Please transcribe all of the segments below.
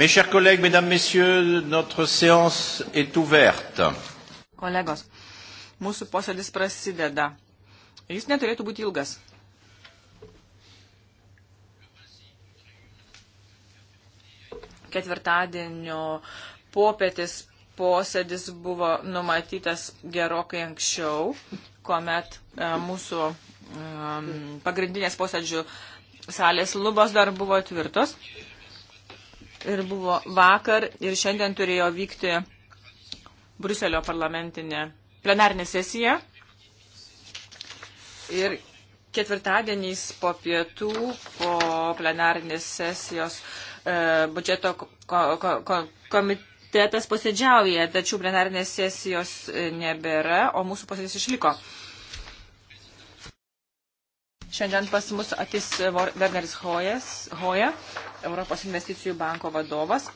Mes chers collègues, mesdames, messieurs, notre séance est ouverte. Kolegos, mūsų posėdis prasideda. Jis neturėtų būti ilgas. Ketvirtadienio popietis posėdis buvo numatytas gerokai anksčiau, kuomet e, mūsų e, pagrindinės posėdžių salės lubos dar buvo tvirtos ir buvo vakar ir šiandien turėjo vykti Bruselio parlamentinė plenarinė sesija. Ir ketvirtadieniais po pietų, po plenarinės sesijos e, budžeto ko, ko, ko, komitetas posėdžiauja, tačiau plenarinės sesijos e, nebėra, o mūsų posėdis išliko. E, Šiandien pas mus atis Werneris Hojas, Hoja, Europos investicijų banko vadovas.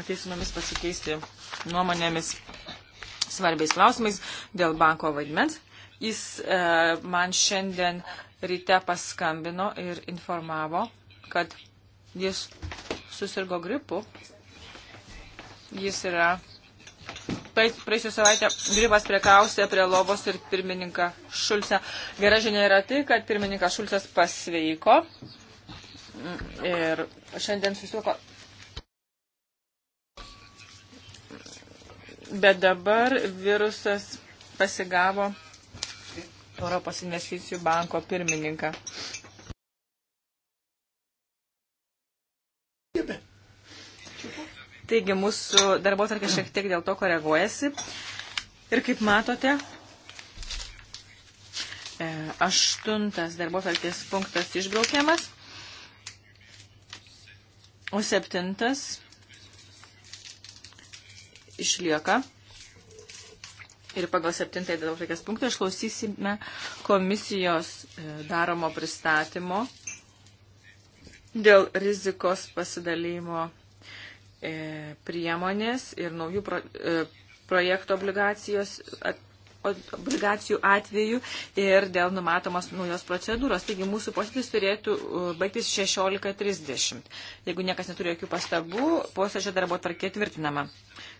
Ateis su mumis pasikeisti nuomonėmis svarbiais klausimais dėl banko vaidmens. Jis e, man šiandien ryte paskambino ir informavo, kad jis susirgo gripu. Jis yra praėjusią savaitę grybas priekausė prie lovos ir pirmininką Šulcę. Gera žinia yra tai, kad pirmininkas Šulcas pasveiko ir šiandien susituko. Bet dabar virusas pasigavo Europos investicijų banko pirmininką. Taigi mūsų darbo tarka šiek tiek dėl to koreguojasi. Ir kaip matote, e, aštuntas darbo tarkės punktas išbraukiamas, o septintas išlieka. Ir pagal septintąjį darbo tarkės punktą išklausysime komisijos e, daromo pristatymo dėl rizikos pasidalymo E, priemonės ir naujų pro, e, projektų obligacijos at, obligacijų atveju ir dėl numatomos naujos procedūros. Taigi mūsų posėdis turėtų e, baigtis 16.30. Jeigu niekas neturi jokių pastabų, posėdžio darbo tvarkė tvirtinama.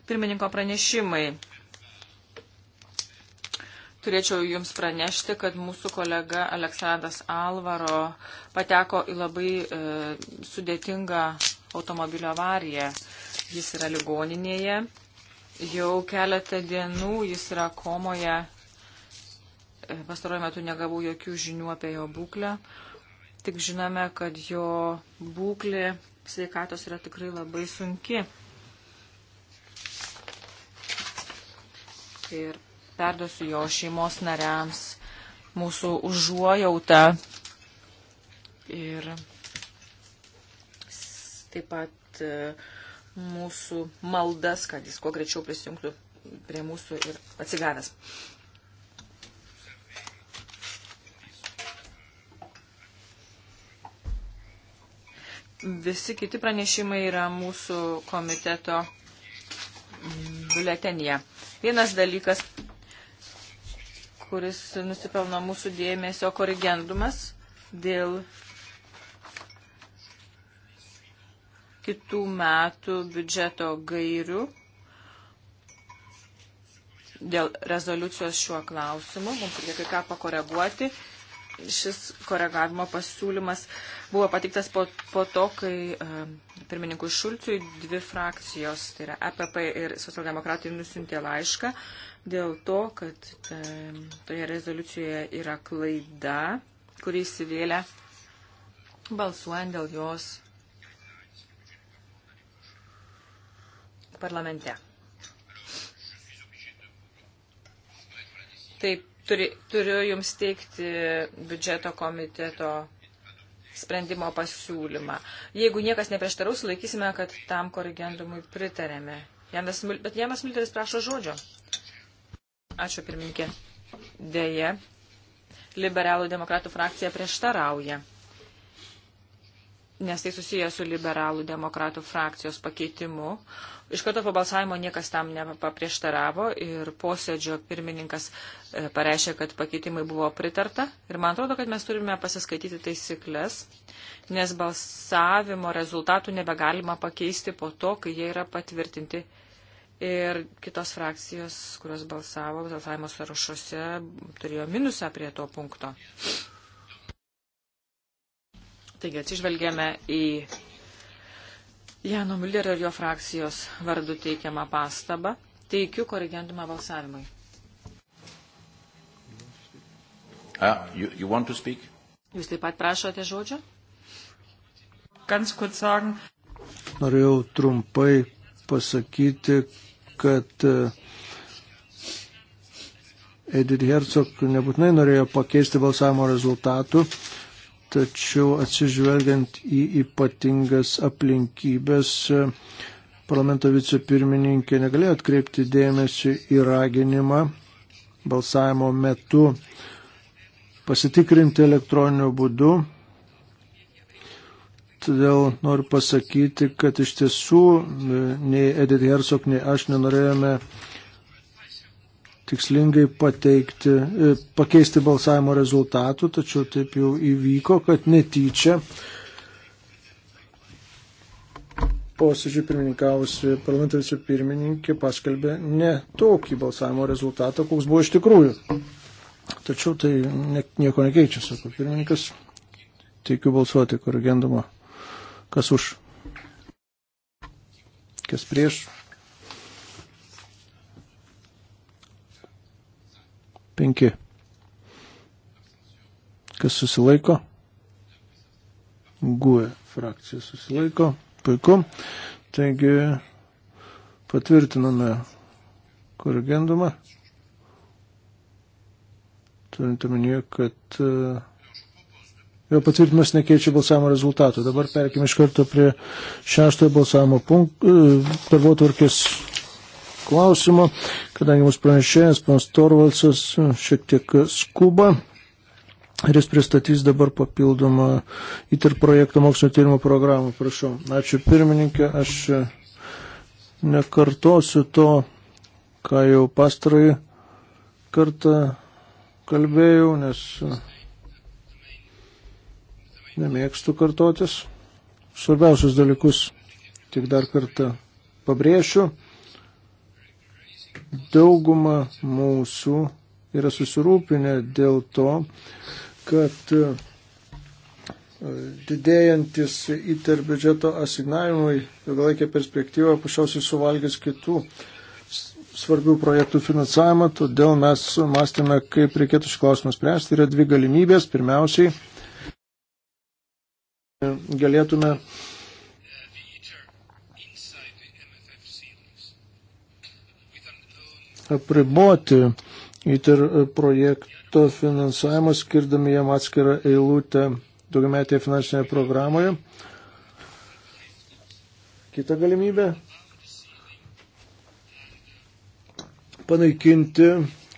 Pirmininko pranešimai. Turėčiau Jums pranešti, kad mūsų kolega Aleksandras Alvaro pateko į labai e, sudėtingą automobilio avariją. Jis yra ligoninėje. Jau keletą dienų jis yra komoje. E, pastaruoju metu negavau jokių žinių apie jo būklę. Tik žinome, kad jo būklė sveikatos yra tikrai labai sunki. Ir perduosiu jo šeimos nariams mūsų užuojautą ir taip pat e, mūsų maldas, kad jis kuo greičiau prisijungtų prie mūsų ir atsigavęs. Visi kiti pranešimai yra mūsų komiteto biuletenyje. Vienas dalykas, kuris nusipelno mūsų dėmesio korigendumas dėl kitų metų biudžeto gairių dėl rezoliucijos šiuo klausimu. Mums reikia kai ką pakoreguoti. Šis koregavimo pasiūlymas buvo patiktas po, po to, kai e, pirmininkui Šulciui dvi frakcijos, tai yra EPP ir socialdemokratai, nusintė laišką dėl to, kad e, toje rezoliucijoje yra klaida, kurį įsivėlė balsuojant dėl jos parlamente. Taip, turi, turiu jums teikti biudžeto komiteto sprendimo pasiūlymą. Jeigu niekas neprieštaraus, laikysime, kad tam korrigendumui pritarėme. Janas, bet Janas Milteris prašo žodžio. Ačiū pirmininkė. Deja, liberalų demokratų frakcija prieštarauja nes tai susijęs su liberalų demokratų frakcijos pakeitimu. Iš karto po balsavimo niekas tam nepaprieštaravo ir posėdžio pirmininkas e, pareiškė, kad pakeitimai buvo pritarta. Ir man atrodo, kad mes turime pasiskaityti taisyklės, nes balsavimo rezultatų nebegalima pakeisti po to, kai jie yra patvirtinti. Ir kitos frakcijos, kurios balsavo balsavimo sąrašuose, turėjo minusą prie to punkto. Taigi atsižvelgėme į Jano Müllerio ir jo frakcijos vardu teikiamą pastabą. Teikiu korrigendumą balsavimui. Uh, you, you want to speak? Jūs taip pat prašote žodžio? Ganz kurz sagen. Norėjau trumpai pasakyti, kad e, Edith Herzog nebūtinai norėjo pakeisti balsavimo rezultatų, tačiau atsižvelgiant į ypatingas aplinkybės, parlamento vicepirmininkė negalėjo atkreipti dėmesį į raginimą balsavimo metu pasitikrinti elektroniniu būdu. Todėl noriu pasakyti, kad iš tiesų e, nei Edith Hersok, nei aš nenorėjome uh, tikslingai pateikti, e, pakeisti balsavimo rezultatų, tačiau taip jau įvyko, kad netyčia posėdžiui pirmininkavusi parlamentarisų pirmininkė paskelbė ne tokį balsavimo rezultatą, koks buvo iš tikrųjų. Tačiau tai ne, nieko nekeičia, sako pirmininkas. Teikiu balsuoti, kur gendama. Kas už? Kas prieš? 5. Kas susilaiko? GUE frakcija susilaiko. Puiku. Taigi patvirtiname korrigendumą. Turint omenyje, kad e, jo patvirtinimas nekeičia balsavimo rezultatų. Dabar perkime iš karto prie šeštojo balsavimo punkto, e, darbotvarkės klausimo, kadangi mūsų pranešėjas, panas Torvalsas, šiek tiek skuba ir jis pristatys dabar papildomą įtir projektą mokslinio tyrimo programą. Prašau. Ačiū pirmininkė, aš nekartosiu to, ką jau pastarąjį kartą kalbėjau, nes nemėgstu kartotis. Svarbiausius dalykus tik dar kartą pabrėšiu dauguma mūsų yra susirūpinę dėl to, kad e, didėjantis įterbiudžeto asignavimui ilgalaikė perspektyva pašiausiai suvalgys kitų svarbių projektų finansavimą, todėl mes mąstėme, kaip reikėtų šį klausimą spręsti. Yra dvi galimybės. Pirmiausiai e, galėtume apriboti ITER projekto finansavimą, skirdami jam atskirą eilutę daugiametėje finansinėje programoje. Kita galimybė - panaikinti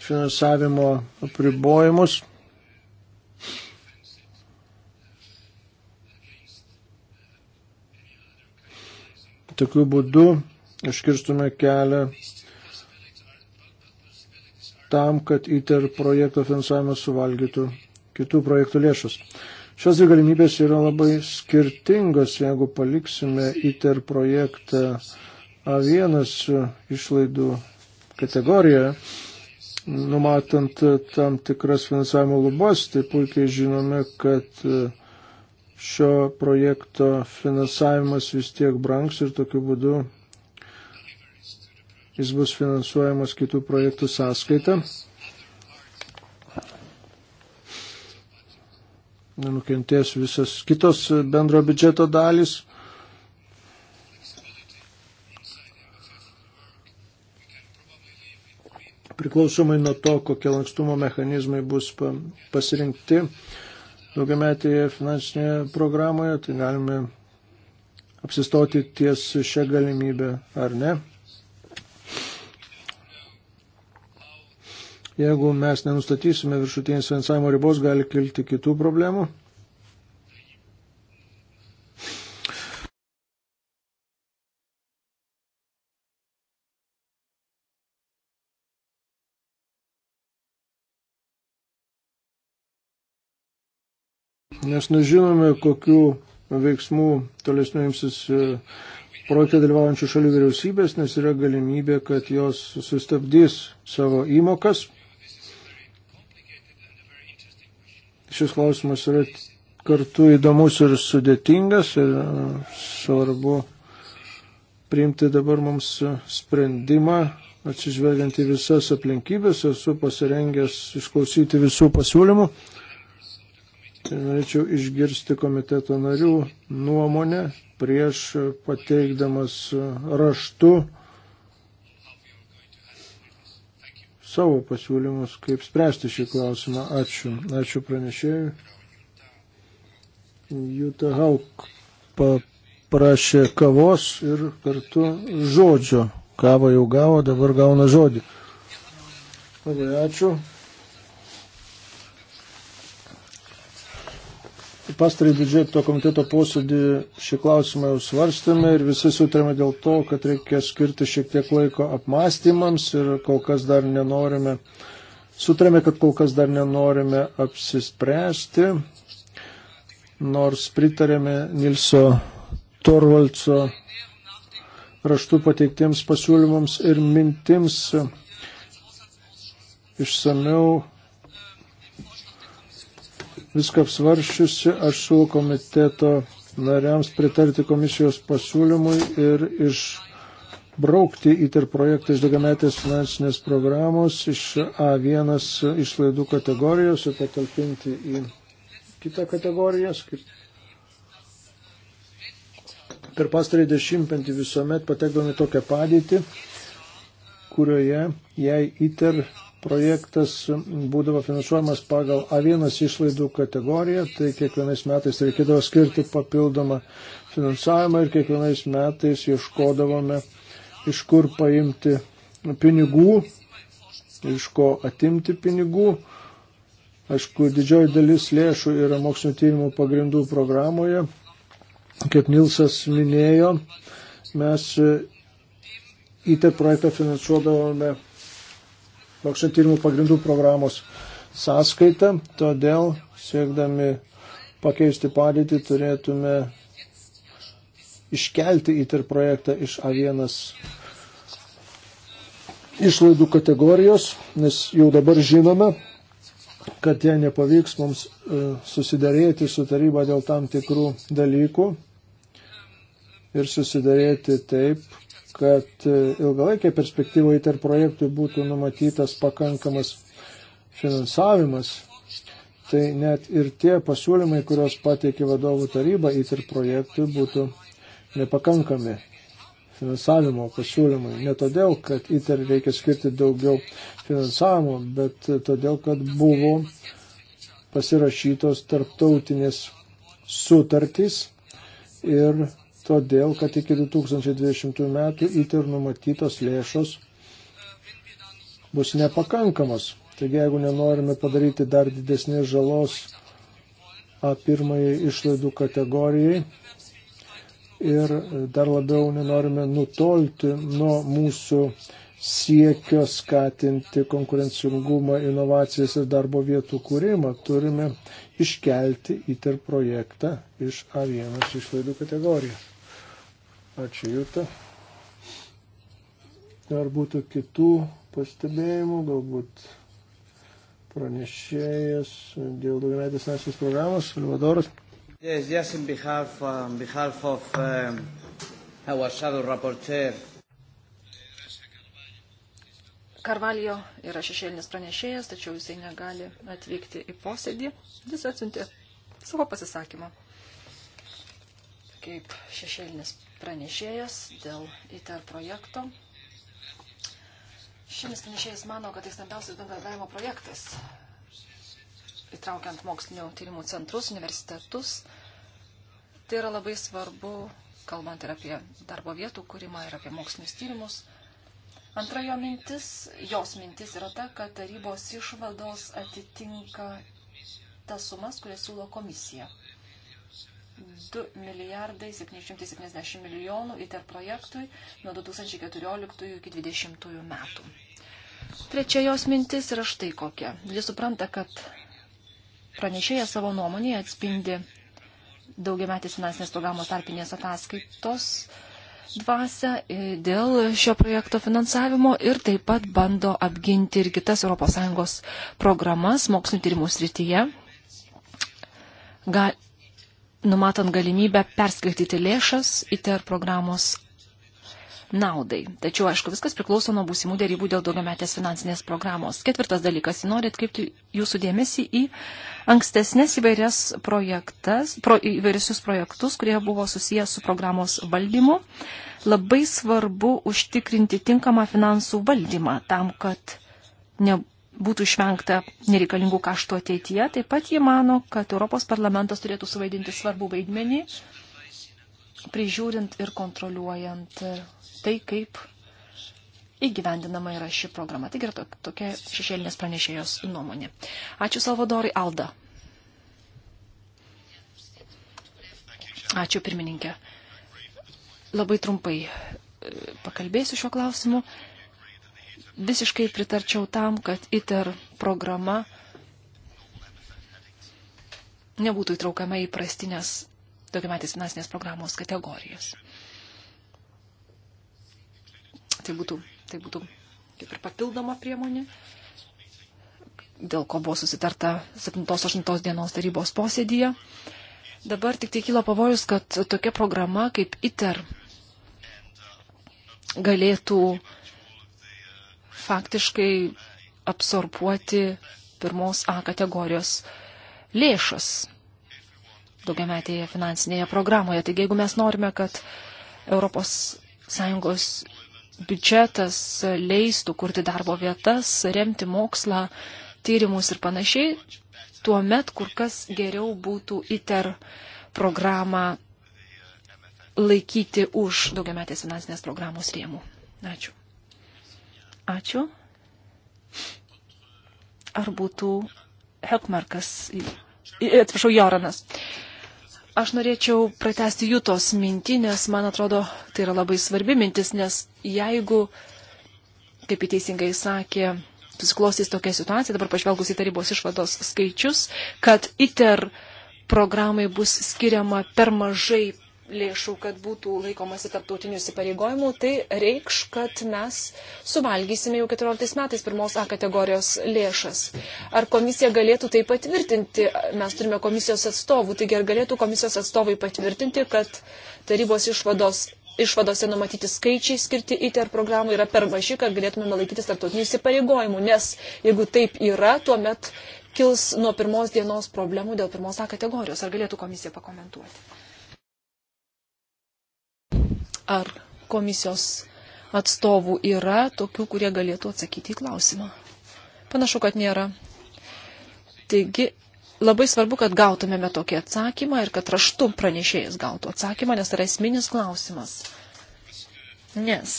finansavimo apribojimus Tokiu būdu iškirstume kelią tam, kad ITER projekto finansavimas suvalgytų kitų projektų lėšas. Šios dvi galimybės yra labai skirtingos, jeigu paliksime ITER projektą A1 išlaidų kategorijoje, numatant tam tikras finansavimo lubas, tai puikiai žinome, kad šio projekto finansavimas vis tiek brangs ir tokiu būdu jis bus finansuojamas kitų projektų sąskaita. Nenukentės visas kitos bendro biudžeto dalis. Priklausomai nuo to, kokie lankstumo mechanizmai bus pasirinkti daugiametėje finansinėje programoje, tai galime apsistoti ties šią galimybę ar ne. Jeigu mes nenustatysime viršutinės finansavimo ribos, gali kilti kitų problemų. Nes nežinome, kokiu veiksmų tolesnių imsis e, projekte dalyvaujančių šalių vyriausybės, nes yra galimybė, kad jos sustabdys savo įmokas šis klausimas yra kartu įdomus ir sudėtingas ir e, svarbu priimti dabar mums sprendimą, atsižvelgiant į visas aplinkybės, esu pasirengęs išklausyti visų pasiūlymų. Ir tai norėčiau išgirsti komiteto narių nuomonę prieš pateikdamas raštu savo pasiūlymus, kaip spręsti šį klausimą. Ačiū. Ačiū pranešėjui. Jūta Hauk paprašė kavos ir kartu žodžio. Kavą jau gavo, dabar gauna žodį. Labai ačiū. pastarį biudžeto komiteto posėdį šį klausimą jau svarstėme ir visi sutarėme dėl to, kad reikia skirti šiek tiek laiko apmąstymams ir kol kas dar nenorime, sutarėme, kad kol kas dar nenorime apsispręsti, nors pritarėme Nilso Torvalco raštų pateiktiems pasiūlymams ir mintims išsameu viską apsvaršiusi, aš siūlau komiteto nariams pritarti komisijos pasiūlymui ir išbraukti įter projektą iš daugiametės finansinės programos iš A1 išlaidų kategorijos ir patalpinti į kitą kategoriją. Per pastarį dešimtmetį visuomet patekdami tokią padėtį, kurioje jei įter projektas būdavo finansuojamas pagal A1 išlaidų kategoriją, tai kiekvienais metais reikėdavo skirti papildomą finansavimą ir kiekvienais metais ieškodavome, iš kur paimti pinigų, iš ko atimti pinigų. Aišku, didžioji dalis lėšų yra mokslinio tyrimų pagrindų programoje. Kaip Nilsas minėjo, mes įter projektą finansuodavome mokslo tyrimų pagrindų programos sąskaita, todėl siekdami pakeisti padėtį turėtume iškelti ITER projektą iš A1 išlaidų kategorijos, nes jau dabar žinome, kad jei nepavyks mums e, susidarėti su taryba dėl tam tikrų dalykų ir susidarėti taip, kad e, ilgalaikiai perspektyvoje tarp projektų būtų numatytas pakankamas finansavimas. Tai net ir tie pasiūlymai, kuriuos pateikė vadovų taryba į tarp projektų, būtų nepakankami finansavimo pasiūlymai. Ne todėl, kad ITER reikia skirti daugiau finansavimo, bet todėl, kad buvo pasirašytos tarptautinės sutartys ir todėl kad iki 2020 metų įtir numatytos lėšos bus nepakankamos. Taigi, jeigu nenorime padaryti dar didesnės žalos A pirmai išlaidų kategorijai ir dar labiau nenorime nutolti nuo mūsų siekio skatinti konkurencingumą, inovacijas ir darbo vietų kūrimą, turime iškelti įter projektą iš A1 išlaidų kategorijos. Ačiū Jūta. Ar būtų kitų pastebėjimų, galbūt pranešėjas dėl daugiametės nacijos programos, Salvadoras. Yes, yes, on behalf, on um, behalf of um, our shadow rapporteur. Karvalio yra šešėlinis pranešėjas, tačiau jisai negali atvykti į posėdį. Jis atsiuntė savo pasisakymą kaip šešėlinis pranešėjas dėl ITER projekto. Šiandien pranešėjas mano, kad tai stambiausias bendradarbiavimo projektas, įtraukiant mokslinio tyrimų centrus, universitetus. Tai yra labai svarbu, kalbant ir apie darbo vietų kūrimą, ir apie mokslinius tyrimus. Antra jo mintis, jos mintis yra ta, kad tarybos išvados atitinka tas sumas, kurias siūlo komisija. 2 milijardai 770 milijonų ITER projektui nuo 2014 iki 2020 metų. Trečia jos mintis yra štai kokia. Jis supranta, kad pranešėjas savo nuomonėje atspindi daugiametės finansinės programos tarpinės ataskaitos dvasę e, dėl šio projekto finansavimo ir taip pat bando apginti ir kitas ES programas mokslinio tyrimų srityje. Gal, numatant galimybę perskaityti lėšas ITER programos naudai. Tačiau, aišku, viskas priklauso nuo būsimų dėrybų dėl daugiametės finansinės programos. Ketvirtas dalykas, noriu atkreipti jūsų dėmesį į ankstesnės įvairias projektas, pro, įvairiusius projektus, kurie buvo susijęs su programos valdymu. Labai svarbu užtikrinti tinkamą finansų valdymą tam, kad nebūtų būtų išvengta nereikalingų kaštų ateityje. Taip pat jie mano, kad Europos parlamentas turėtų suvaidinti svarbų vaidmenį, prižiūrint ir kontroliuojant tai, kaip įgyvendinama yra ši programa. Taigi yra tokia šešėlinės pranešėjos nuomonė. Ačiū Salvadorai Alda. Ačiū pirmininkė. Labai trumpai e, pakalbėsiu šiuo klausimu visiškai pritarčiau tam, kad ITER programa nebūtų įtraukama į prastinės daugiametės finansinės programos kategorijas. Tai būtų, tai būtų kaip ir papildoma priemonė, dėl ko buvo susitarta 7-8 dienos tarybos posėdyje. Dabar tik tai kilo pavojus, kad tokia programa kaip ITER galėtų uh, faktiškai absorbuoti pirmos A kategorijos lėšas daugiametėje finansinėje programoje. Taigi, jeigu mes norime, kad ES biudžetas leistų kurti darbo vietas, remti mokslą, tyrimus ir panašiai, tuo met kur kas geriau būtų ITER programą laikyti už daugiametės finansinės programos rėmų. Ačiū. Ačiū. Ar būtų Helkmarkas, atsiprašau, Joranas. Aš norėčiau pratesti Jūtos mintį, nes man atrodo, tai yra labai svarbi mintis, nes jeigu, kaip į teisingai sakė, susiklostys tokia situacija, dabar pažvelgus į tarybos išvados skaičius, kad ITER programai bus skiriama per mažai lėšų, kad būtų laikomasi tarptautinių įsipareigojimų, tai reikš, kad mes suvalgysime jau 14 metais pirmos A kategorijos lėšas. Ar komisija galėtų tai patvirtinti? Mes turime komisijos atstovų, taigi ar galėtų komisijos atstovai patvirtinti, kad tarybos išvados, išvadose numatyti skaičiai skirti ITER programų yra per maži, kad galėtumėme laikytis tarptautinių įsipareigojimų, nes jeigu taip yra, tuomet kils nuo pirmos dienos problemų dėl pirmos A kategorijos. Ar galėtų komisija pakomentuoti? Ar komisijos atstovų yra tokių, kurie galėtų atsakyti į klausimą? Panašu, kad nėra. Taigi, labai svarbu, kad gautumėme tokį atsakymą ir kad raštu pranešėjas gautų atsakymą, nes tai yra esminis klausimas. Nes.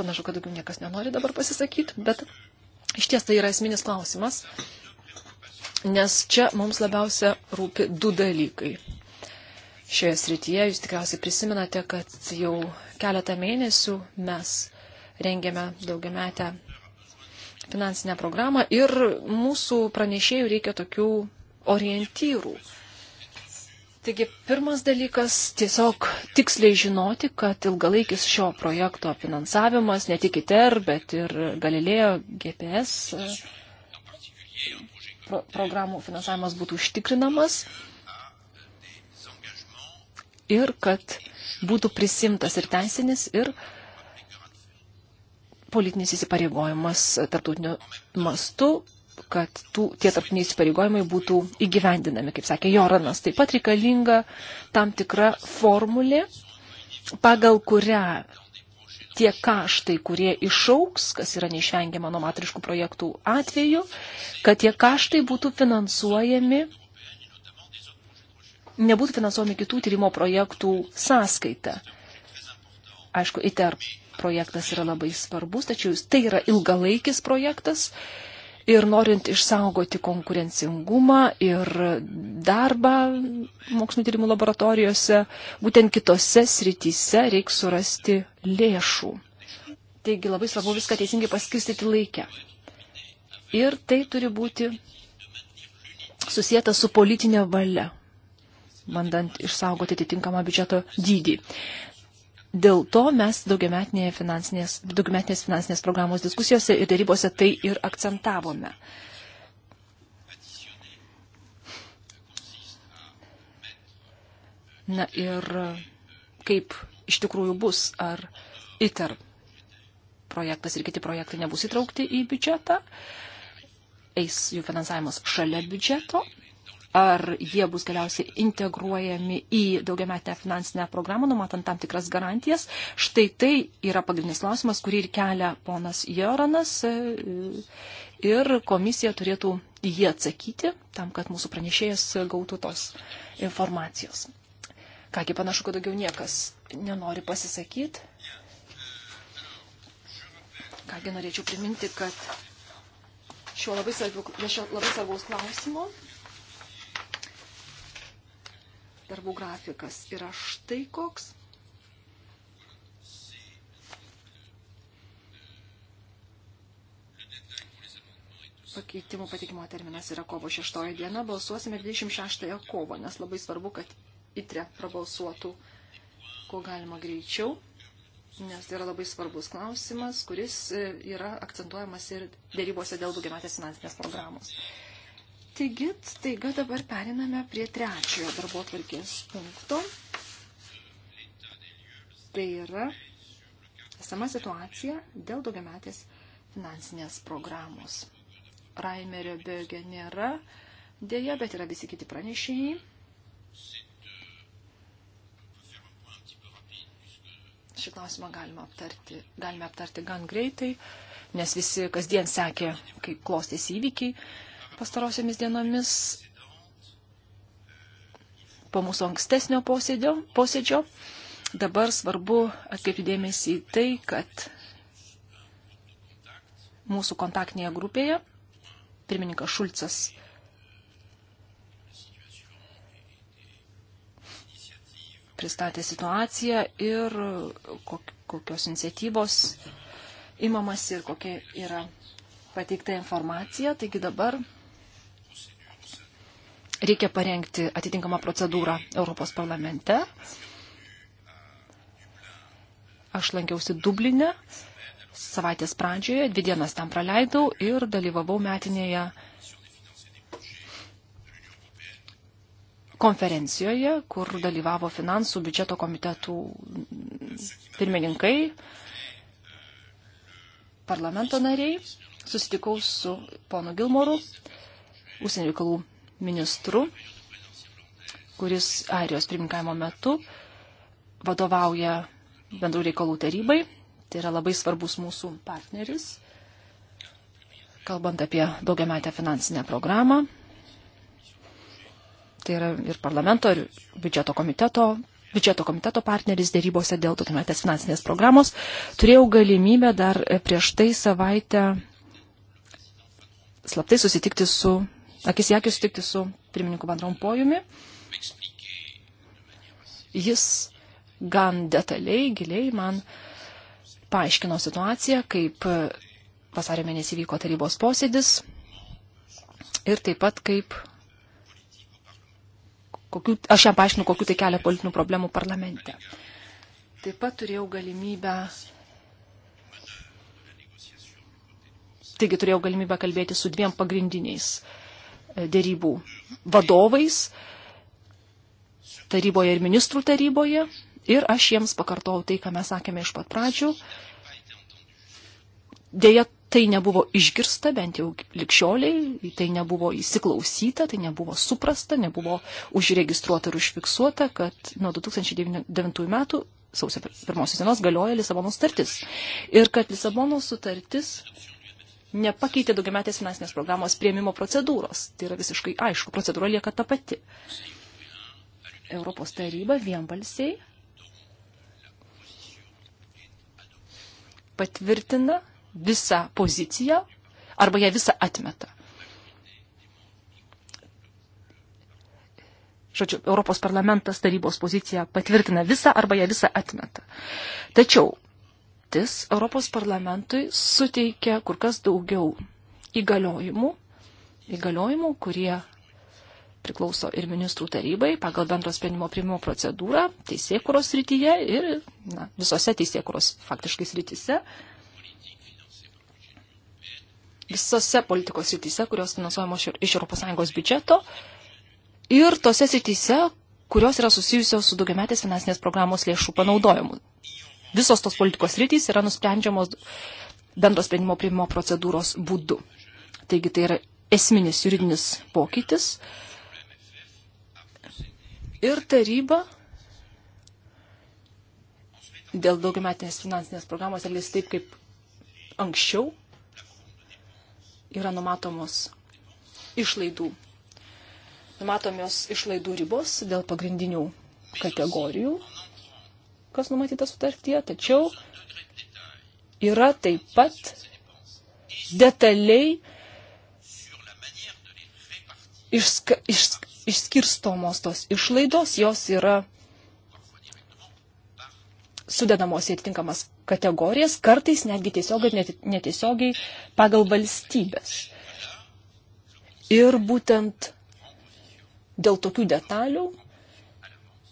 Panašu, kad daugiau niekas nenori dabar pasisakyti, bet iš ties tai yra esminis klausimas nes čia mums labiausia rūpi du dalykai. Šioje srityje jūs tikriausiai prisiminate, kad jau keletą mėnesių mes rengėme daugiametę finansinę programą ir mūsų pranešėjų reikia tokių orientyrų. Taigi pirmas dalykas - tiesiog tiksliai žinoti, kad ilgalaikis šio projekto finansavimas ne tik ITER, bet ir Galilėjo GPS pro programų finansavimas būtų užtikrinamas ir kad būtų prisimtas ir teisinis, ir politinis įsipareigojimas tarptautiniu mastu, kad tų, tie tarptautiniai įsipareigojimai būtų įgyvendinami, kaip sakė Joranas. Taip pat reikalinga tam tikra formulė, pagal kurią tie kaštai, kurie išauks, kas yra neišvengiama novatoriškų projektų atveju, kad tie kaštai būtų finansuojami, nebūtų finansuojami kitų tyrimo projektų sąskaita. Aišku, ITER projektas yra labai svarbus, tačiau tai yra ilgalaikis projektas, Ir norint išsaugoti konkurencingumą ir darbą mokslinio tyrimų laboratorijose, būtent kitose srityse reiks surasti lėšų. Taigi labai svarbu viską teisingai paskirstyti laikę. Ir tai turi būti susijęta su politinė valia, bandant išsaugoti atitinkamą biudžeto dydį. Dėl to mes daugiametinės finansinės, daugiametinės finansinės programos diskusijose ir darybose tai ir akcentavome. Na ir kaip iš tikrųjų bus, ar ITER projektas ir kiti projektai nebus įtraukti į biudžetą, eis jų finansavimas šalia biudžeto, ar jie bus galiausiai integruojami į daugiametę finansinę programą, numatant tam tikras garantijas. Štai tai yra pagrindinis klausimas, kurį ir kelia ponas Joranas e, ir komisija turėtų jį atsakyti, tam, kad mūsų pranešėjas gautų tos informacijos. Kągi panašu, kad daugiau niekas nenori pasisakyti. Kągi norėčiau priminti, kad šiuo labai, svarbiu, šiuo labai svarbaus klausimo darbų grafikas yra štai koks. Pakeitimų patikimo terminas yra kovo 6 diena, balsuosime 26 kovo, nes labai svarbu, kad ITRE prabalsuotų kuo galima greičiau, nes tai yra labai svarbus klausimas, kuris e, yra akcentuojamas ir dėrybose dėl daugiamatės finansinės programos. Taigi, staiga dabar periname prie trečiojo darbo tvarkės punkto. Tai yra esama situacija dėl daugiametės finansinės programos. Raimerio Bögė nėra, dėja, bet yra visi kiti pranešėjai. Šį klausimą galime aptarti, galime aptarti gan greitai, nes visi kasdien sekė, kaip klostėsi įvykiai pastarosiomis dienomis po mūsų ankstesnio posėdžio, posėdžio. Dabar svarbu atkreipti dėmesį į tai, kad mūsų kontaktinėje grupėje pirmininkas Šulcas pristatė situaciją ir kokios iniciatyvos imamas ir kokia yra pateikta informacija. Taigi dabar reikia parengti atitinkamą procedūrą Europos parlamente. Aš lankiausi Dublinė savaitės pradžioje, dvi dienas ten praleidau ir dalyvavau metinėje konferencijoje, kur dalyvavo finansų biudžeto komitetų pirmininkai, parlamento nariai. Susitikau su ponu Gilmoru, užsienio reikalų ministru, kuris Airijos pirmininkavimo metu vadovauja bendrų reikalų tarybai. Tai yra labai svarbus mūsų partneris, kalbant apie daugiametę finansinę programą. Tai yra ir parlamento, ir biudžeto komiteto, biudžeto komiteto partneris dėrybose dėl daugiametės finansinės programos. Turėjau galimybę dar prieš tai savaitę slaptai susitikti su akis į akį sutikti su pirmininku Vandrompojumi. Jis gan detaliai, giliai man paaiškino situaciją, kaip vasario mėnesį vyko tarybos posėdis ir taip pat kaip. Kokių, aš jam paaiškinu, kokiu tai kelia politinių problemų parlamente. Taip pat turėjau galimybę Taigi turėjau galimybę kalbėti su dviem pagrindiniais dėrybų vadovais taryboje ir ministrų taryboje. Ir aš jiems pakartojau tai, ką mes sakėme iš pat pradžių. Deja, tai nebuvo išgirsta, bent jau likščioliai, tai nebuvo įsiklausyta, tai nebuvo suprasta, nebuvo užregistruota ir užfiksuota, kad nuo 2009 metų sausio pirmosios dienos galioja Lisabonos sutartis. Ir kad Lisabonos sutartis nepakeitė daugiametės finansinės programos prieimimo procedūros. Tai yra visiškai aišku, procedūra lieka ta pati. Europos taryba vienbalsiai patvirtina visą poziciją arba ją visą atmeta. Žodžiu, Europos parlamentas tarybos poziciją patvirtina visą arba ją visą atmeta. Tačiau sutartis Europos parlamentui suteikia kur kas daugiau įgaliojimų, įgaliojimų, kurie priklauso ir ministrų tarybai pagal bendro sprendimo priimimo procedūrą teisėkuros srityje ir na, visose teisėkuros faktiškai srityse. Visose politikos srityse, kurios finansuojamos iš ES biudžeto ir tose srityse, kurios yra susijusios su daugiametės finansinės programos lėšų panaudojimu visos tos politikos rytys yra nusprendžiamos bendros sprendimo priimimo procedūros būdu. Taigi tai yra esminis juridinis pokytis. Ir taryba dėl daugiametinės finansinės programos elgesi taip, kaip anksčiau yra numatomos išlaidų. Numatomos išlaidų ribos dėl pagrindinių kategorijų kas numatyta sutartyje, tačiau yra taip pat detaliai išska, iš, išskirstomos tos išlaidos, jos yra sudedamos į atitinkamas kategorijas, kartais netgi tiesiogiai ir netiesiogiai pagal valstybės. Ir būtent dėl tokių detalių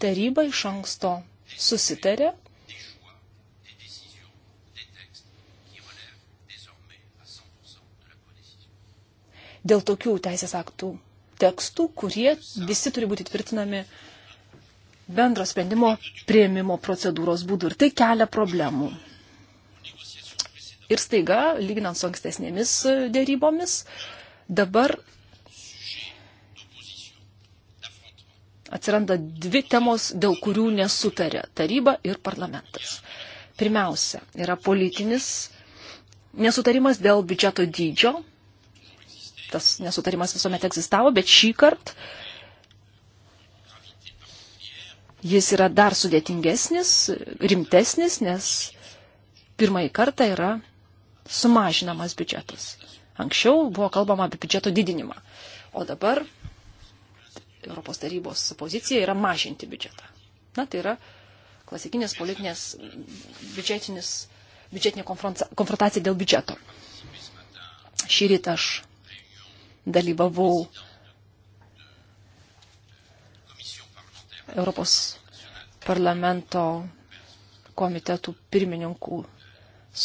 taryba iš anksto susitarė. Dėl tokių teisės aktų tekstų, kurie visi turi būti tvirtinami bendro sprendimo prieimimo procedūros būdu. Ir tai kelia problemų. Ir staiga, lyginant su ankstesnėmis dėrybomis, dabar atsiranda dvi temos, dėl kurių nesutarė taryba ir parlamentas. Pirmiausia, yra politinis nesutarimas dėl biudžeto dydžio. Tas nesutarimas visuomet egzistavo, bet šį kartą jis yra dar sudėtingesnis, rimtesnis, nes pirmąjį kartą yra sumažinamas biudžetas. Anksčiau buvo kalbama apie biudžeto didinimą, o dabar Europos tarybos pozicija yra mažinti biudžetą. Na, tai yra klasikinis politinės biudžetinis, biudžetinė konfrontacija dėl biudžeto. Šį rytą aš dalyvavau Europos parlamento komitetų pirmininkų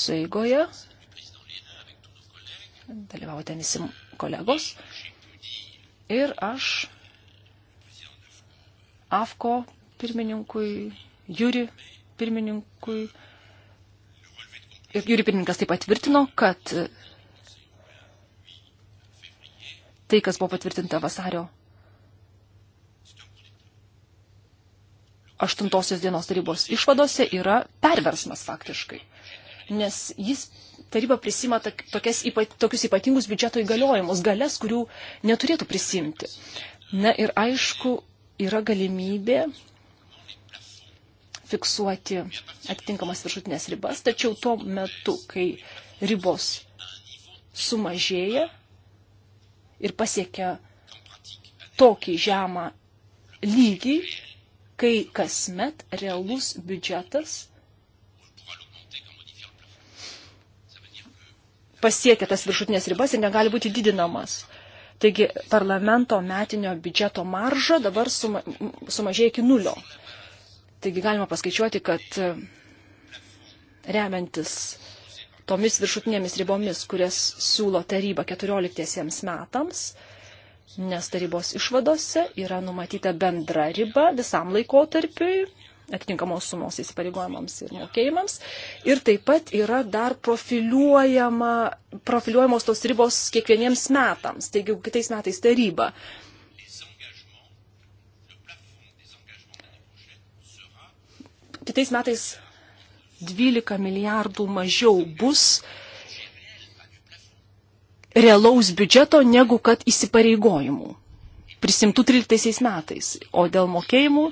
suigoje. Dalyvavo ten visi kolegos. Ir aš AFKO pirmininkui, Jūri pirmininkui. Ir Jūri pirmininkas taip patvirtino, kad tai, kas buvo patvirtinta vasario 8 dienos tarybos išvadose, yra perversmas faktiškai. Nes jis taryba prisima tokias, tokius ypatingus biudžeto įgaliojimus, galės, kurių neturėtų prisimti. Na ir aišku, yra galimybė fiksuoti atitinkamas viršutinės ribas, tačiau tuo metu, kai ribos sumažėja ir pasiekia tokį žemą lygį, kai kasmet realus biudžetas pasiekia tas viršutinės ribas ir negali būti didinamas. Taigi parlamento metinio biudžeto marža dabar suma, sumažėja iki nulio. Taigi galima paskaičiuoti, kad e, remiantis tomis viršutinėmis ribomis, kurias siūlo taryba 14 metams, nes tarybos išvadose yra numatyta bendra riba visam laikotarpiui atitinkamos sumos įsipareigojimams ir mokėjimams. Ir taip pat yra dar profiliuojama, profiliuojamos tos ribos kiekvieniems metams, taigi kitais metais taryba. Kitais metais 12 milijardų mažiau bus realaus biudžeto negu kad įsipareigojimų prisimtų 13 metais, o dėl mokėjimų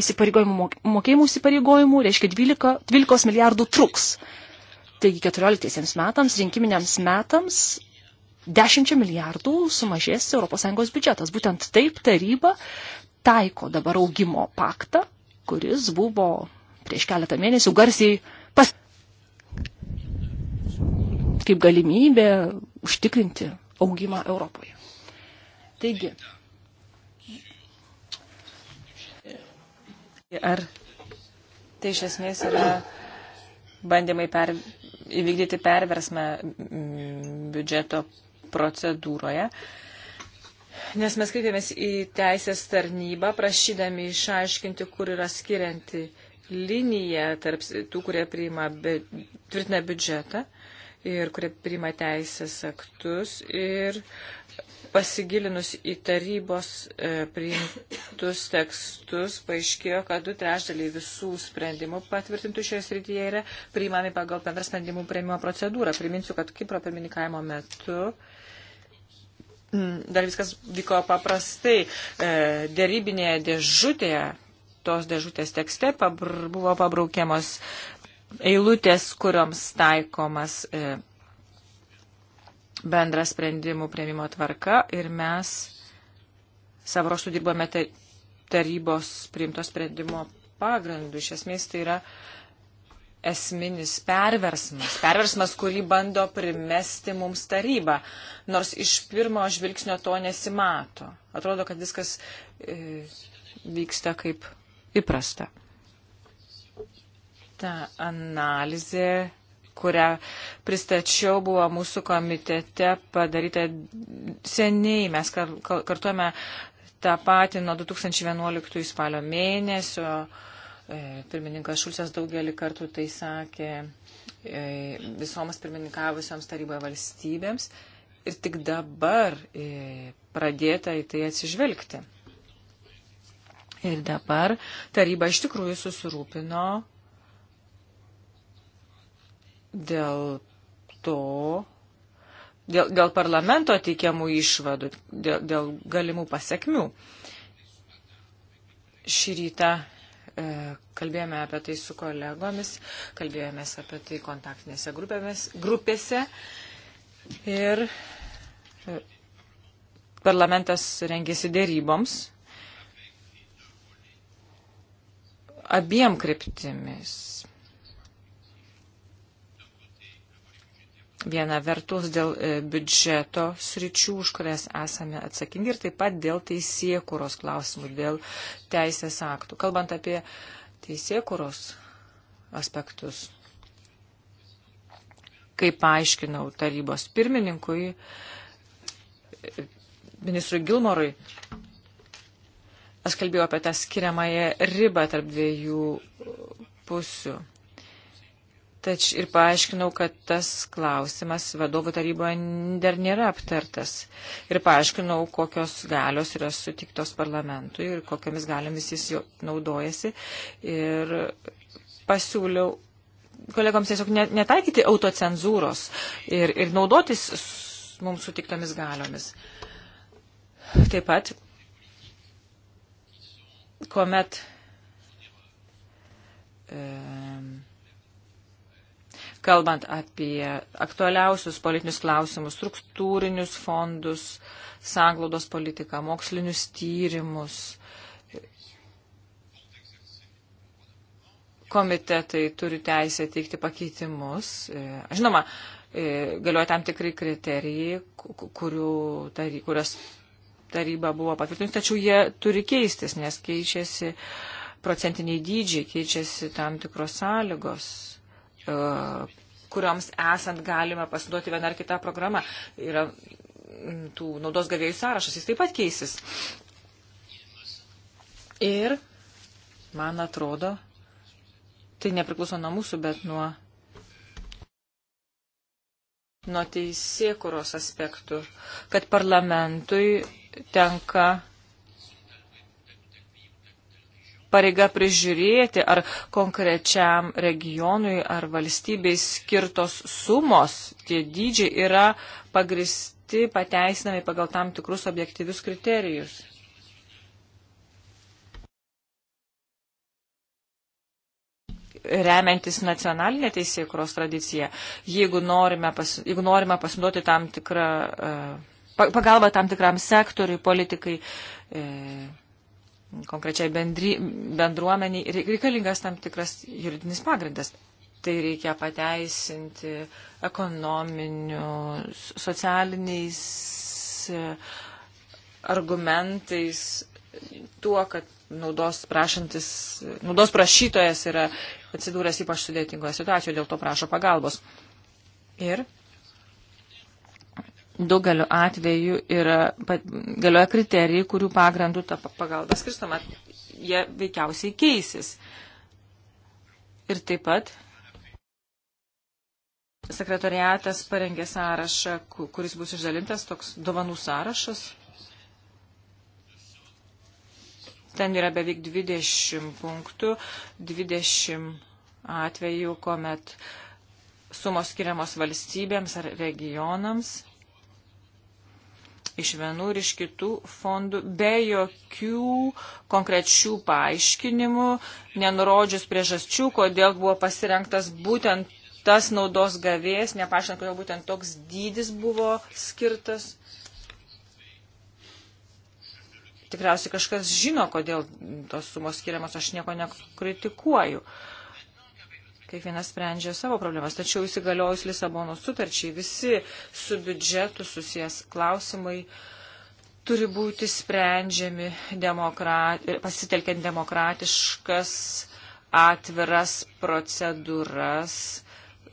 įsipareigojimų, mokėjimų įsipareigojimų, reiškia 12, 12 milijardų truks. Taigi 14 metams, rinkiminiams metams 10 milijardų sumažės ES biudžetas. Būtent taip taryba taiko dabar augimo paktą, kuris buvo prieš keletą mėnesių garsiai pas... kaip galimybė užtikrinti augimą Europoje. Taigi, Ar tai iš esmės yra bandymai per, įvykdyti perversmą mm, biudžeto procedūroje? Nes mes kreipėmės į teisės tarnybą, prašydami išaiškinti, kur yra skirianti linija tarp tų, kurie priima, tvirtina biudžetą ir kurie priima teisės aktus ir Pasigilinus į tarybos e, priimtus tekstus, paaiškėjo, kad du trešdaliai visų sprendimų patvirtintų šioje srityje yra priimami pagal bendrą sprendimų prieimimo procedūrą. Priminsiu, kad Kipro pirmininkavimo metu mm, dar viskas vyko paprastai. E, dėrybinėje dėžutėje, tos dėžutės tekste pabr, buvo pabraukiamos eilutės, kurioms taikomas. E, bendrą sprendimų prieimimo tvarką ir mes savo ruoštų dirbame tarybos priimto sprendimo pagrindu. Iš esmės tai yra esminis perversmas, perversmas, kurį bando primesti mums taryba, nors iš pirmo žvilgsnio to nesimato. Atrodo, kad viskas e, vyksta kaip įprasta. Ta analizė kurią pristačiau, buvo mūsų komitete padaryta seniai. Mes kartuojame tą patį nuo 2011 spalio mėnesio. E, pirmininkas Šulcas daugelį kartų tai sakė e, visoms pirmininkavusioms taryboje valstybėms. Ir tik dabar e, pradėta į tai atsižvelgti. Ir dabar taryba iš tikrųjų susirūpino dėl to, dėl, dėl parlamento teikiamų išvadų, dėl, dėl galimų pasiekmių. Šį rytą e, kalbėjome apie tai su kolegomis, kalbėjome apie tai kontaktinėse grupėmis, grupėse ir e, parlamentas rengėsi dėryboms abiem kryptimis Viena vertus dėl e, biudžeto sričių, už kurias esame atsakingi ir taip pat dėl teisėkuros klausimų, dėl teisės aktų. Kalbant apie teisėkuros aspektus, kaip paaiškinau tarybos pirmininkui, e, ministrui Gilmorui, aš kalbėjau apie tą skiriamąją ribą tarp dviejų pusių. Tač ir paaiškinau, kad tas klausimas vadovų taryboje dar nėra aptartas. Ir paaiškinau, kokios galios yra sutiktos parlamentui ir kokiamis galiomis jis jo naudojasi. Ir pasiūliau kolegoms tiesiog netaikyti autocenzūros ir, ir naudotis mums sutiktomis galiomis. Taip pat, kuomet. Um, kalbant apie aktualiausius politinius klausimus, struktūrinius fondus, sanglaudos politiką, mokslinius tyrimus. Komitetai turi teisę teikti pakeitimus. E, žinoma, e, galioja tam tikri kriterijai, tary, kurias taryba buvo patvirtinti, tačiau jie turi keistis, nes keičiasi procentiniai dydžiai, keičiasi tam tikros sąlygos E, kurioms esant galima pasiduoti vieną ar kitą programą. Yra mm, tų naudos gavėjų sąrašas, jis taip pat keisis. Ir, man atrodo, tai nepriklauso nuo mūsų, bet nuo, nuo teisėkuros aspektų, kad parlamentui tenka pareiga prižiūrėti, ar konkrečiam regionui ar valstybei skirtos sumos, tie dydžiai yra pagristi, pateisinami pagal tam tikrus objektyvius kriterijus. remiantis nacionalinė teisėkuros tradicija, jeigu norime, pas, jeigu norime pasiduoti tam tikrą, e, pagalbą tam tikram sektoriui, politikai, e, konkrečiai bendry, bendruomeniai reikalingas tam tikras juridinis pagrindas. Tai reikia pateisinti ekonominių, socialiniais e, argumentais, tuo, kad naudos, prašantis, naudos prašytojas yra atsidūręs ypač sudėtingoje situacijoje, dėl to prašo pagalbos. Ir daugeliu atveju yra, galioja kriterijai, kurių pagrindų ta pagalba skirstama. Jie veikiausiai keisis. Ir taip pat sekretariatas parengė sąrašą, kuris bus išdalintas, toks dovanų sąrašas. Ten yra beveik 20 punktų, 20 atvejų, kuomet sumos skiriamos valstybėms ar regionams iš vienų ir iš kitų fondų be jokių konkrečių paaiškinimų, nenurodžius priežasčių, kodėl buvo pasirinktas būtent tas naudos gavėjas, nepaaiškinant, kodėl būtent toks dydis buvo skirtas. Tikriausiai kažkas žino, kodėl tos sumos skiriamas, aš nieko nekritikuoju. Uh, kiekvienas sprendžia savo problemas. Tačiau įsigaliojus Lisabono sutarčiai visi su biudžetu susijęs klausimai turi būti sprendžiami demokrat, pasitelkiant demokratiškas atviras procedūras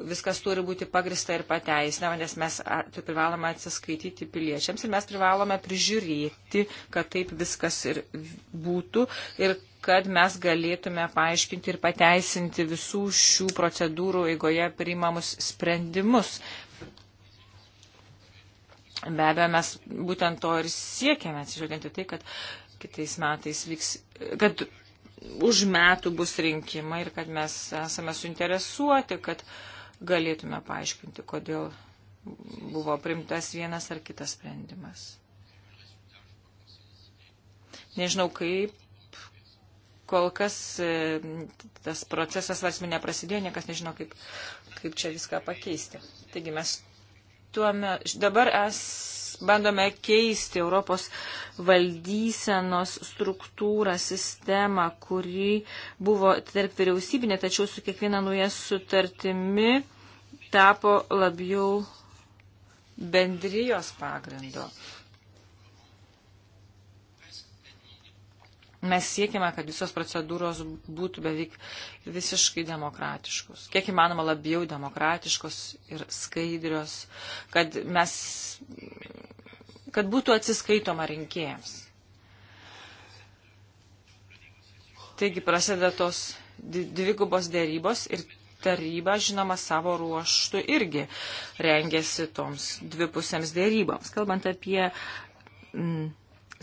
viskas turi būti pagrista ir pateisinama, nes mes tai privalome atsiskaityti piliečiams ir mes privalome prižiūrėti, kad taip viskas ir būtų ir kad mes galėtume paaiškinti ir pateisinti visų šių procedūrų eigoje priimamus sprendimus. Be abejo, mes būtent to ir siekiame, atsižvelgiant į tai, kad kitais metais vyks, kad už metų bus rinkimai ir kad mes esame suinteresuoti, kad uh, galėtume paaiškinti, kodėl buvo primtas vienas ar kitas sprendimas. Nežinau kaip, kol kas e, tas procesas varsmi neprasidėjo, niekas nežino, kaip, kaip čia viską pakeisti. Taigi mes tuome, dabar es, bandome keisti Europos valdysenos struktūrą, sistemą, kuri buvo tarp vyriausybinė, tačiau su kiekviena nauja sutartimi tapo labiau bendrijos pagrindo. Mes siekime, kad visos procedūros būtų beveik visiškai demokratiškos, kiek įmanoma labiau demokratiškos ir skaidrios, kad, mes, kad būtų atsiskaitoma rinkėjams. Taigi prasideda tos dvigubos dėrybos ir taryba, žinoma, savo ruoštų irgi rengėsi toms dvipusėms dėryboms. Kalbant apie mm,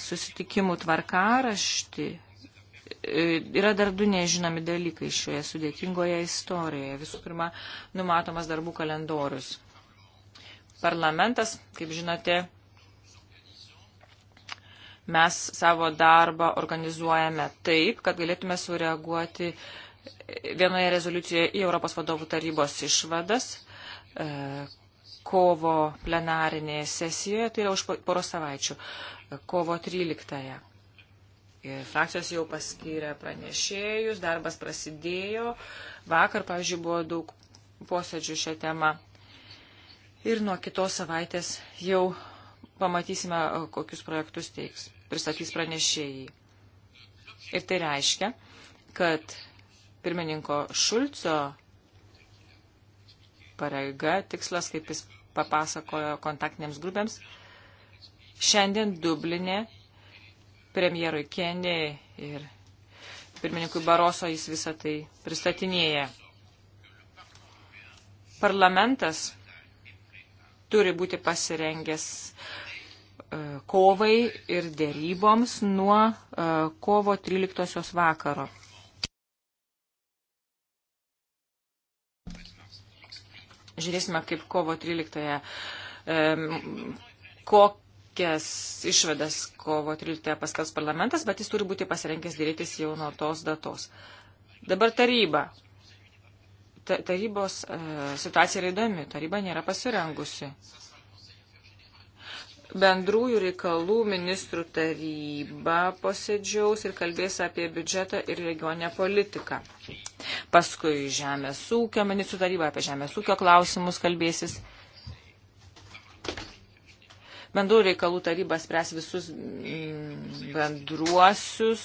susitikimų tvarkaraštį, e, yra dar du nežinomi dalykai šioje sudėtingoje istorijoje. Visų pirma, numatomas darbų kalendorius. Parlamentas, kaip žinote, mes savo darbą organizuojame taip, kad galėtume sureaguoti uh, vienoje rezoliucijoje į Europos vadovų tarybos išvadas e, kovo plenarinėje sesijoje, tai yra už poros savaičių, e, kovo 13-ąją. Frakcijos jau paskyrė pranešėjus, darbas prasidėjo. Vakar, pavyzdžiui, buvo daug posėdžių šią temą. Ir nuo kitos savaitės jau pamatysime, e, kokius projektus teiks, pristatys pranešėjai. Ir tai reiškia, kad pirmininko Šulco pareiga, tikslas, kaip jis papasakojo kontaktinėms grupėms, šiandien Dublinė premjerui Kenė ir pirmininkui Baroso jis visą tai pristatinėja. Parlamentas turi būti pasirengęs e, kovai ir dėryboms nuo e, kovo 13 vakaro. Žiūrėsime, kaip kovo 13-ąją, um, kokias išvedas kovo 13-ąją paskelbs parlamentas, bet jis turi būti pasirinkęs dėrėtis jau nuo tos datos. Dabar taryba. Ta, tarybos e, situacija yra įdomi, taryba nėra pasirengusi bendrųjų reikalų ministrų taryba posėdžiaus ir kalbės apie biudžetą ir regionę politiką. Paskui žemės ūkio ministrų taryba apie žemės ūkio klausimus kalbėsis. Bendrųjų reikalų taryba spręs visus mm, bendruosius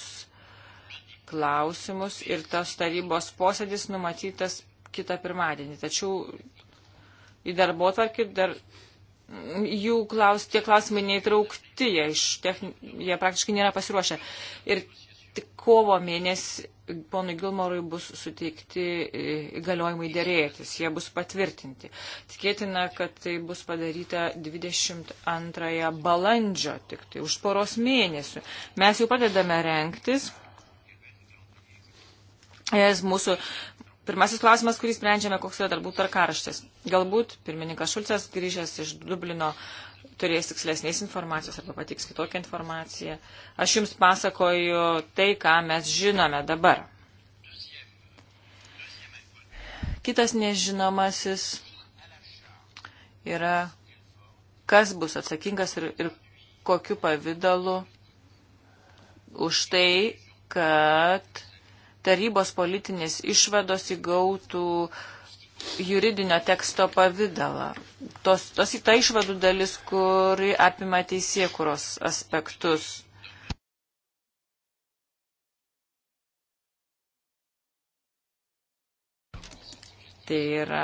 klausimus ir tas tarybos posėdis numatytas kitą pirmadienį. Tačiau į darbo tvarkį dar jų klaus, tie klausimai neįtraukti, jie, techni, jie praktiškai nėra pasiruošę. Ir tik kovo mėnesį ponui Gilmorui bus suteikti e, įgaliojimai dėrėtis, jie bus patvirtinti. Tikėtina, kad tai bus padaryta 22 balandžio, tik tai už poros mėnesių. Mes jau padedame renktis. Es mūsų Pirmasis klausimas, kurį sprendžiame, koks yra darbų tvarkaraštis. Galbūt pirmininkas Šulcas grįžęs iš Dublino turės tikslesnės informacijos arba patiks kitokią informaciją. Aš jums pasakoju tai, ką mes žinome dabar. Kitas nežinomasis yra, kas bus atsakingas ir, ir kokiu pavydalu už tai, kad tarybos politinės išvados įgautų juridinio teksto pavydalą. Tos, tos į tą išvadų dalis, kuri apima teisėkuros aspektus. Tai yra,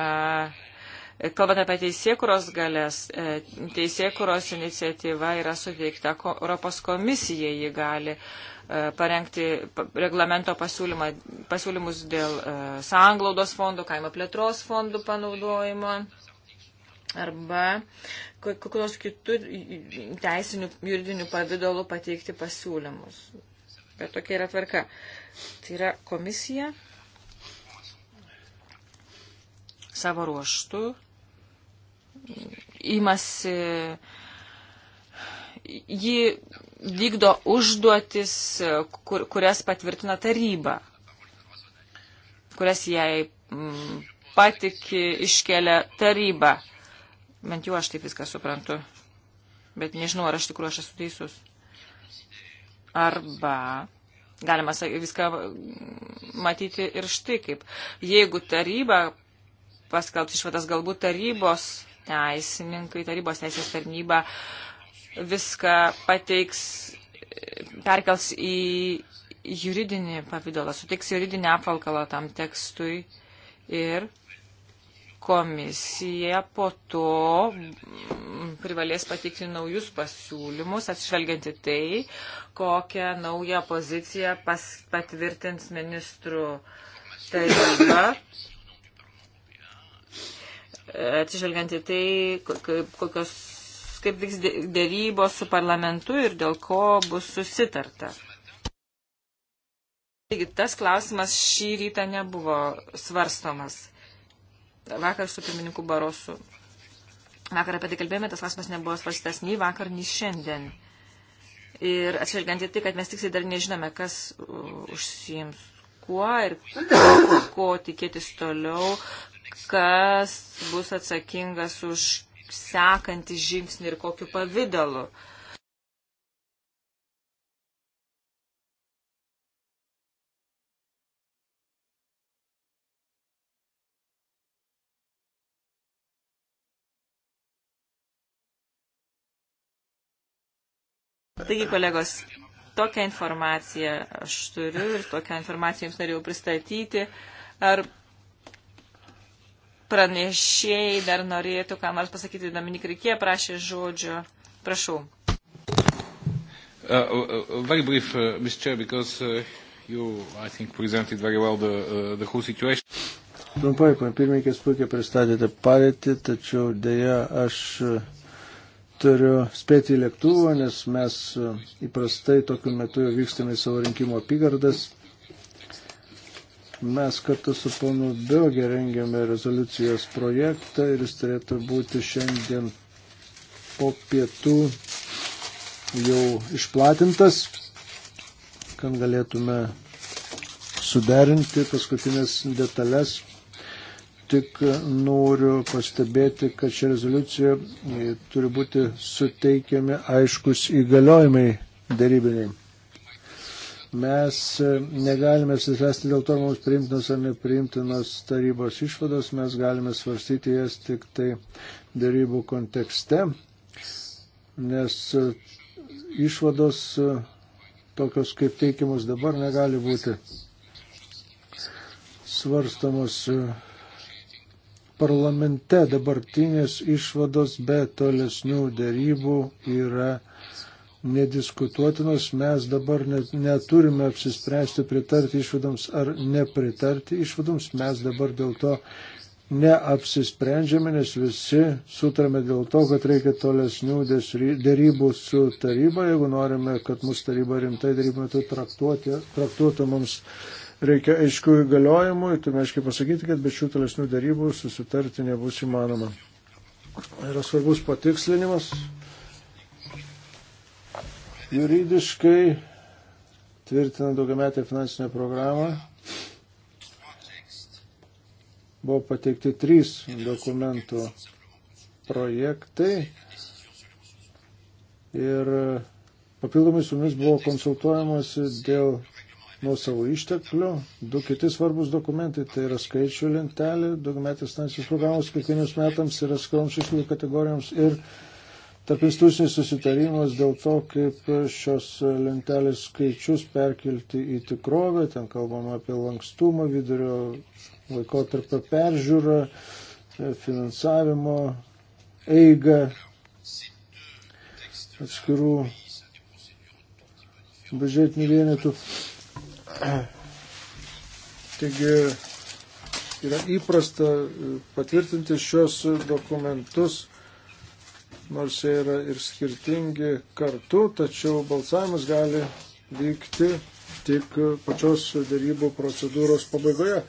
kalbant apie teisėkuros galės, e, teisėkuros iniciatyva yra suteikta Europos komisijai, ji gali uh, E, parengti reglamento pasiūlymus dėl e, sąnglaudos fondų, kaimo plėtros fondų panaudojimo arba kokios kitų teisinių juridinių pavydalų pateikti pasiūlymus. Bet tokia yra tvarka. Tai yra komisija savo ruoštų įmasi uh, ji vykdo užduotis, kur, kurias patvirtina taryba, kurias jai m, mm, patiki iškelia taryba. Bent jau aš taip viską suprantu. Bet nežinau, ar aš tikrųjų aš esu teisus. Arba galima viską matyti ir štai kaip. Jeigu taryba paskelbs išvadas, galbūt tarybos teisininkai, tarybos teisės tarnyba uh, viską pateiks, perkels į juridinį pavydalą, suteiks juridinį apvalkalą tam tekstui ir komisija po to privalės pateikti naujus pasiūlymus, atsižvelgianti tai, kokią naują poziciją pas, patvirtins ministrų taryba. Atsižvelgianti tai, kokios kaip vyks dėrybos su parlamentu ir dėl ko bus susitarta. Taigi, tas klausimas šį rytą nebuvo svarstomas. Vakar su pirmininku Barosu. Vakar apie tai kalbėjome, tas klausimas nebuvo svarstytas nei vakar, nei šiandien. Ir atsižvelgiant į tai, kad mes tiksliai dar nežinome, kas uh, užsiims kuo ir ko tikėtis toliau, kas bus atsakingas už sekantį žingsnį ir kokiu pavydalu. Taigi, kolegos, tokią informaciją aš turiu ir tokią informaciją jums norėjau pristatyti. Ar pranešėjai dar norėtų ką nors pasakyti. Dominik Rikė prašė žodžio. Prašau. Uh, uh, uh very brief, uh, Mr. Chair, because uh, you, I think, presented very well the, uh, the whole situation. Trumpai, pan pirmininkės puikiai pristatėte padėtį, tačiau dėja aš uh, turiu spėti į lėktuvą, nes mes uh, įprastai tokiu metu vykstame į savo rinkimo apygardas Mes kartu su ponu Biogė rengiame rezoliucijos projektą ir jis turėtų būti šiandien po pietų jau išplatintas, kad galėtume suderinti paskutinės detalės. Tik noriu pastebėti, kad šią rezoliuciją turi būti suteikiami aiškus įgaliojimai darybiniai. Mes e, negalime apsispręsti dėl to mums priimtinos ar nepriimtinos tarybos išvados, mes galime svarstyti jas tik tai darybų kontekste, nes e, išvados e, tokios kaip teikiamos dabar negali būti svarstamos parlamente dabartinės išvados be tolesnių darybų yra uh, nediskutuotinos, mes dabar net, neturime apsispręsti pritarti išvadoms ar nepritarti išvadoms, mes dabar dėl to neapsisprendžiame, nes visi sutarėme dėl to, kad reikia tolesnių dėrybų su taryba, jeigu norime, kad mūsų taryba rimtai dėrybų metu traktuotų mums reikia aiškių įgaliojimų, tai turime aiškiai pasakyti, kad be šių tolesnių dėrybų susitarti nebus įmanoma. Yra svarbus patikslinimas. Juridiškai tvirtinant daugiametę finansinę programą buvo pateikti trys dokumentų projektai ir papildomai su mumis buvo konsultuojamasi dėl nuo savo išteklių. Du kiti svarbus dokumentai, tai yra skaičių lentelė, daugiametės finansinės programos kiekvienus metams yra skroms išlaidų kategorijoms ir tarp institucinis susitarimas dėl to, kaip šios lentelės skaičius perkelti į tikrovę, ten kalbama apie lankstumą, vidurio laikotarpio peržiūrą, finansavimo eigą atskirų biudžetinių vienetų. Taigi yra įprasta patvirtinti šios dokumentus nors jie yra ir skirtingi kartu, tačiau balsavimas gali vykti tik pačios darybų procedūros pabaigoje,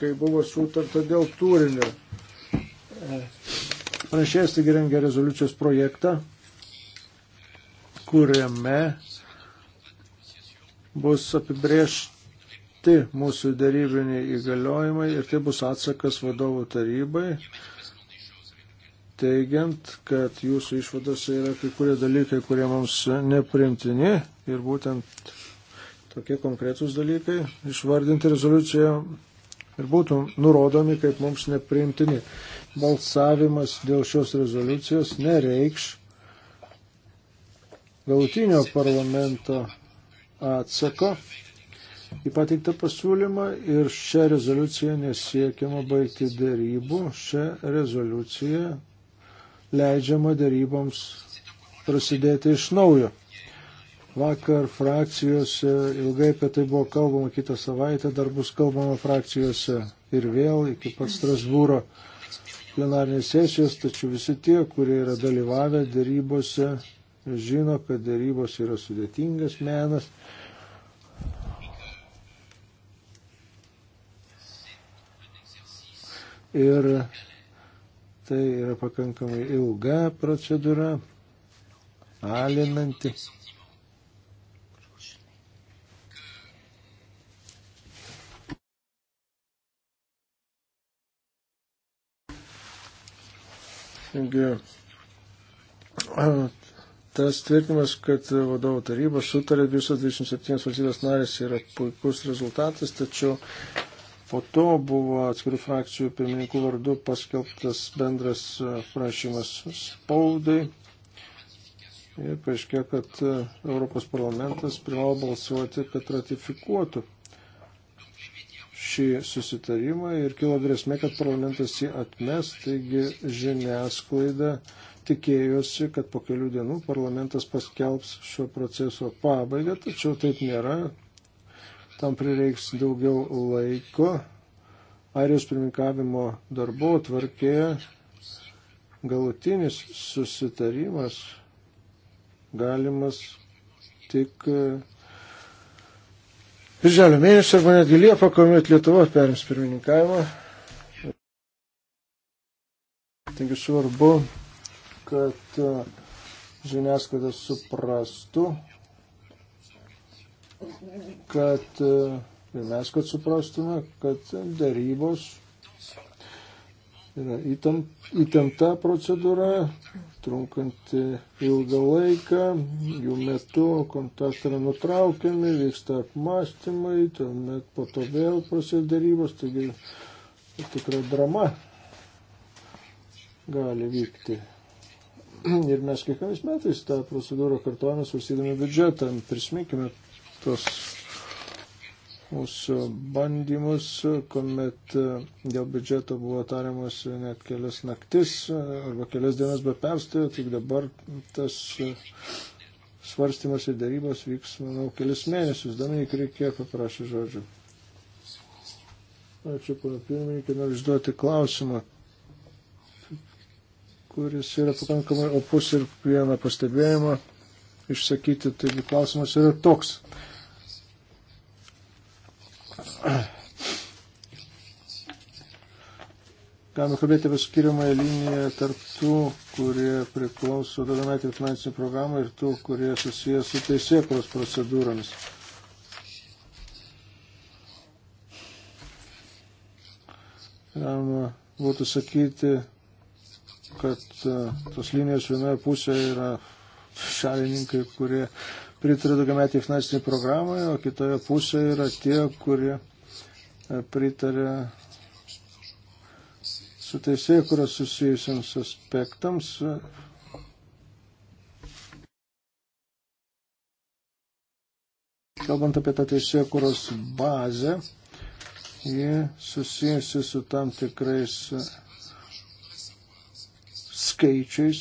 kai buvo sutarta dėl turinio. E, pranešėjas taigi rengia rezoliucijos projektą, kuriame bus apibriežti mūsų darybiniai įgaliojimai ir tai bus atsakas vadovų tarybai teigiant, kad jūsų išvadose yra kai kurie dalykai, kurie mums neprimtini ir būtent tokie konkretūs dalykai išvardinti rezoliuciją ir būtų nurodomi kaip mums neprimtini. Balsavimas dėl šios rezoliucijos nereikš galutinio parlamento atsako į pateiktą pasiūlymą ir šią rezoliuciją nesiekiama baigti dėrybų. Šią rezoliuciją leidžiama daryboms prasidėti iš naujo. Vakar frakcijose ilgai apie tai buvo kalbama, kitą savaitę dar bus kalbama frakcijose ir vėl iki pat Strasbūro plenarinės sesijos, tačiau visi tie, kurie yra dalyvavę darybose, žino, kad darybos yra sudėtingas menas. Ir Tai yra pakankamai ilga procedūra, alinanti. Taigi, tas tvirtinimas, kad vadovų taryba sutarė visos 27 valstybės narės yra puikus rezultatas, tačiau Po to buvo atskirų frakcijų pirmininkų vardu paskelbtas bendras e, prašymas spaudai. Ir paaiškėjo, kad e, Europos parlamentas privalo balsuoti, kad ratifikuotų šį susitarimą ir kilo grėsmė, kad parlamentas jį atmes, taigi žiniasklaida tikėjosi, kad po kelių dienų parlamentas paskelbs šio proceso pabaigą, tačiau taip nėra, tam prireiks daugiau laiko. Airijos pirmininkavimo darbo tvarkėje galutinis susitarimas galimas tik e, birželio mėnesį arba netgi Liepą, kuomet Lietuva perims pirmininkavimą. Taigi svarbu, kad e, žiniasklaida suprastų, kad e, ir mes, kad suprastume, kad darybos yra įtempta procedūra, trunkanti ilgą laiką, jų metu kontaktai yra nutraukiami, vyksta apmąstymai, tuomet po to vėl prasideda darybos, taigi tikra drama gali vykti. Ir mes kiekvienais metais tą procedūrą kartuojame svarstydami biudžetą. Prisiminkime, tos mūsų bandymus, kuomet dėl biudžeto buvo tariamas net kelias naktis arba kelias dienas be perstojo, tik dabar tas svarstymas ir darybos vyks, manau, kelias mėnesius. Dominik reikėjo paprašyti žodžių. Ačiū, pana pirmininkė, noriu išduoti klausimą, kuris yra pakankamai opus ir vieną pastebėjimą išsakyti. Taigi klausimas yra toks. Galime kalbėti apie skiriamąją liniją tarp tų, kurie priklauso daugiametį finansinį programą ir tų, kurie susijęs su teisėkros procedūromis. Galima būtų sakyti, kad uh, tos linijos vienoje pusėje yra šalininkai, kurie pritarė daugiametį finansinį programą, o kitoje pusėje yra tie, kurie e, pritarė su teisėjai, kurios susijusiams aspektams. Kalbant apie tą teisėjų kuros bazę, ji susijusi su tam tikrais skaičiais,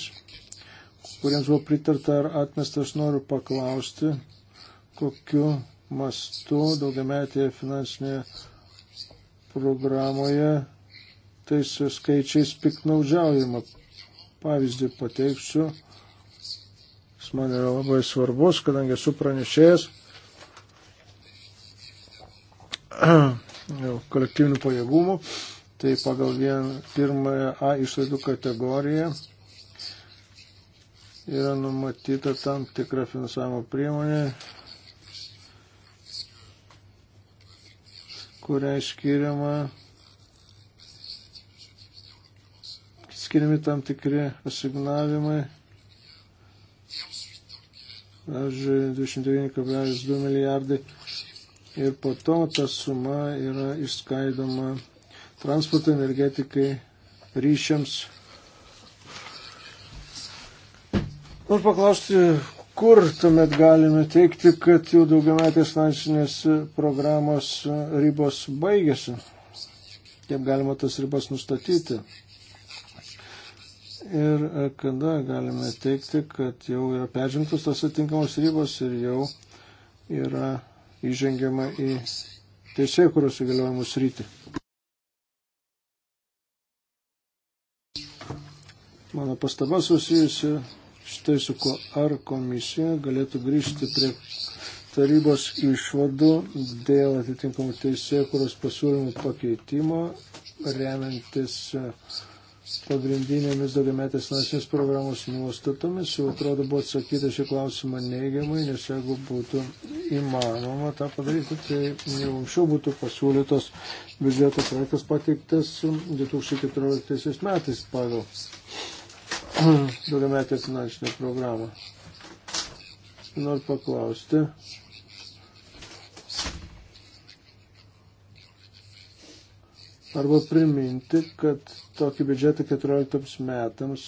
kuriems buvo pritarta ar atmesta, aš noriu paklausti, kokiu mastu daugiametėje finansinėje programoje tais skaičiais piknaudžiaujama. Pavyzdį pateiksiu. Jis man yra labai svarbus, kadangi esu pranešėjas kolektyvinių pajėgumų. Tai pagal vien, pirmąją A išlaidų kategoriją yra numatyta tam tikra finansavimo priemonė, kuriai skiriama, skiriami tam tikri asignavimai. Pavyzdžiui, 29,2 milijardai. Ir po to ta suma yra išskaidoma transporto energetikai ryšiams Noriu paklausti, kur tuomet galime teikti, kad jau daugiametės finansinės programos ribos baigėsi? Kaip galima tas ribas nustatyti? Ir kada galime teikti, kad jau yra peržengtos tos atinkamos ribos ir jau yra įžengiama į teisėjų, kurios įgaliojimus rytį. Mano pastaba susijusi štai su kuo ar komisija galėtų grįžti prie tarybos išvadų dėl atitinkamų teisėkuros pasiūlymų pakeitimo, remiantis e, pagrindinėmis daugiametės nacinės programos nuostatomis. Jau atrodo buvo atsakyta šį klausimą neigiamai, nes jeigu būtų įmanoma tą padaryti, tai jau anksčiau būtų pasiūlytos biudžeto projektas pateiktas 2014 e, metais pagal daugiametę finansinę programą. Noriu paklausti. Arba priminti, kad tokį biudžetą 14 metams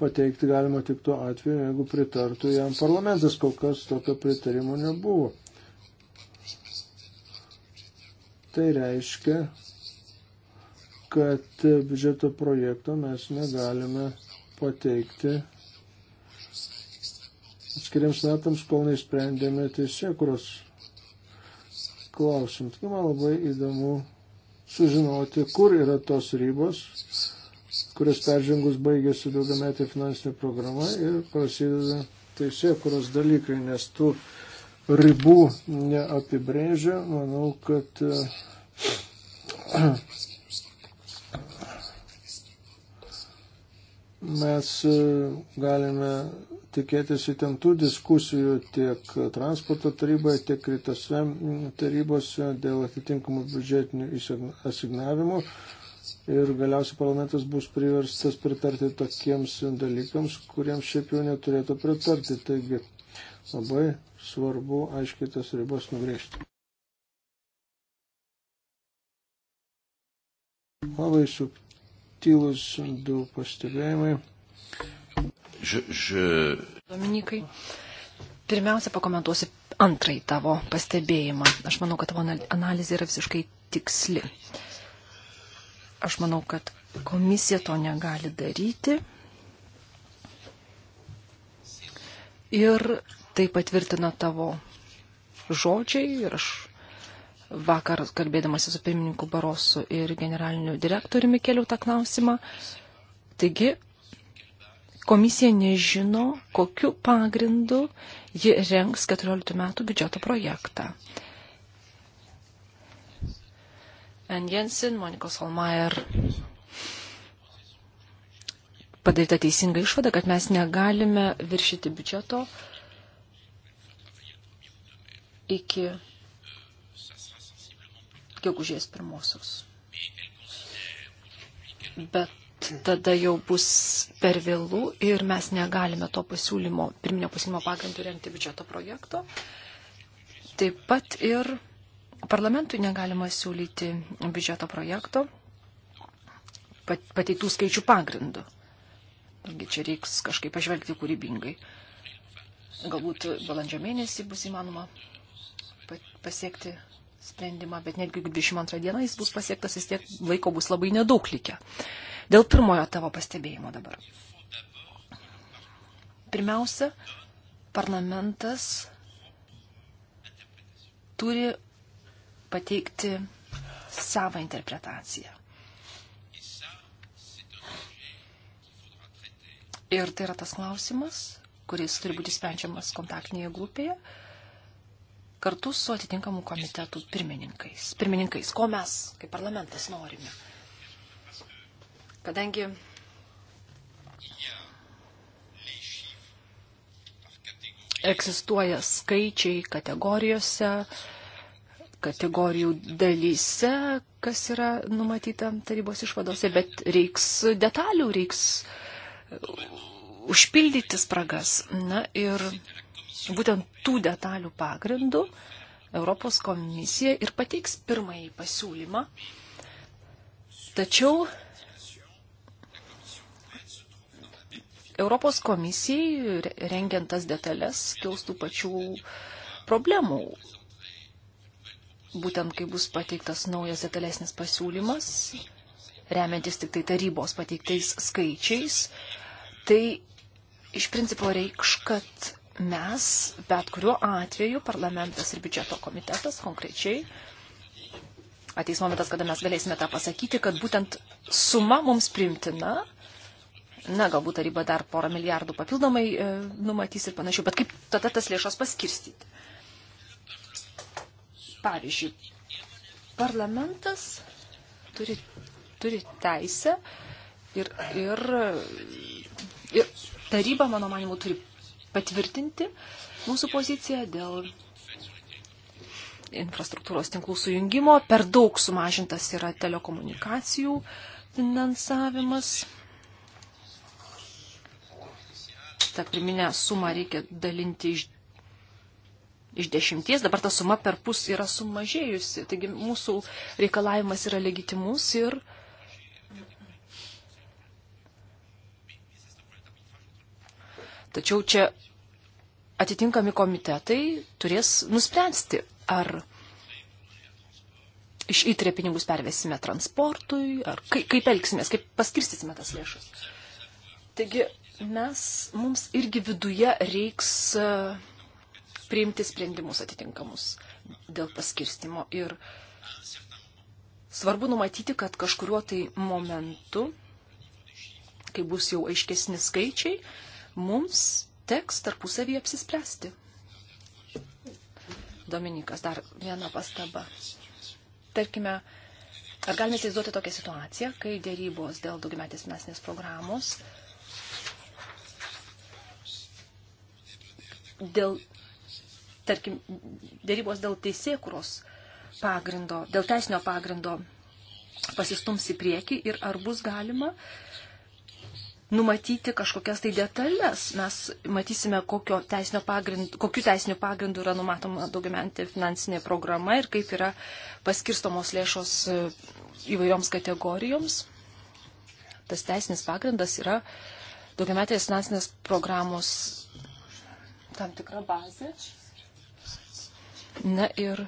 pateikti galima tik tuo atveju, jeigu pritartų jam parlamentas, kol kas tokio pritarimo nebuvo. Tai reiškia, kad biudžeto projekto mes negalime pateikti atskiriams metams, kol neįsprendėme teisėkuros klausimą. Tai man labai įdomu sužinoti, kur yra tos ribos, kurios peržengus baigėsi daugiametė finansinė programa ir prasideda teisėkuros dalykai, nes tų ribų neapibrėžia. Manau, kad mes e, galime tikėtis įtemptų diskusijų tiek transporto taryboje, tiek kitose tarybose dėl atitinkamų biudžetinių asignavimų. Ir galiausiai parlamentas bus priverstas pritarti tokiems dalykams, kuriems šiaip jau neturėtų pritarti. Taigi labai svarbu aiškiai tas ribas nugrėžti. Labai suk tylus du pastebėjimai. Ž, ž... Dominikai, pirmiausia pakomentuosiu antrąjį tavo pastebėjimą. Aš manau, kad tavo analizė yra visiškai tiksli. Aš manau, kad komisija to negali daryti. Ir tai patvirtina tavo žodžiai ir aš Vakar kalbėdamas su pirmininku Barosu ir generaliniu direktoriumi keliu tą klausimą. Taigi, komisija nežino, kokiu pagrindu ji renks 14 metų biudžeto projektą. Ann Jensen, Monikos Holmeier padaryta teisinga išvada, kad mes negalime viršyti biudžeto iki gegužės pirmosios. Bet tada jau bus per vėlų ir mes negalime to pasiūlymo, pirminio pasiūlymo pagrindų remti biudžeto projekto. Taip pat ir parlamentui negalima siūlyti biudžeto projekto pateiktų skaičių pagrindų. Taigi čia reiks kažkaip pažvelgti kūrybingai. Galbūt balandžio mėnesį bus įmanoma pasiekti sprendimą, bet netgi 22 dieną jis bus pasiektas, vis tiek laiko bus labai nedaug likę. Dėl pirmojo tavo pastebėjimo dabar. Pirmiausia, parlamentas turi pateikti savo interpretaciją. Ir tai yra tas klausimas, kuris turi būti sprendžiamas kontaktinėje grupėje kartu su atitinkamų komitetų pirmininkais. Pirmininkais, ko mes, kaip parlamentas, norime. Kadangi egzistuoja skaičiai kategorijose, kategorijų dalyse, kas yra numatyta tarybos išvadose, bet reiks detalių, reiks užpildyti spragas. Na ir būtent tų detalių pagrindų Europos komisija ir pateiks pirmąjį pasiūlymą. Tačiau Europos komisijai rengiant tas detalės kils tų pačių problemų. Būtent kai bus pateiktas naujas detalesnis pasiūlymas, remiantis tik tai tarybos pateiktais skaičiais, tai iš principo reikš, kad mes, bet kuriuo atveju, parlamentas ir biudžeto komitetas konkrečiai, ateis momentas, kada mes galėsime tą pasakyti, kad būtent suma mums primtina, na, galbūt taryba dar porą milijardų papildomai e, numatys ir panašiai, bet kaip tada tas lėšas paskirstyti. Pavyzdžiui, parlamentas turi, turi teisę ir, ir, ir taryba, mano manimu, turi patvirtinti mūsų poziciją dėl infrastruktūros tinklų sujungimo. Per daug sumažintas yra telekomunikacijų finansavimas. Ta priminę sumą reikia dalinti iš, iš dešimties, dabar ta suma per pus yra sumažėjusi. Taigi mūsų reikalavimas yra legitimus ir uh, Tačiau čia atitinkami komitetai turės nuspręsti, ar iš įtrė pinigus pervesime transportui, ar kaip, kaip elgsimės, kaip paskirstysime tas lėšas. Taigi mes, mums irgi viduje reiks e, priimti sprendimus atitinkamus dėl paskirstimo ir svarbu numatyti, kad kažkuriuo tai momentu, kai bus jau aiškesni skaičiai, Mums teks tarpusavį apsispręsti. Dominikas, dar viena pastaba. Tarkime, ar galime įsivaizduoti tokią situaciją, kai dėrybos dėl daugiametės mesnės programos dėl, tarkim, dėrybos dėl teisėkuros pagrindo, dėl teisinio pagrindo pasistums į priekį ir ar bus galima uh, numatyti kažkokias tai detalės. Mes matysime, teisinio pagrind, kokiu teisiniu pagrindu yra numatoma daugiamentė finansinė programa ir kaip yra paskirstomos lėšos e, įvairioms kategorijoms. Tas teisinis pagrindas yra daugiametės finansinės programos tam tikra bazė. Na ir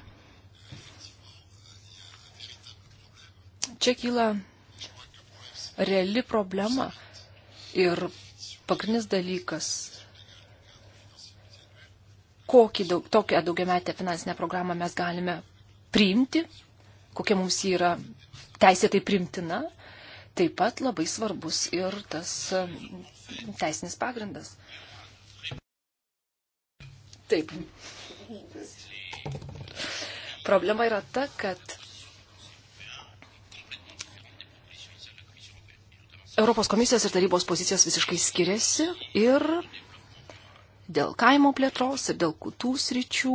čia kyla reali problema Ir pagrindinis dalykas, kokį daug, tokią daugiametę finansinę programą mes galime priimti, kokia mums yra teisėtai primtina, taip pat labai svarbus ir tas um, teisinis pagrindas. Taip. Problema yra ta, kad Europos komisijos ir tarybos pozicijos visiškai skiriasi ir dėl kaimo plėtros, ir dėl kitų sričių.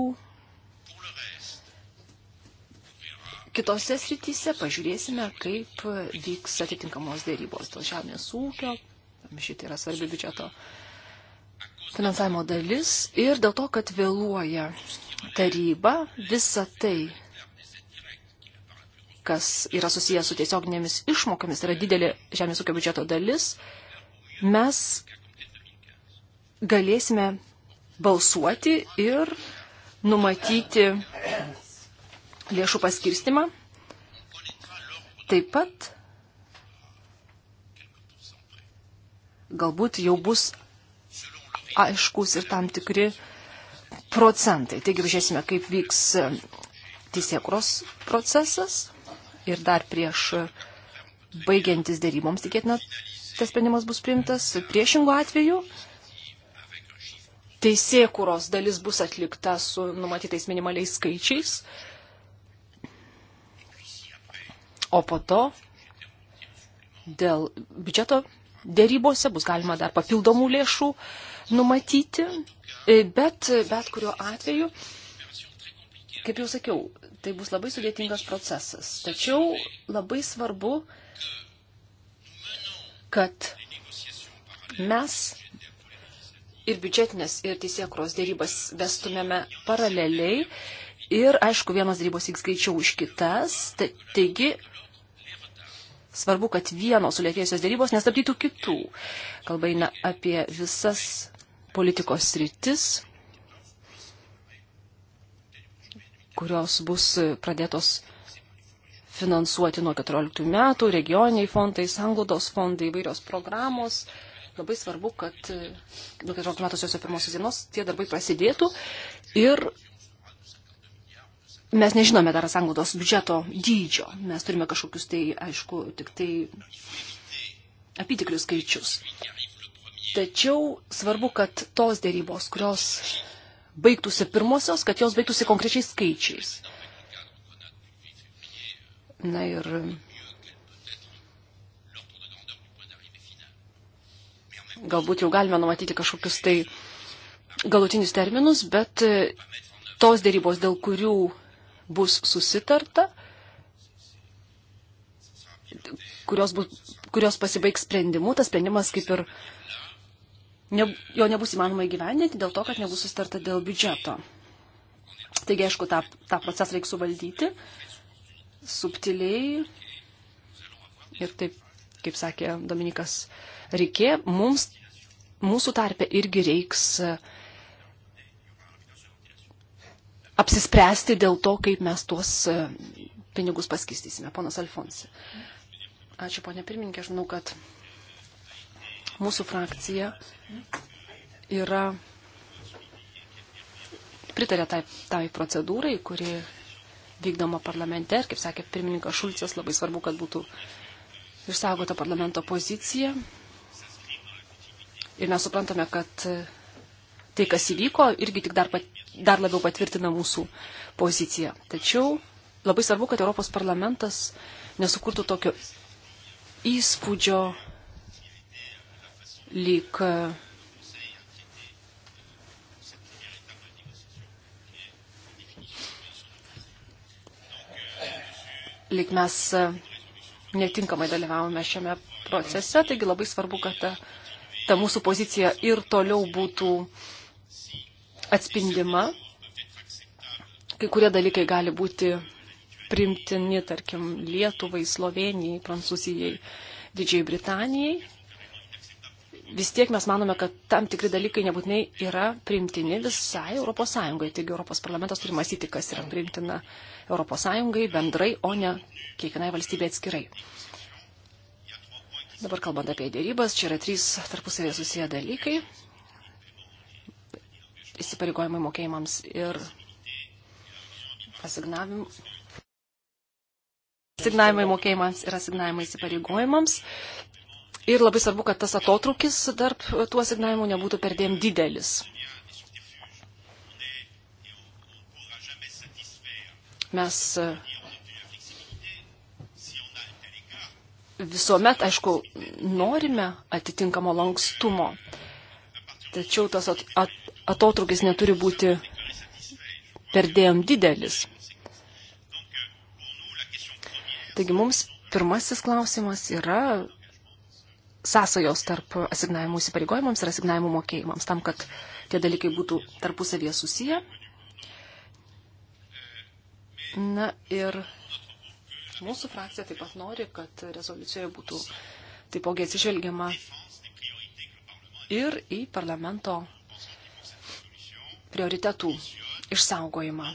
Kitose srityse pažiūrėsime, kaip vyks atitinkamos dėrybos dėl žemės ūkio, šitai yra svarbi biudžeto finansavimo dalis ir dėl to, kad vėluoja taryba, visa tai kas yra susijęs su tiesioginėmis išmokomis, tai yra didelė žemės ūkio biudžeto dalis, mes galėsime balsuoti ir numatyti lėšų paskirstimą. Taip pat galbūt jau bus aiškus ir tam tikri procentai. Taigi žiūrėsime, kaip vyks teisėkros procesas ir dar prieš baigiantis dėryboms tikėtina tas sprendimas bus priimtas. Priešingų atveju teisėkuros dalis bus atlikta su numatytais minimaliais skaičiais, o po to dėl biudžeto dėrybose bus galima dar papildomų lėšų numatyti, e, bet bet kuriuo atveju Kaip jau sakiau, tai bus labai sudėtingas procesas. Tačiau labai svarbu, kad mes ir biudžetinės, ir teisėkros dėrybas vestumėme paraleliai. Ir, aišku, vienas dėrybos vyks greičiau už kitas. Taigi, svarbu, kad vienos sulėtėjusios dėrybos nestabdytų kitų. Kalba eina apie visas politikos sritis, kurios bus pradėtos finansuoti nuo 14 metų, regioniniai fondai, sanglaudos fondai, įvairios programos. Labai svarbu, kad nuo 14 metų sausio pirmosios dienos tie darbai prasidėtų ir mes nežinome dar sanglaudos biudžeto dydžio. Mes turime kažkokius tai, aišku, tik tai apitiklius skaičius. Tačiau svarbu, kad tos dėrybos, kurios baigtųsi pirmosios, kad jos baigtųsi konkrečiais skaičiais. Na ir galbūt jau galime numatyti kažkokius tai galutinius terminus, bet e, tos dėrybos, dėl kurių bus susitarta, kurios, bus, kurios pasibaigs sprendimu, tas sprendimas kaip ir ne, jo nebus įmanoma įgyvendinti dėl to, kad nebus sustarta dėl biudžeto. Taigi, aišku, tą, tą procesą reikia suvaldyti subtiliai ir taip, kaip sakė Dominikas Rikė, mums, mūsų tarpe irgi reiks e, apsispręsti dėl to, kaip mes tuos e, pinigus paskistysime. Ponas Alfonsi. Ačiū, ponė pirmininkė, aš manau, kad mūsų frakcija yra pritarė tai, tai procedūrai, kuri vykdoma parlamente ir, kaip sakė pirmininkas Šulcas, labai svarbu, kad būtų išsaugota parlamento pozicija. Ir mes suprantame, kad tai, kas įvyko, irgi tik dar, pat, dar labiau patvirtina mūsų poziciją. Tačiau labai svarbu, kad Europos parlamentas nesukurtų tokio įspūdžio, lyg e, lyg mes e, netinkamai dalyvavome šiame procese, taigi labai svarbu, kad ta, ta mūsų pozicija ir toliau būtų atspindima. Kai kurie dalykai gali būti primtini, tarkim, Lietuvai, Slovenijai, Prancūzijai, Didžiai Britanijai, vis tiek mes manome, kad tam tikri dalykai nebūtinai yra priimtini visai ES. Taigi ES parlamentas turi mąstyti, kas yra priimtina ES bendrai, o ne kiekvienai valstybei atskirai. Dabar kalbant apie dėrybas, čia yra trys tarpusavėje susiję dalykai. Įsipareigojimai mokėjimams ir asignavim... asignavimai mokėjimams ir asignavimai įsipareigojimams. Ir labai svarbu, kad tas atotrukis tarp tų asignavimų nebūtų perdėm didelis. Mes e, visuomet, aišku, norime atitinkamo lankstumo, tačiau tas at, at, atotrukis neturi būti perdėm didelis. Taigi mums pirmasis klausimas yra sąsajos tarp asignavimų įsipareigojimams ir asignavimų mokėjimams, tam, kad tie dalykai būtų tarpusavėje susiję. Na ir mūsų frakcija taip pat nori, kad rezoliucijoje būtų taipogi atsižvelgiama ir į parlamento prioritetų išsaugojimą.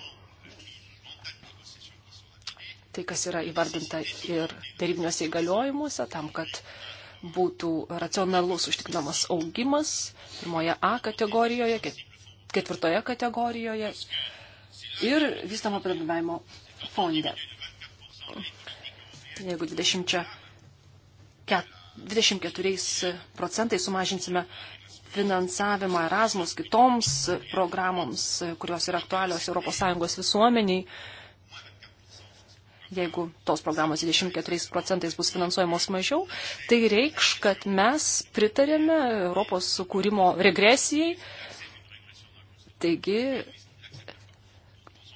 Tai, kas yra įvardinta ir darybiniuose įgaliojimuose, tam, kad uh, būtų racionalus užtikrinamas augimas pirmoje A kategorijoje, ketvirtoje kategorijoje ir vystamo bendradarbiavimo fonde. Tai jeigu 20, 24 procentai sumažinsime finansavimą Erasmus kitoms programoms, kurios yra aktualios ES visuomeniai, jeigu tos programos 24 procentais bus finansuojamos mažiau, tai reikš, kad mes pritarėme Europos sukūrimo regresijai. Taigi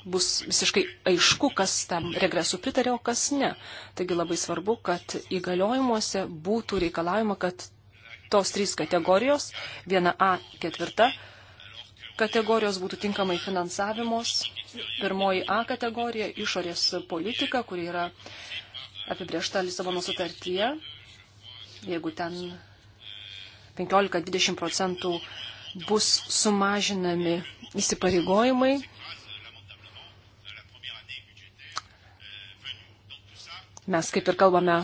bus visiškai aišku, kas tam regresu pritarė, o kas ne. Taigi labai svarbu, kad įgaliojimuose būtų reikalavimo, kad tos trys kategorijos, viena A ketvirta, kategorijos būtų tinkamai finansavimos. Pirmoji A kategorija - išorės politika, kuri yra apibriešta Lisabono sutartyje. Jeigu ten 15-20 procentų bus sumažinami įsipareigojimai, mes kaip ir kalbame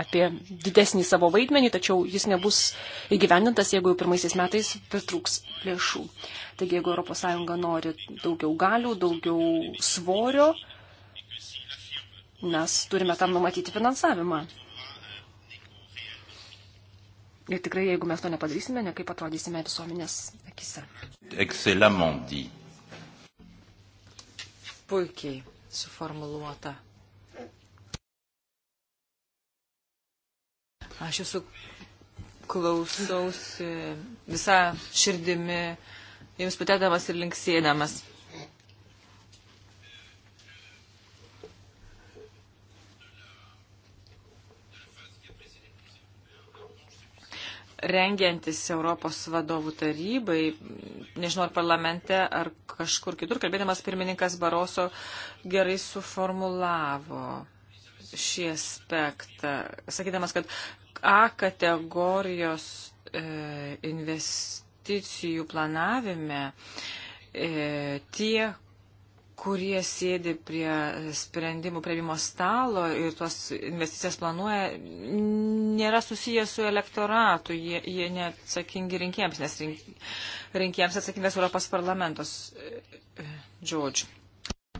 apie didesnį savo vaidmenį, tačiau jis nebus įgyvendintas, jeigu jau pirmaisiais metais pritrūks lėšų. Taigi, jeigu ES nori daugiau galių, daugiau svorio, mes turime tam numatyti finansavimą. Ir tikrai, jeigu mes to nepadarysime, nekaip atrodysime visuomenės akise. Puikiai suformuluota. Aš jūsų klausausi visą širdimi, jums patėdamas ir linksėdamas. rengiantis Europos vadovų tarybai, nežinau ar parlamente, ar kažkur kitur, kalbėdamas pirmininkas Baroso gerai suformulavo šį aspektą, sakydamas, kad A kategorijos e, investicijų planavime e, tie, kurie sėdi prie sprendimų prieimimo stalo ir tuos investicijas planuoja, nėra susijęs su elektoratu, jie, jie neatsakingi rinkėjams, nes rink, rinkėjams atsakingas Europos parlamentos e, žodžiu.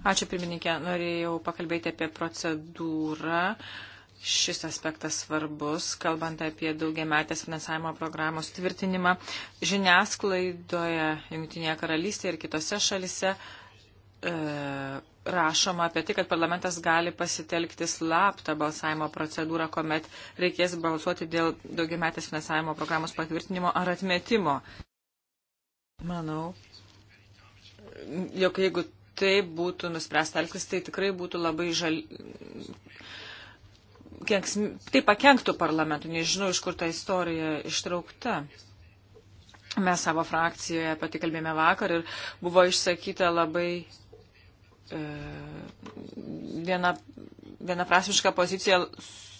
Ačiū pirmininkė, norėjau pakalbėti apie procedūrą. Uh, šis aspektas svarbus, kalbant apie daugiametės finansavimo programos tvirtinimą. Žiniasklaidoje, Junktinėje karalystėje ir kitose šalise e, rašoma apie tai, kad parlamentas gali pasitelkti slaptą balsavimo procedūrą, kuomet reikės balsuoti dėl daugiametės finansavimo programos patvirtinimo ar atmetimo. Manau, jog jeigu tai būtų nuspręsta elgtis, tai tikrai būtų labai žal kenks, tai pakenktų parlamentui. Nežinau, iš kur ta istorija ištraukta. Mes savo frakcijoje apie tai kalbėjome vakar ir buvo išsakyta labai e, viena, viena prasmiška pozicija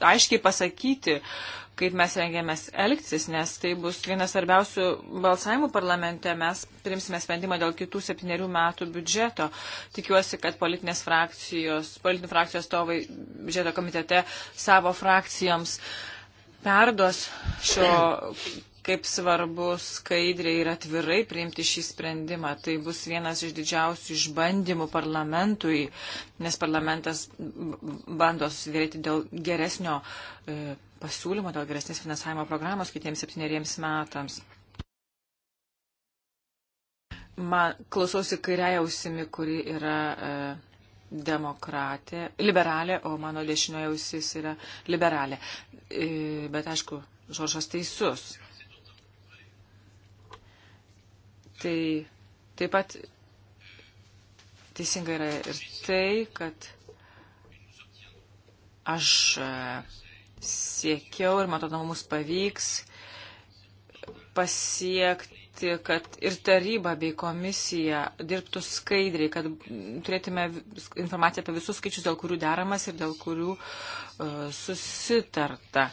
aiškiai pasakyti, kaip mes rengiamės elgtis, nes tai bus vienas svarbiausių balsavimų parlamente. Mes primsime sprendimą dėl kitų septyniarių metų biudžeto. Tikiuosi, kad politinės frakcijos, politinių frakcijos tovai biudžeto komitete savo frakcijoms perduos šio kaip svarbu skaidriai ir atvirai priimti šį sprendimą. Tai bus vienas iš didžiausių išbandymų parlamentui, nes parlamentas bando susidėrėti dėl geresnio e, pasiūlymo, dėl geresnės finansavimo programos kitiems septyneriems metams. Man klausausi kairiaja ausimi, kuri yra. E, demokratė, liberalė, o mano dešinioje ausis yra liberalė. E, bet aišku, Žoržas teisus. Tai taip pat teisinga yra ir tai, kad aš e, siekiau ir, man atrodo, mums pavyks pasiekti, kad ir taryba bei komisija dirbtų skaidriai, kad turėtume informaciją apie visus skaičius, dėl kurių deramas ir dėl kurių uh, susitarta.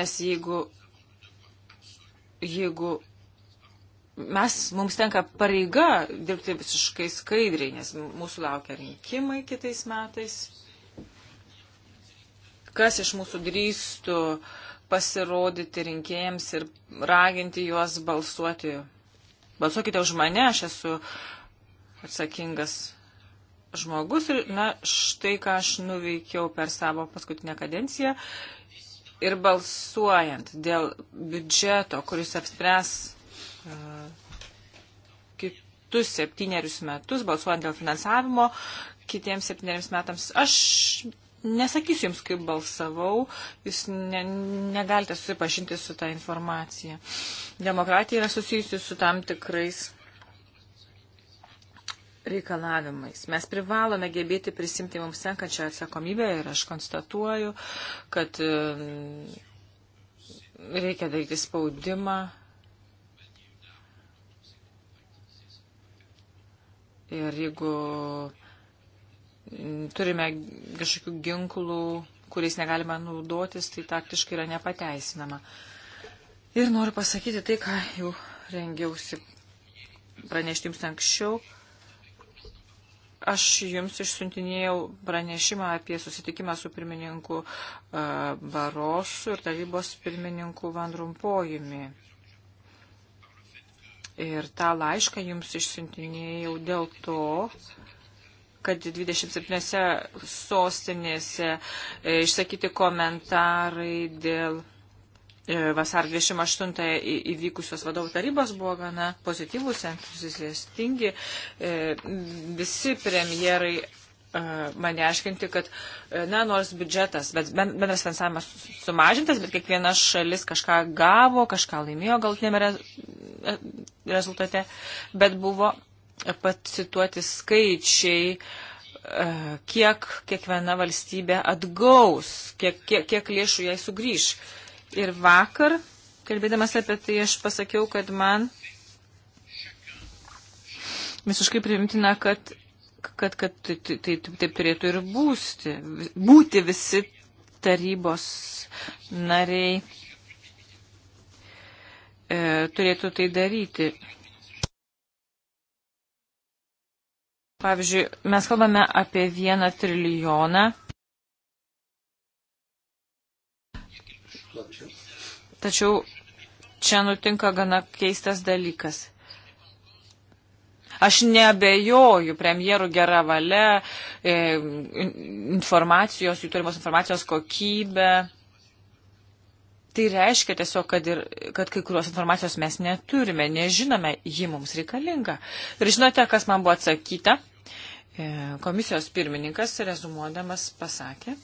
Nes jeigu, jeigu mes, mums tenka pareiga dirbti visiškai skaidriai, nes mūsų laukia rinkimai kitais metais. Kas iš mūsų drįstų pasirodyti rinkėjams ir raginti juos balsuoti? Balsuokite už mane, aš esu atsakingas žmogus ir, na, štai ką aš nuveikiau per savo paskutinę kadenciją ir balsuojant dėl biudžeto, kuris apspręs kitus septynerius metus, balsuojant dėl finansavimo, kitiems septyneriams metams. Aš nesakysiu jums, kaip balsavau, jūs ne, negalite susipažinti su tą informacija. Demokratija yra susijusi su tam tikrais reikalavimais. Mes privalome gebėti prisimti mums tenkančią atsakomybę ir aš konstatuoju, kad mm, reikia daryti spaudimą Ir jeigu turime kažkokių ginklų, kuriais negalime naudotis, tai taktiškai yra nepateisinama. Ir noriu pasakyti tai, ką jau rengiausi pranešti jums anksčiau. Aš jums išsiuntinėjau pranešimą apie susitikimą su pirmininku e, Barosu ir tarybos pirmininku Vandrumpojimi. Ir tą laišką jums išsiuntinėjau dėl to, kad 27 sostinėse e, išsakyti komentarai dėl e, vasar 28 įvykusios vadovų tarybos buvo gana pozityvus, entuziastingi. E, visi premjerai mane aiškinti, kad, e, na, nors biudžetas, bet bendras finansavimas sumažintas, bet kiekviena šalis kažką gavo, kažką laimėjo galtinėme e, rezultate, bet buvo pacituoti skaičiai, e, kiek kiekviena valstybė atgaus, kiek, kiek, kiek lėšų jai sugrįž. Ir vakar, kalbėdamas apie tai, aš pasakiau, kad man visiškai primtina, kad kad, kad taip tai, tai, tai turėtų ir būsti, būti visi tarybos nariai e, turėtų tai daryti. Pavyzdžiui, mes kalbame apie vieną trilijoną. Tačiau čia nutinka gana keistas dalykas. Aš nebejoju premjerų gerą valią, e, informacijos, jų turimos informacijos kokybę. Tai reiškia tiesiog, kad, ir, kad kai kurios informacijos mes neturime, nežinome, ji mums reikalinga. Ir žinote, kas man buvo atsakyta? E, komisijos pirmininkas, rezumuodamas, pasakė,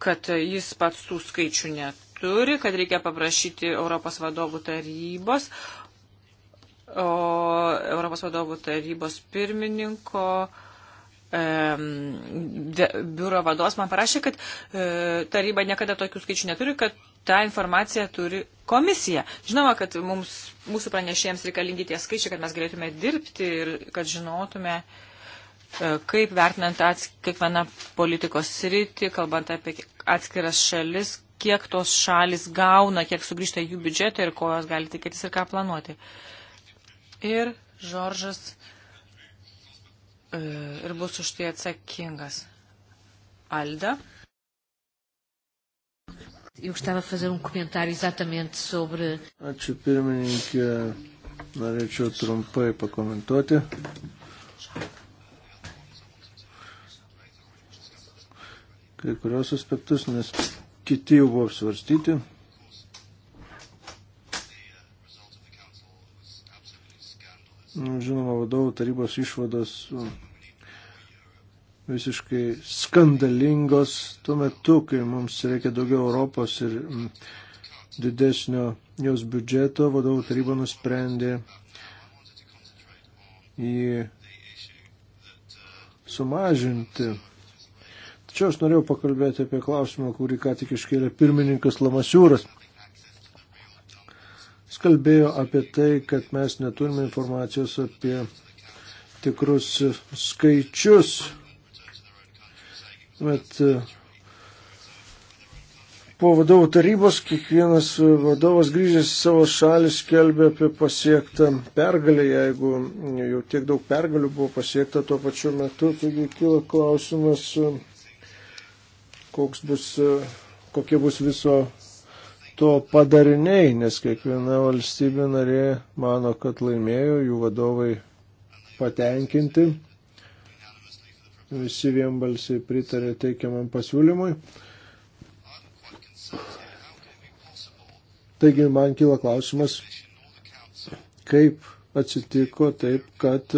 kad jis pats tų skaičių neturi, kad reikia paprašyti Europos vadovų tarybos, o Europos vadovų tarybos pirmininko e, de, biuro vadovas man parašė, kad e, taryba niekada tokių skaičių neturi, kad tą informaciją turi komisija. Žinoma, kad mums, mūsų pranešėjams reikalingi tie skaičiai, kad mes galėtume dirbti ir kad žinotume, e, kaip vertinant kiekvieną politikos sritį, kalbant apie atskiras šalis, kiek tos šalis gauna, kiek sugrįžta jų biudžetą ir ko jos gali tikėtis ir ką planuoti. Uh, ir Žoržas e, ir bus už tai atsakingas. Alda. Eu gostava de fazer um comentário exatamente sobre. Ačiū pirmininkė, norėčiau trumpai pakomentuoti. Kai kurios aspektus, nes kiti jau buvo apsvarstyti. Žinoma, vadovų tarybos išvados nu, visiškai skandalingos tuo metu, kai mums reikia daugiau Europos ir mm, didesnio jos biudžeto, vadovų taryba nusprendė jį sumažinti. Tačiau aš norėjau pakalbėti apie klausimą, kurį ką tik iškėlė pirmininkas Lamasiūras. Jis kalbėjo apie tai, kad mes neturime informacijos apie tikrus skaičius. Bet po vadovų tarybos kiekvienas vadovas grįžęs į savo šalį skelbė apie pasiektą pergalę, jeigu jau tiek daug pergalių buvo pasiekta tuo pačiu metu, taigi kyla klausimas, koks bus, kokie bus viso to padariniai, nes kiekviena valstybė narė mano, kad laimėjo, jų vadovai patenkinti, visi vienbalsiai pritarė teikiamam pasiūlymui. Taigi man kyla klausimas, kaip atsitiko taip, kad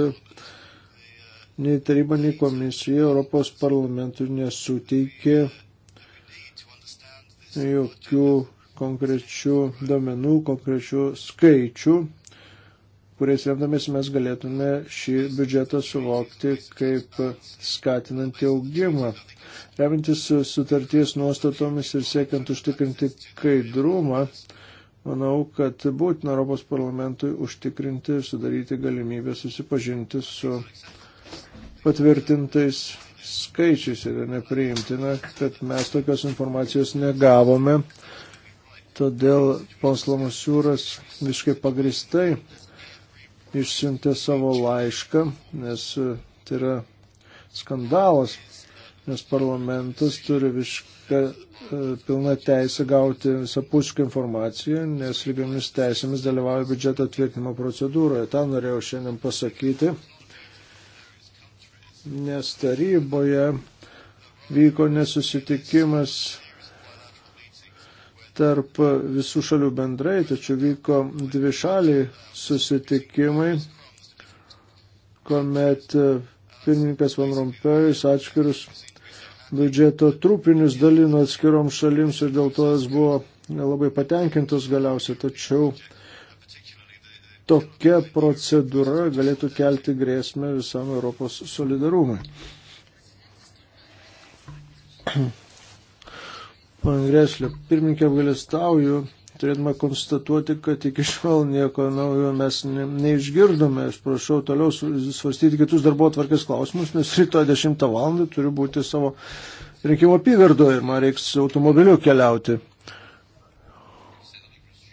nei taryba, nei komisija Europos parlamentui nesuteikė jokių konkrečių domenų, konkrečių skaičių, kuriais remdamės mes galėtume šį biudžetą suvokti kaip skatinantį augimą. Remintis sutarties nuostatomis ir siekiant užtikrinti kaidrumą, manau, kad būtina Europos parlamentui užtikrinti ir sudaryti galimybę susipažinti su patvirtintais skaičiais. Yra nepriimtina, kad mes tokios informacijos negavome Todėl pons Lamasiūras visiškai pagristai išsiuntė savo laišką, nes e, tai yra skandalas, nes parlamentas turi visišką e, pilną teisę gauti visapušką informaciją, nes lygiamis teisėmis dalyvauja biudžeto atvirtinimo procedūroje. Ta norėjau šiandien pasakyti, nes taryboje vyko nesusitikimas tarp visų šalių bendrai, tačiau vyko dvi šaliai susitikimai, kuomet pirmininkas Van Rompėjus atskirus biudžeto trupinius dalino atskirom šalims ir dėl to jis buvo labai patenkintas galiausiai, tačiau tokia procedūra galėtų kelti grėsmę visam Europos solidarumui. Pane Greslė, pirmininkė apgalėstauju, turėtume konstatuoti, kad iki šiol nieko naujo mes ne, neišgirdome. Aš prašau toliau svarstyti kitus darbo tvarkės klausimus, nes rytoj 10 val. turiu būti savo rinkimo apygardoje ir man reiks automobiliu keliauti.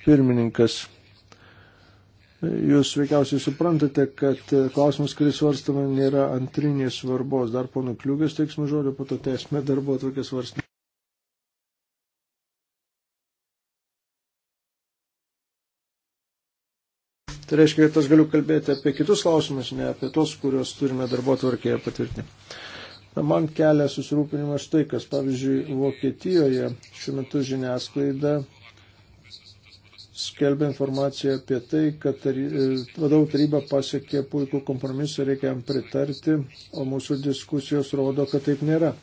Pirmininkas. Jūs veikiausiai suprantate, kad klausimas, kurį svarstame, nėra antrinės svarbos. Dar ponų kliūgės teiksmų žodžio, po to teisme darbo tokia svarstama. Tai reiškia, kad aš galiu kalbėti apie kitus klausimus, ne apie tos, kuriuos turime darbo tvarkėje patvirtinti. Man kelia susirūpinimas štai, kas pavyzdžiui Vokietijoje šiuo metu žiniasklaida skelbia informaciją apie tai, kad e, vadovų taryba pasiekė puikų kompromisą, reikia jam pritarti, o mūsų diskusijos rodo, kad taip nėra.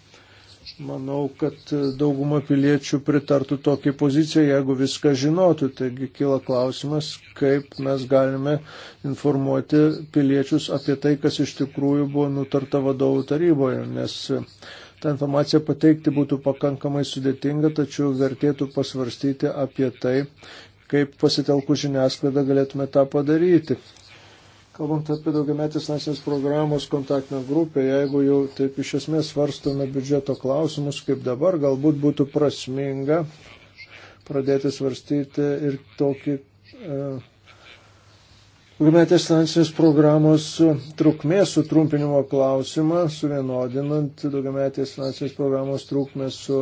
Manau, kad dauguma piliečių pritartų tokiai pozicijai, jeigu viską žinotų. Taigi kyla klausimas, kaip mes galime informuoti piliečius apie tai, kas iš tikrųjų buvo nutarta vadovų taryboje, nes tą informaciją pateikti būtų pakankamai sudėtinga, tačiau vertėtų pasvarstyti apie tai, kaip pasitelkų žiniasklaidą galėtume tą padaryti. Kalbant apie daugiametės nacinės programos kontaktinę grupę, jeigu jau taip iš esmės svarstome biudžeto klausimus kaip dabar, galbūt būtų prasminga pradėti svarstyti ir tokį e, Ilgametės finansinės programos trukmės sutrumpinimo klausimą, suvienodinant daugiametės finansinės programos trukmę su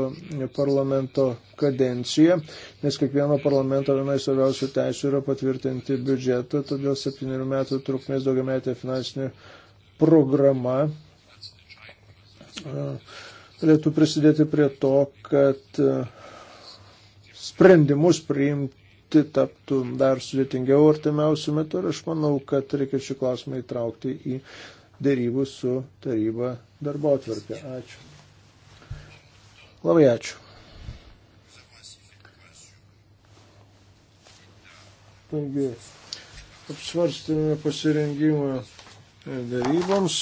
parlamento kadencija, nes kiekvieno parlamento viena iš svarbiausių teisų yra patvirtinti biudžetą, todėl septynių metų trukmės daugiametė finansinė programa galėtų e, prisidėti prie to, kad e, sprendimus priimti dirbti taptų dar sudėtingiau artimiausių metų ir aš manau, kad reikia šį klausimą įtraukti į dėrybų su taryba darbo atvarkę. Ačiū. Labai ačiū. Taigi, apsvarstėme pasirengimą daryboms,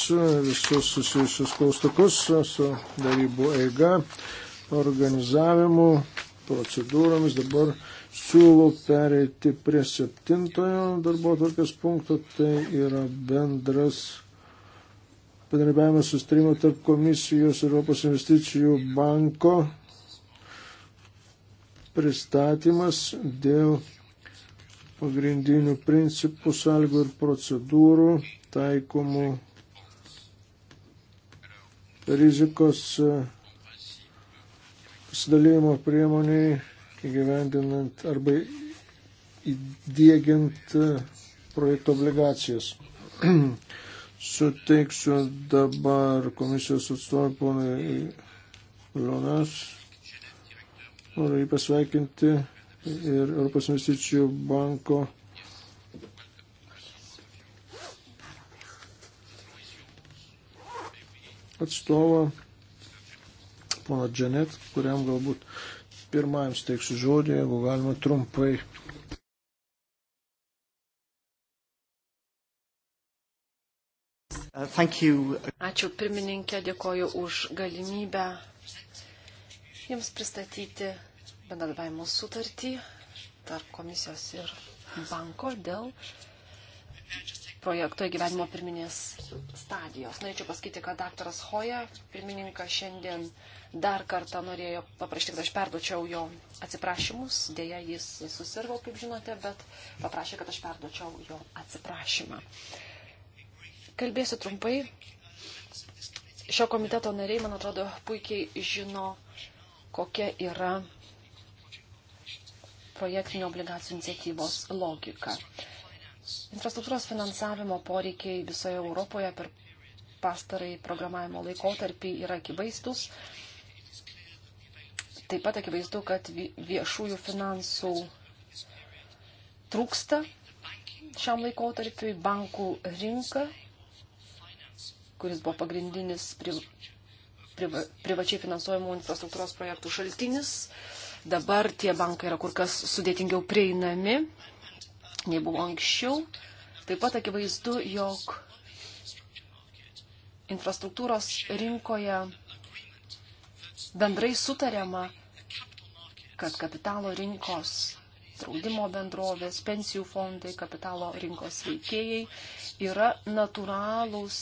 visus susijusius klaustukus su darybų eiga, organizavimu, procedūromis. Dabar siūlau pereiti prie septintojo darbo tvarkės punkto, tai yra bendras bendrabiavimas sustarimo tarp komisijos Europos investicijų banko pristatymas dėl pagrindinių principų, sąlygų ir procedūrų taikomų rizikos eh, pasidalymo priemoniai įgyvendinant arba įdėgiant e, projekto obligacijas. Suteiksiu dabar komisijos atstovui ponai Leonas. Noriu jį pasveikinti ir Europos investicijų banko atstovą, poną Džanet, kuriam galbūt pirmajam steiksiu žodį, jeigu galima trumpai. Uh, Ačiū pirmininkė, dėkoju už galimybę Jums pristatyti bendradarbiavimo sutartį tarp komisijos ir banko dėl projekto įgyvenimo pirminės stadijos. Norėčiau pasakyti, kad daktaras Hoja, pirmininkas, šiandien uh, dar kartą norėjo paprašyti, kad aš perduočiau jo atsiprašymus. Deja, jis susirgo, kaip žinote, bet paprašė, kad aš perduočiau jo atsiprašymą. Kalbėsiu trumpai. Šio komiteto nariai, man atrodo, puikiai žino, kokia yra projektinio obligacijų iniciatyvos logika. Infrastruktūros finansavimo poreikiai visoje Europoje per pastarąjį programavimo laikotarpį yra akivaizdus. Taip pat akivaizdu, kad viešųjų finansų trūksta šiam laikotarpiui bankų rinka, kuris buvo pagrindinis pri, priva, privačiai finansuojamų infrastruktūros projektų šaltinis. Dabar tie bankai yra kur kas sudėtingiau prieinami, nei buvo anksčiau. Taip pat akivaizdu, jog infrastruktūros rinkoje bendrai sutariama, kad kapitalo rinkos draudimo bendrovės, pensijų fondai, kapitalo rinkos veikėjai yra natūralūs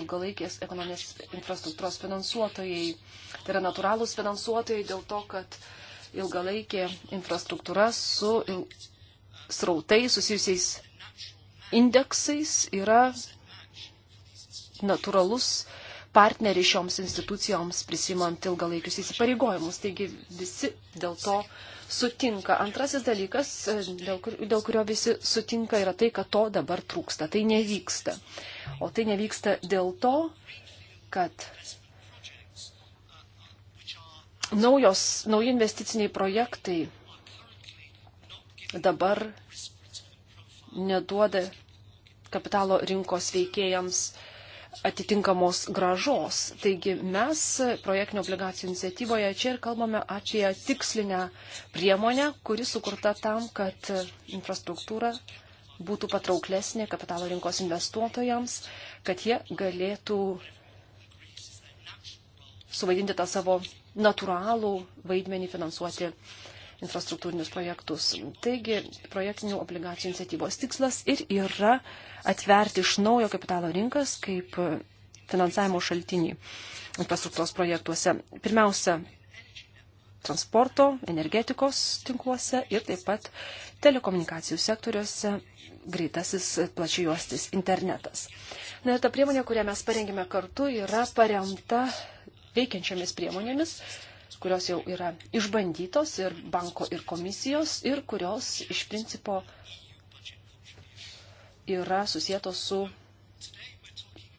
ilgalaikės ekonominės infrastruktūros finansuotojai. Tai yra natūralūs finansuotojai dėl to, kad ilgalaikė infrastruktūra su srautai susijusiais indeksais yra natūralus partnerį šioms institucijoms prisimant ilgalaikius įsipareigojimus. Taigi visi dėl to sutinka. Antrasis dalykas, dėl, kur, dėl kurio visi sutinka, yra tai, kad to dabar trūksta. Tai nevyksta. O tai nevyksta dėl to, kad naujos, nauji investiciniai projektai dabar neduoda kapitalo rinkos veikėjams uh, atitinkamos gražos. Taigi mes projektinio obligacijų iniciatyvoje čia ir kalbame apie tikslinę priemonę, kuri sukurta tam, kad infrastruktūra būtų patrauklesnė kapitalo rinkos investuotojams, kad jie galėtų suvaidinti tą savo natūralų vaidmenį finansuoti infrastruktūrinius projektus. Taigi, projektinių obligacijų iniciatyvos tikslas ir yra atverti iš naujo kapitalo rinkas kaip finansavimo šaltinį infrastruktūros projektuose. Pirmiausia, transporto, energetikos tinkluose ir taip pat telekomunikacijų sektoriuose greitasis plačiuostis internetas. Na ir ta priemonė, kurią mes parengėme kartu, yra paremta veikiančiomis priemonėmis, kurios jau yra išbandytos ir banko ir komisijos ir kurios iš principo yra susijėtos su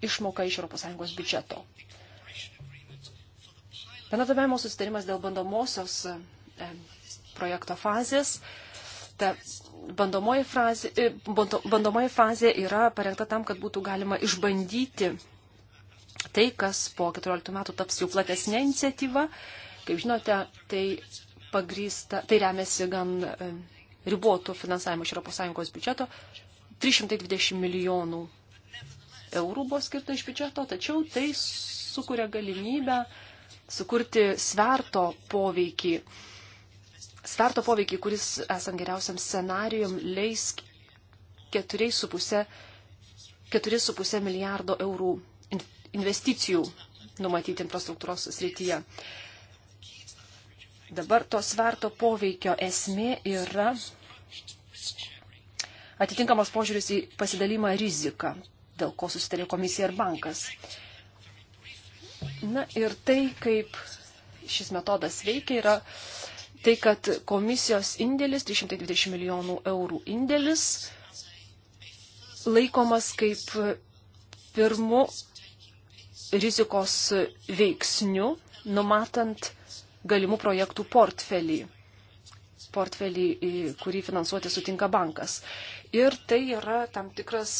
išmoka iš ES biudžeto. Bendradarbiavimo susitarimas dėl bandomosios e, projekto fazės. Ta bandomoji fazė, e, bandomoji fazė yra parengta tam, kad būtų galima išbandyti tai, kas po 14 metų taps jau platesnė iniciatyva Kaip žinote, tai, pagrįsta, tai remiasi gan e, ribotų finansavimo iš ES biudžeto. 320 milijonų eurų buvo skirta iš biudžeto, tačiau tai sukuria galimybę sukurti sverto poveikį. Sverto poveikį, kuris esant geriausiam scenarijum leis 4,5 milijardo eurų investicijų numatyti infrastruktūros srityje. Dabar to sverto poveikio esmė yra atitinkamas požiūris į pasidalymą riziką, dėl ko susitarė komisija ir bankas. Na ir tai, kaip šis metodas veikia, yra tai, kad komisijos indėlis, 320 milijonų eurų indėlis, laikomas kaip pirmu rizikos veiksniu, numatant galimų projektų portfelį, portfelį, kurį finansuoti sutinka bankas. Ir tai yra tam tikras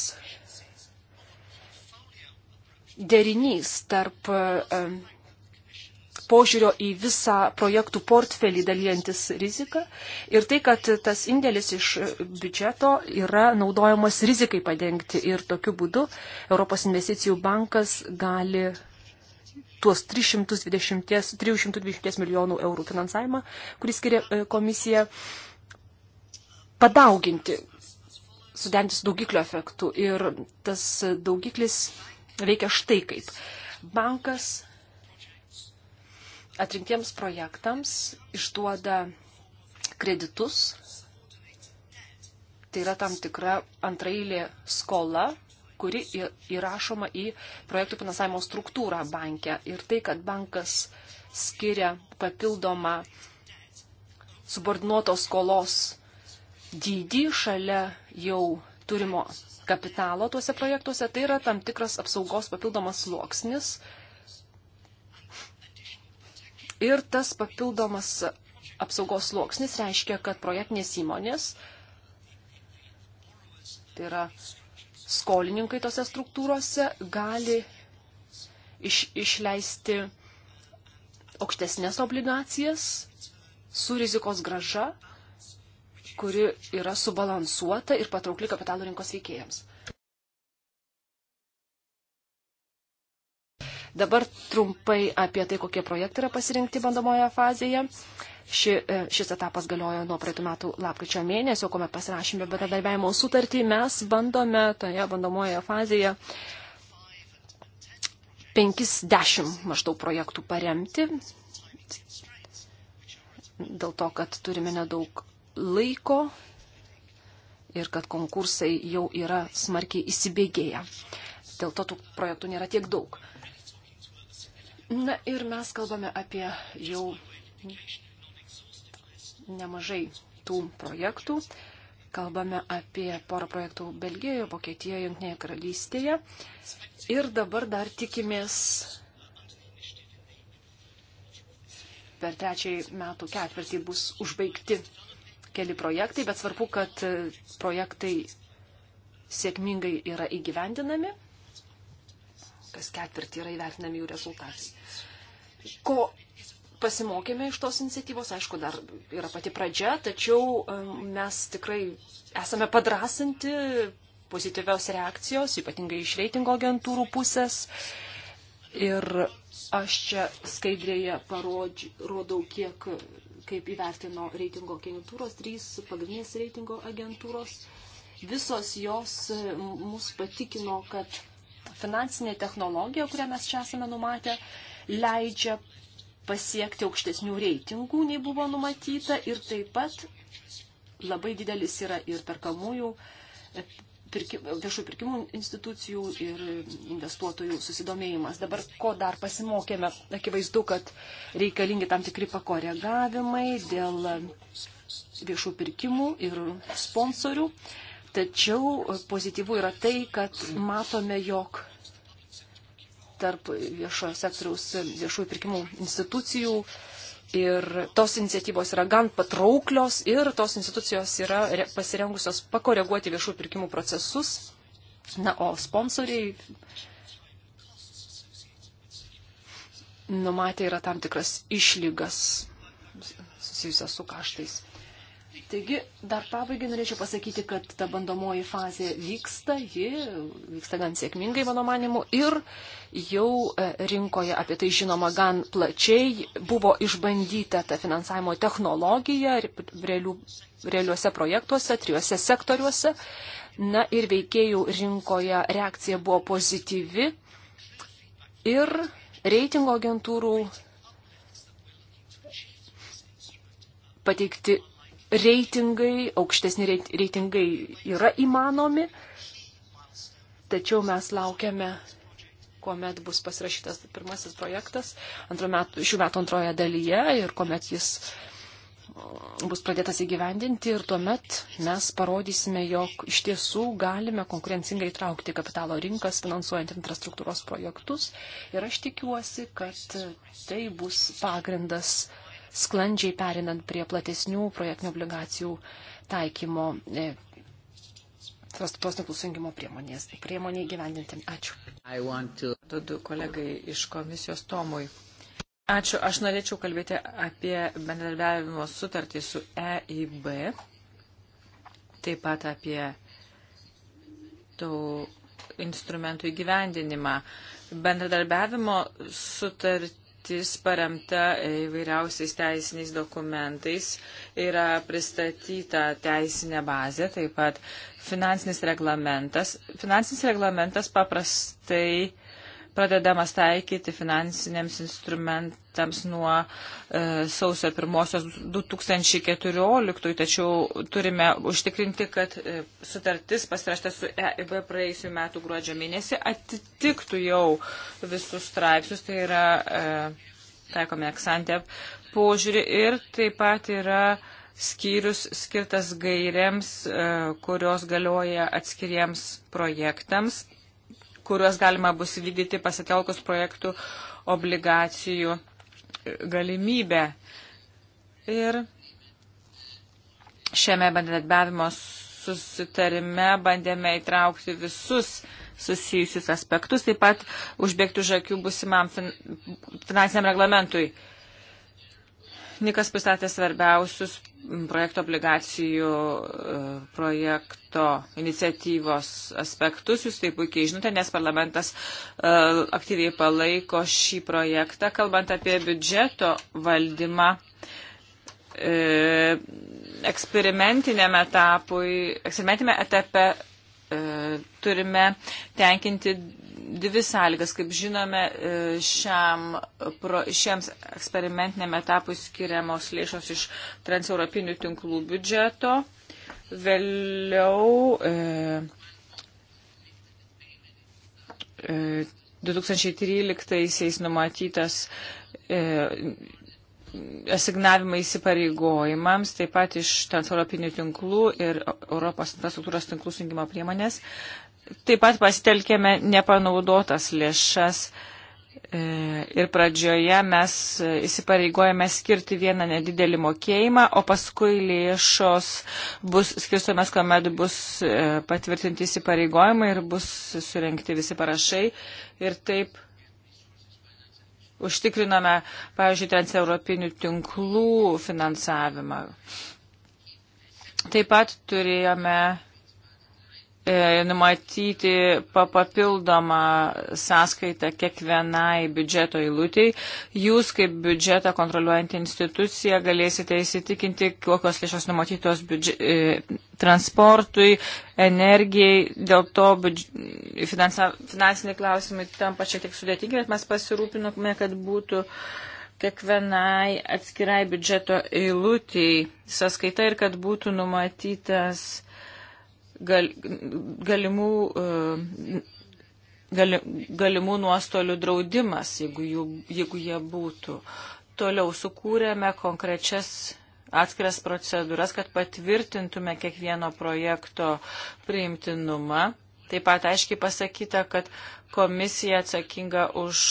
derinys tarp e, požiūrio į visą projektų portfelį dalyjantis riziką ir tai, kad tas indėlis iš biudžeto yra naudojamas rizikai padengti ir tokiu būdu Europos investicijų bankas gali tuos 320, 320 milijonų eurų finansavimą, kurį skiria e, komisija, padauginti, sudenti su daugiklio efektu. Ir tas daugiklis veikia štai kaip. Bankas atrinktiems projektams išduoda kreditus, tai yra tam tikra antrailė skola kuri įrašoma į projektų finansavimo struktūrą bankę. Ir tai, kad bankas skiria papildomą subordinuotos skolos dydį šalia jau turimo kapitalo tuose projektuose, tai yra tam tikras apsaugos papildomas sluoksnis. Ir tas papildomas apsaugos sluoksnis reiškia, kad projektinės įmonės, tai yra skolininkai tose struktūrose gali iš, išleisti aukštesnės obligacijas su rizikos graža, kuri yra subalansuota ir patraukli kapitalo rinkos veikėjams. Dabar trumpai apie tai, kokie projektai yra pasirinkti bandomoje fazėje. Ši, e, šis etapas galiojo nuo praeitų metų lapkričio mėnesio, kuomet pasirašėme bendradarbiavimo sutartį. Mes bandome toje bandomoje fazėje 50 maždaug projektų paremti, dėl to, kad turime nedaug laiko ir kad konkursai jau yra smarkiai įsibėgėję. Dėl to tų projektų nėra tiek daug. Na ir mes kalbame apie jau nemažai tų projektų. Kalbame apie porą projektų Belgijoje, Vokietijoje, Junktinėje karalystėje. Ir dabar dar tikimės per trečiąjį metų ketvirtį bus užbaigti keli projektai, bet svarbu, kad projektai sėkmingai yra įgyvendinami, kas ketvirtį yra įvertinami jų rezultatai. Ko pasimokėme iš tos iniciatyvos, aišku, dar yra pati pradžia, tačiau mes tikrai esame padrasinti pozityvios reakcijos, ypatingai iš reitingo agentūrų pusės. Ir aš čia skaidrėje parodžiu, rodau, kiek, kaip įvertino reitingo agentūros, trys pagrindinės reitingo agentūros. Visos jos mus patikino, kad finansinė technologija, kurią mes čia esame numatę, leidžia pasiekti aukštesnių reitingų, nei buvo numatyta ir taip pat labai didelis yra ir perkamųjų e, pirki, viešų pirkimų institucijų ir investuotojų susidomėjimas. Dabar ko dar pasimokėme? Akivaizdu, kad reikalingi tam tikri pakoregavimai dėl viešų pirkimų ir sponsorių. Tačiau pozityvų yra tai, kad matome, jog tarp viešojo sektoriaus viešųjų pirkimų institucijų. Ir tos iniciatyvos yra gan patrauklios ir tos institucijos yra pasirengusios pakoreguoti viešųjų pirkimų procesus. Na, o sponsoriai numatė yra tam tikras išlygas susijusias su kaštais. Taigi, dar pabaigai norėčiau pasakyti, kad ta bandomoji fazė vyksta, ji vyksta gan sėkmingai, mano manimu, ir jau e, rinkoje apie tai žinoma gan plačiai buvo išbandyta ta finansavimo technologija realių, realiuose projektuose, trijuose sektoriuose. Na ir veikėjų rinkoje reakcija buvo pozityvi ir reitingo agentūrų pateikti reitingai, aukštesni reitingai yra įmanomi, tačiau mes laukiame, kuomet bus pasirašytas pirmasis projektas metų, šių metų antroje dalyje ir kuomet jis mm, bus pradėtas įgyvendinti ir tuomet mes parodysime, jog iš tiesų galime konkurencingai traukti kapitalo rinkas, finansuojant infrastruktūros projektus. Ir aš tikiuosi, kad tai bus pagrindas sklandžiai perinant prie platesnių projektinių obligacijų taikymo e, tos neplusungimo priemonės, priemonė įgyvendinti. Ačiū. To... Dudu kolegai iš komisijos Tomui. Ačiū. Aš norėčiau kalbėti apie bendradarbiavimo sutartį su EIB, taip pat apie tų instrumentų įgyvendinimą. Bendradarbiavimo sutartį patirtis paremta įvairiausiais teisiniais dokumentais, yra pristatyta teisinė bazė, taip pat finansinis reglamentas. Finansinis reglamentas paprastai pradedamas taikyti finansiniams instrumentams nuo e, sausio 1 2014, tačiau turime užtikrinti, kad e, sutartis pasirašta su EIB praėjusiu metu gruodžio mėnesį atitiktų jau visus straipsnius, tai yra e, taikome eksantę požiūrį ir taip pat yra skyrius skirtas gairiams, e, kurios galioja atskiriems projektams kuriuos galima bus įvykdyti pasitelkus projektų obligacijų galimybę. Ir šiame bendradarbiavimo susitarime bandėme įtraukti visus susijusius aspektus, taip pat užbėgti už akių busimam fin, finansiniam reglamentui. Uh, Nikas pristatė svarbiausius projekto obligacijų e, projekto iniciatyvos aspektus. Jūs tai puikiai žinote, nes parlamentas e, aktyviai palaiko šį projektą. Kalbant apie biudžeto valdymą, e, eksperimentiniame etapui, eksperimentinėme etape E, turime tenkinti dvi sąlygas. Kaip žinome, e, šiam, pro, šiems eksperimentiniam etapui skiriamos lėšos iš transeuropinių tinklų biudžeto. Vėliau e, e, 2013 numatytas e, asignavimą įsipareigojimams, taip pat iš transeuropinių tinklų ir Europos infrastruktūros tinklų sujungimo priemonės. Taip pat pasitelkėme nepanaudotas lėšas e, ir pradžioje mes įsipareigojame skirti vieną nedidelį mokėjimą, o paskui lėšos bus skirstomės, kuomet bus e, patvirtinti įsipareigojimai ir bus surenkti visi parašai ir taip užtikriname, pavyzdžiui, transeuropinių tinklų finansavimą. Taip pat turėjome E, numatyti papildomą sąskaitą kiekvienai biudžeto įlūtėjai. Jūs, kaip biudžetą kontroliuojant instituciją, galėsite įsitikinti, kokios lėšos numatytos biudžet, transportui, energijai. Dėl to finansa, finansiniai klausimai tampa šiek tiek sudėtingi, bet mes pasirūpinome, kad būtų kiekvienai atskirai biudžeto eilutėjai sąskaita ir kad būtų numatytas gal, galimų, e, gal, galimų nuostolių draudimas, jeigu, jų, jeigu jie būtų. Toliau sukūrėme konkrečias atskiras procedūras, kad patvirtintume kiekvieno projekto priimtinumą. Taip pat aiškiai pasakyta, kad komisija atsakinga už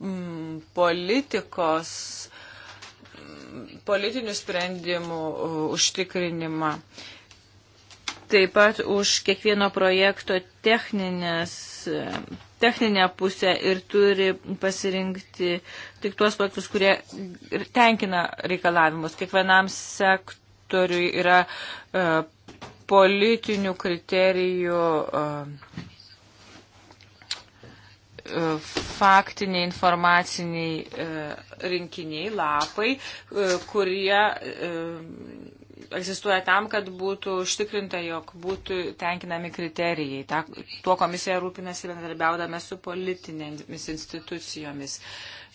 mm, politikos, mm, politinių sprendimų uh, užtikrinimą. Uh, taip pat už kiekvieno projekto techninės, techninę pusę ir turi pasirinkti tik tuos projektus, kurie tenkina reikalavimus. Kiekvienam sektoriui yra uh, politinių kriterijų uh, faktiniai informaciniai rinkiniai, lapai, kurie egzistuoja tam, kad būtų užtikrinta, jog būtų tenkinami kriterijai. Ta, tuo komisija rūpinasi bendradarbiaudama su politinėmis institucijomis.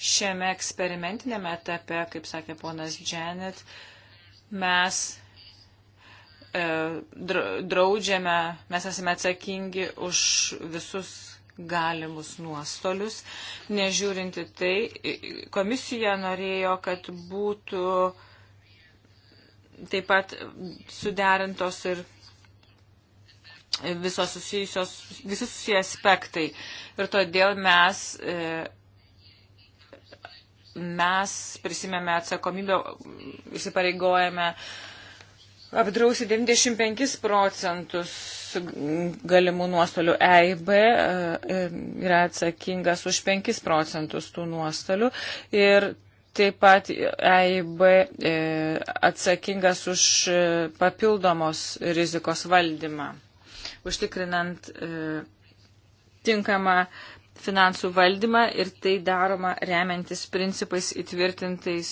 Šiame eksperimentinėme etape, kaip sakė ponas Janet, mes e, draudžiame, mes esame atsakingi už visus galimus nuostolius. Nežiūrinti tai, komisija norėjo, kad būtų taip pat suderintos ir visos susijusios, visi susiję aspektai. Ir todėl mes, e, mes prisimėme atsakomybę, įsipareigojame apdrausi 95 procentus galimų nuostolių EIB e, yra atsakingas už 5 procentus tų nuostolių ir Taip pat EIB e, atsakingas už e, papildomos rizikos valdymą, užtikrinant e, tinkamą finansų valdymą ir tai daroma remiantis principais įtvirtintais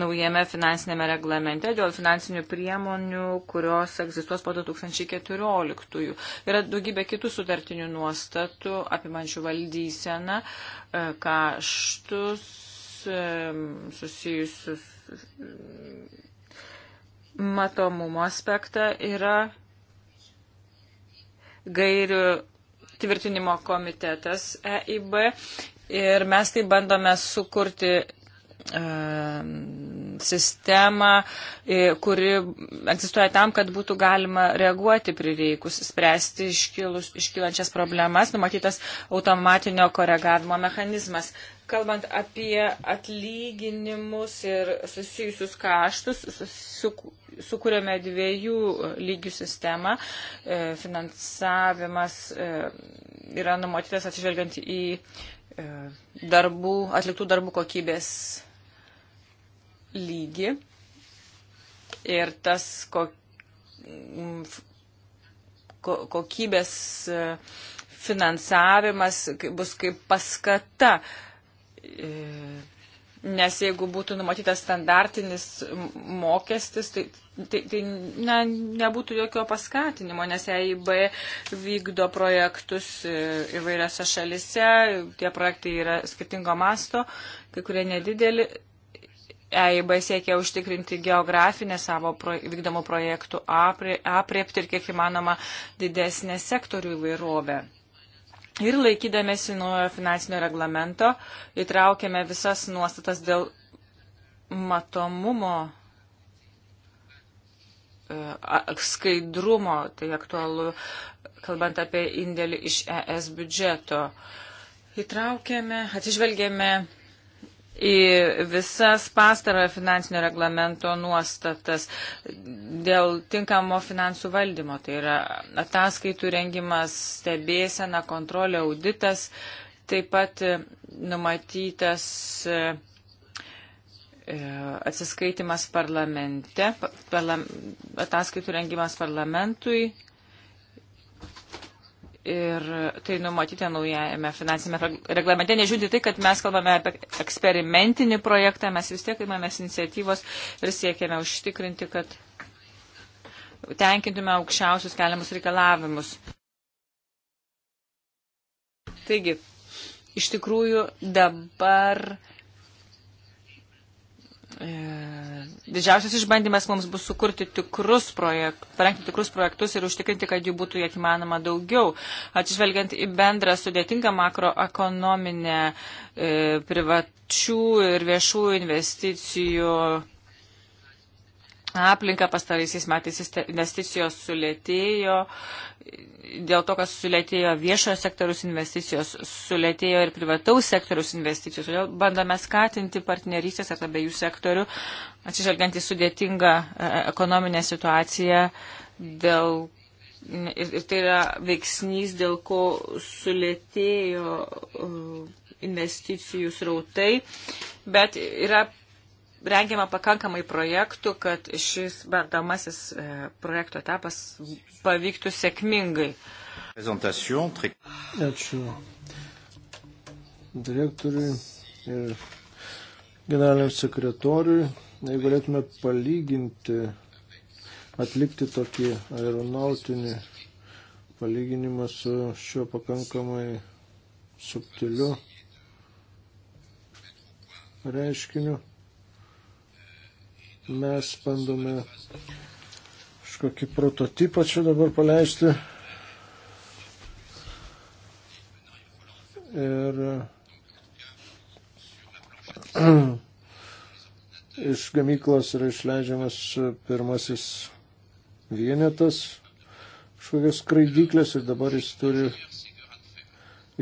naujame finansinėme reglamente dėl finansinių priemonių, kurios egzistuos po 2014. Yra daugybė kitų sutartinių nuostatų apimančių valdyseną, kaštus susijusius matomumo aspektą yra gairių tvirtinimo komitetas EIB ir mes tai bandome sukurti e, sistemą, e, kuri egzistuoja tam, kad būtų galima reaguoti prireikus, spręsti iškilus, iškylančias problemas, numatytas automatinio koregavimo mechanizmas. Kalbant apie atlyginimus ir susijusius kaštus, sukūrėme dviejų lygių sistemą. E, finansavimas e, yra numatytas atsižvelgiant į darbų, atliktų darbų kokybės lygį ir tas mm, kokybės e, finansavimas bus kaip paskata. E, nes jeigu būtų numatytas standartinis mokestis, tai, tai, tai na, nebūtų jokio paskatinimo, nes EIB vykdo projektus e, įvairiose šalise, tie projektai yra skirtingo masto, kai kurie nedideli, EIB siekia užtikrinti geografinę savo pro, vykdomų projektų apriepti ir kiek įmanoma didesnę sektorių įvairovę. Ir laikydamėsi nuojo finansinio reglamento įtraukėme visas nuostatas dėl matomumo, e, skaidrumo, tai aktualu, kalbant apie indėlį iš ES biudžeto. Įtraukėme, atsižvelgėme į visas pastarojo finansinio reglamento nuostatas dėl tinkamo finansų valdymo. Tai yra ataskaitų rengimas, stebėsena, kontrolė, auditas, taip pat e, numatytas e, e, atsiskaitimas parlamente, ataskaitų rengimas parlamentui ir tai numatyta naujajame finansinėme reglamente. Nežiūrint tai, kad mes kalbame apie eksperimentinį projektą, mes vis tiek imamės iniciatyvos ir siekiame užtikrinti, kad tenkintume aukščiausius keliamus reikalavimus. Taigi, iš tikrųjų dabar E, didžiausias išbandymas mums bus sukurti tikrus projektus, parengti tikrus projektus ir užtikrinti, kad jų būtų kiek įmanoma daugiau. Atsižvelgiant į bendrą sudėtingą makroekonominę e, privačių ir viešų investicijų aplinką pastaraisiais metais investicijos sulėtėjo, dėl to, kas sulėtėjo viešojo sektoriaus investicijos, sulėtėjo ir privataus sektoriaus investicijos. Todėl bandome skatinti partnerystės ar abiejų sektorių, atsižvelgiant į sudėtingą e, ekonominę situaciją dėl. Ir, ir tai yra veiksnys, dėl ko sulėtėjo e, investicijų srautai, bet yra rengiama pakankamai projektų, kad šis bandamasis e, projekto etapas pavyktų sėkmingai. Ačiū direktoriui ir generaliniam sekretoriui. Jeigu galėtume palyginti, atlikti tokį aeronautinį palyginimą su šiuo pakankamai subtiliu reiškiniu, Mes bandome kažkokį prototipą čia dabar paleisti. Ir iš gamyklos yra išleidžiamas pirmasis vienetas kažkokios skraidyklės ir dabar jis turi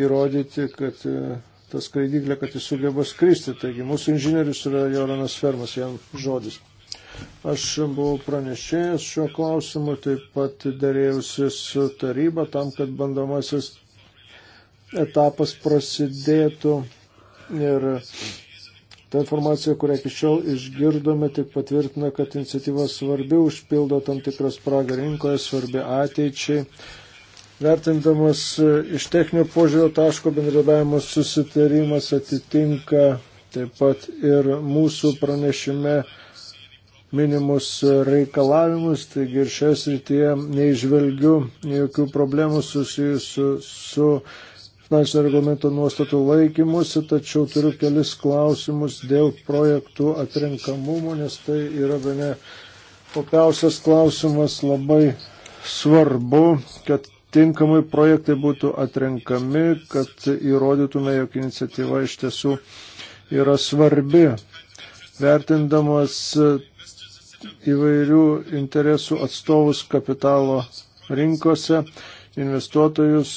įrodyti, kad e, ta skraidyklė, kad jis sugeba skristi. Taigi mūsų inžinierius yra Joranas Fermas, jam žodis. Aš buvau pranešėjęs šiuo klausimu, taip pat dėrėjusi su taryba tam, kad bandomasis etapas prasidėtų. Ir ta informacija, kurią iki šiol išgirdome, tik patvirtina, kad iniciatyva svarbi, užpildo tam tikrą spragą rinkoje, svarbi ateičiai. Vertindamas iš techninio požiūrio taško bendradavimo susitarimas atitinka taip pat ir mūsų pranešime minimus reikalavimus, taigi ir šioje srityje neižvelgiu jokių problemų susijusių su finansinio reglamento nuostatų laikymusi, tačiau turiu kelis klausimus dėl projektų atrenkamumo, nes tai yra bene opiausias klausimas labai svarbu, kad tinkamai projektai būtų atrenkami, kad įrodytume, jog iniciatyva iš tiesų yra svarbi. Vertindamas įvairių interesų atstovus kapitalo rinkose, investuotojus,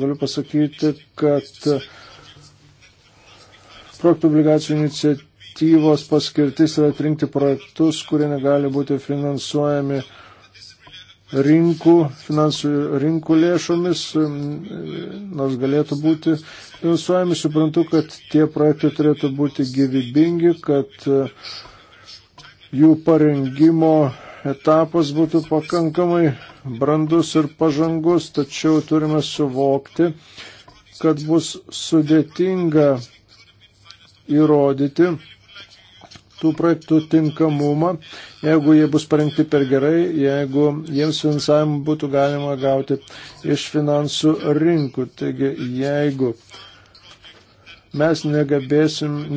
galiu pasakyti, kad projektų obligacijų iniciatyvos paskirtis yra atrinkti projektus, kurie negali būti finansuojami rinkų, finansų rinkų lėšomis, nors galėtų būti finansuojami. Suprantu, kad tie projektai turėtų būti gyvybingi, kad uh, jų parengimo etapas būtų pakankamai brandus ir pažangus, tačiau turime suvokti, kad bus sudėtinga įrodyti tų projektų tinkamumą, jeigu jie bus parengti per gerai, jeigu jiems finansavimą būtų galima gauti iš finansų rinkų. Taigi, jeigu uh, mes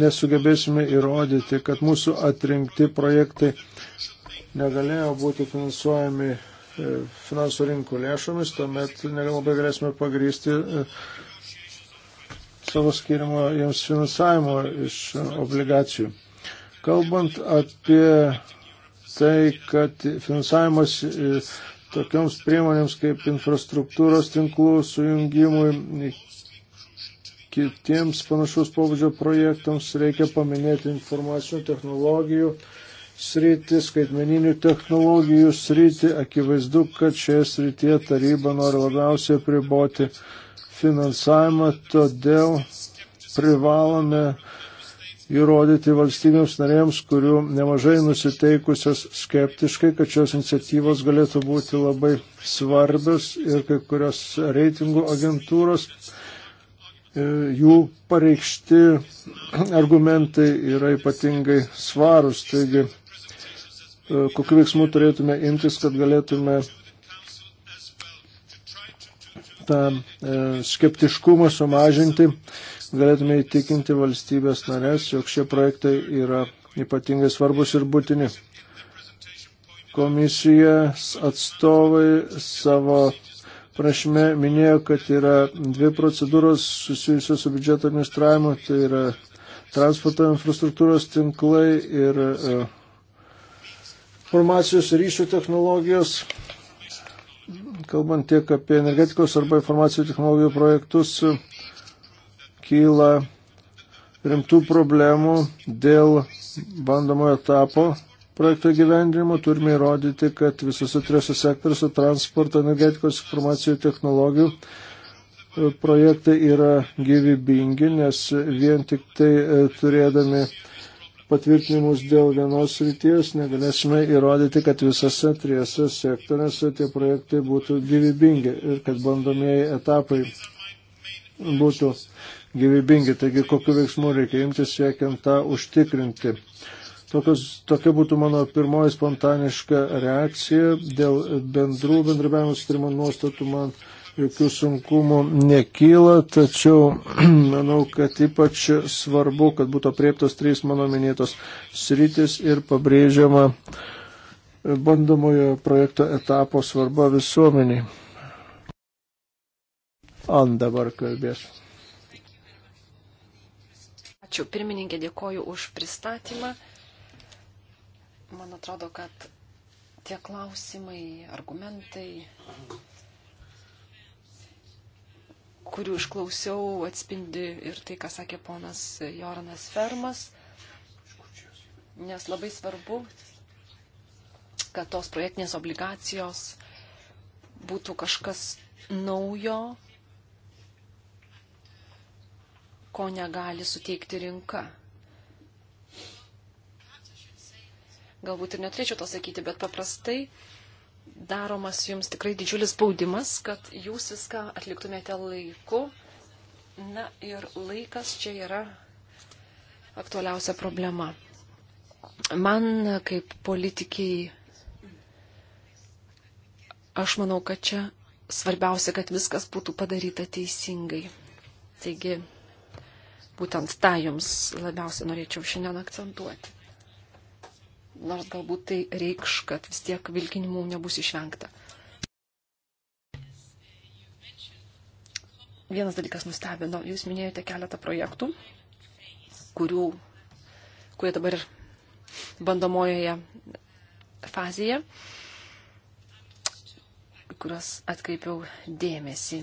nesugebėsime įrodyti, kad mūsų atrinkti projektai negalėjo būti finansuojami e, finansų rinkų lėšomis, tuomet nelabai galėsime pagrysti e, savo skirimo jiems finansavimo iš obligacijų. Kalbant apie tai, kad finansavimas e, tokioms priemonėms kaip infrastruktūros tinklų sujungimui, kitiems panašus pobūdžio projektams reikia paminėti informacinių technologijų sritį, skaitmeninių technologijų sritį. Akivaizdu, kad šioje srityje taryba nori labiausiai priboti finansavimą, todėl privalome įrodyti valstybėms narėms, kurių nemažai nusiteikusios skeptiškai, kad šios iniciatyvos galėtų būti labai svarbios ir kai kurios reitingų agentūros E, jų pareikšti argumentai yra ypatingai svarus. Taigi, e, kokiu veiksmu turėtume imtis, kad galėtume tą e, skeptiškumą sumažinti, galėtume įtikinti valstybės narės, jog šie projektai yra ypatingai svarbus ir būtini. Komisijos atstovai savo Prašme minėjo, kad yra dvi procedūros susijusios su biudžeto administravimu, tai yra transporto infrastruktūros tinklai ir e, informacijos ryšių technologijos. Kalbant tiek apie energetikos arba informacijų technologijų projektus, kyla rimtų problemų dėl bandomojo etapo projekto gyvendimo turime įrodyti, kad visose trijose sektoriuose transporto, energetikos, informacijų technologijų e, projektai yra gyvybingi, nes vien tik tai e, turėdami patvirtinimus dėl vienos ryties negalėsime įrodyti, kad visose trijose sektoriuose tie projektai būtų gyvybingi ir kad bandomieji etapai būtų gyvybingi. Taigi, kokiu veiksmu reikia imtis siekiant tą užtikrinti. Tokios, tokia būtų mano pirmoji spontaniška reakcija. Dėl bendrų bendrabiavimo sutarimo nuostatų man jokių sunkumų nekyla, tačiau manau, kad ypač svarbu, kad būtų apriektos trys mano minėtos sritis ir pabrėžiama bandomojo projekto etapo svarba visuomeniai. An dabar kalbės. Ačiū pirmininkė, dėkoju už pristatymą. Man atrodo, kad tie klausimai, argumentai, kurių išklausiau, atspindi ir tai, ką sakė ponas Joranas Fermas, nes labai svarbu, kad tos projektinės obligacijos būtų kažkas naujo, ko negali suteikti rinka. galbūt ir neturėčiau to sakyti, bet paprastai daromas jums tikrai didžiulis spaudimas, kad jūs viską atliktumėte laiku. Na ir laikas čia yra aktualiausia problema. Man kaip politikiai, aš manau, kad čia svarbiausia, kad viskas būtų padaryta teisingai. Taigi, būtent tą jums labiausiai norėčiau šiandien akcentuoti nors galbūt tai reikš, kad vis tiek vilkinimų nebus išvengta. Vienas dalykas nustebino, jūs minėjote keletą projektų, kurių, kurie dabar bandomojoje fazėje, kuriuos atkreipiau dėmesį.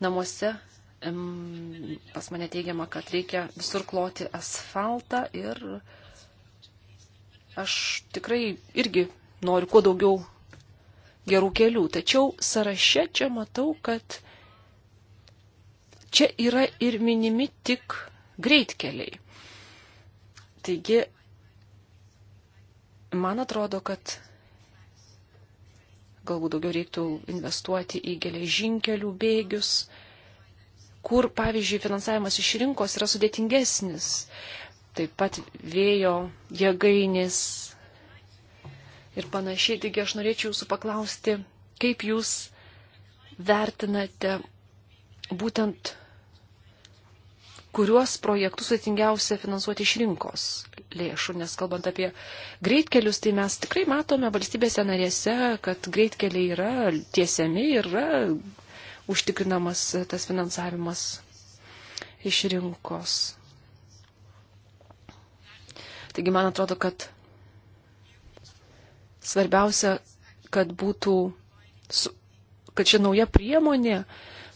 Namuose Pas mane teigiama, kad reikia visur kloti asfaltą ir aš tikrai irgi noriu kuo daugiau gerų kelių. Tačiau sąraše čia matau, kad čia yra ir minimi tik greitkeliai. Taigi, man atrodo, kad galbūt daugiau reiktų investuoti į geležinkelių bėgius, kur, pavyzdžiui, finansavimas iš rinkos yra sudėtingesnis. Taip pat vėjo jėgainis ir panašiai. Taigi aš norėčiau jūsų paklausti, kaip jūs vertinate būtent kuriuos projektus sudėtingiausia finansuoti iš rinkos lėšų, nes kalbant apie greitkelius, tai mes tikrai matome valstybėse narėse, kad greitkeliai yra tiesiami ir yra užtikrinamas e, tas finansavimas iš rinkos. Taigi man atrodo, kad svarbiausia, kad būtų, su, kad ši nauja priemonė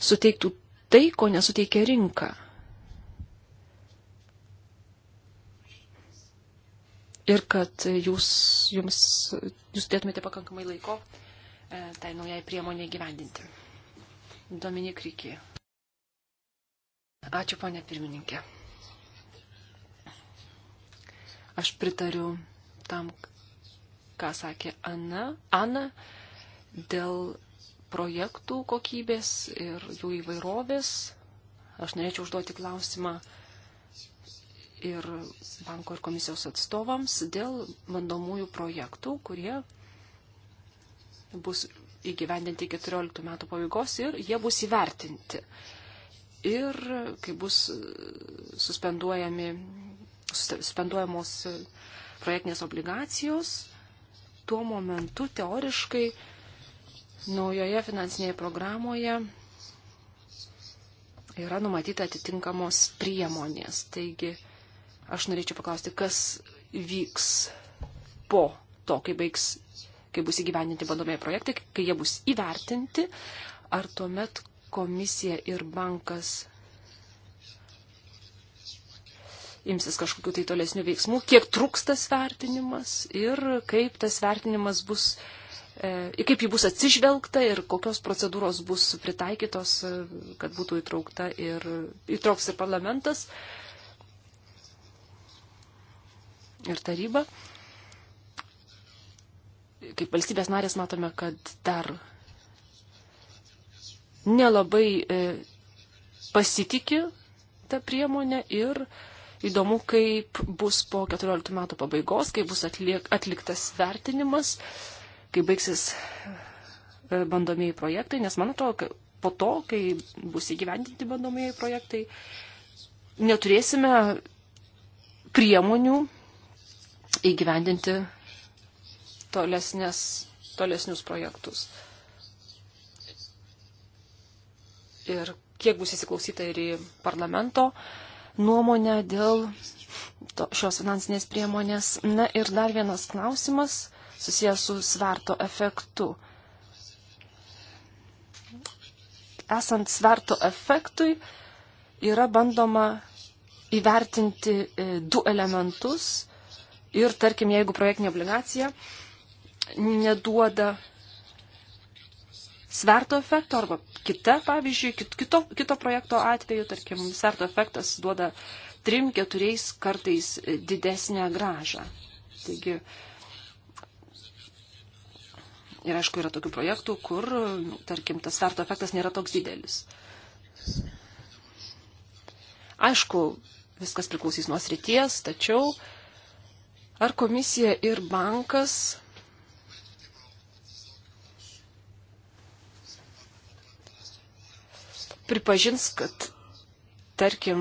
suteiktų tai, ko nesuteikia rinka. ir kad jūs, jums, jūs turėtumėte pakankamai laiko e, tai naujai priemonė gyvendinti. Dominik Rykį. Ačiū, ponė pirmininkė. Aš pritariu tam, ką sakė Ana, Ana dėl projektų kokybės ir jų įvairovės. Aš norėčiau užduoti klausimą ir banko ir komisijos atstovams dėl bandomųjų projektų, kurie bus įgyvendinti 14 metų pabaigos ir jie bus įvertinti. Ir kai bus e, suspenduojami, suspenduojamos e, projektinės obligacijos, tuo momentu teoriškai naujoje finansinėje programoje yra numatyta atitinkamos priemonės. Taigi aš norėčiau paklausti, kas vyks po to, kai baigs kai bus įgyvendinti bandomieji projektai, kai jie bus įvertinti, ar tuomet komisija ir bankas imsis kažkokiu tai tolesnių veiksmų, kiek truks tas vertinimas ir kaip tas vertinimas bus, e, kaip jį bus atsižvelgta ir kokios procedūros bus pritaikytos, e, kad būtų įtraukta ir įtrauks ir parlamentas ir taryba kaip valstybės narės matome, kad dar nelabai e, pasitikė tą priemonę ir įdomu, kaip bus po 14 metų pabaigos, kai bus atliek, atliktas vertinimas, kai baigsis e, bandomieji projektai, nes man atrodo, po to, kai bus įgyvendinti bandomieji projektai, neturėsime priemonių įgyvendinti tolesnės, tolesnius projektus. Ir kiek bus įsiklausyta ir į parlamento nuomonę dėl to, šios finansinės priemonės. Na ir dar vienas klausimas susijęs su sverto efektu. Esant sverto efektui yra bandoma įvertinti e, du elementus ir, tarkim, jeigu projektinė obligacija neduoda sverto efekto arba kita, pavyzdžiui, kito, kito projekto atveju, tarkim, sverto efektas duoda trim, keturiais kartais didesnę gražą. Taigi, ir aišku, yra tokių projektų, kur, nu, tarkim, tas sverto efektas nėra toks didelis. Aišku, viskas priklausys nuo srities, tačiau ar komisija ir bankas pripažins, kad tarkim,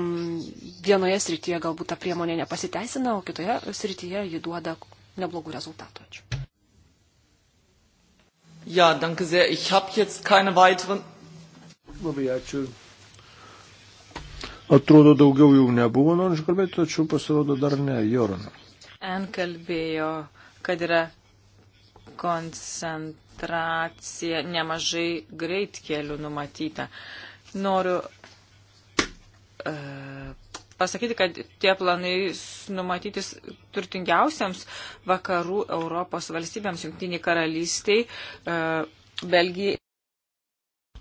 vienoje srityje galbūt ta priemonė nepasiteisina, o kitoje srityje ji duoda neblogų rezultatų. Ačiū. Ja, danke sehr. Ich habe jetzt keine weiteren. Labai ačiū. Atrodo, daugiau jau nebuvo norinčių kalbėti, tačiau pasirodo dar ne, Jorana. N kalbėjo, kad yra koncentracija, nemažai greitkelių numatyta. Uh, Noriu e, pasakyti, kad tie planai numatytis turtingiausiams vakarų Europos valstybėms, jungtiniai karalystiai, e, Belgijai.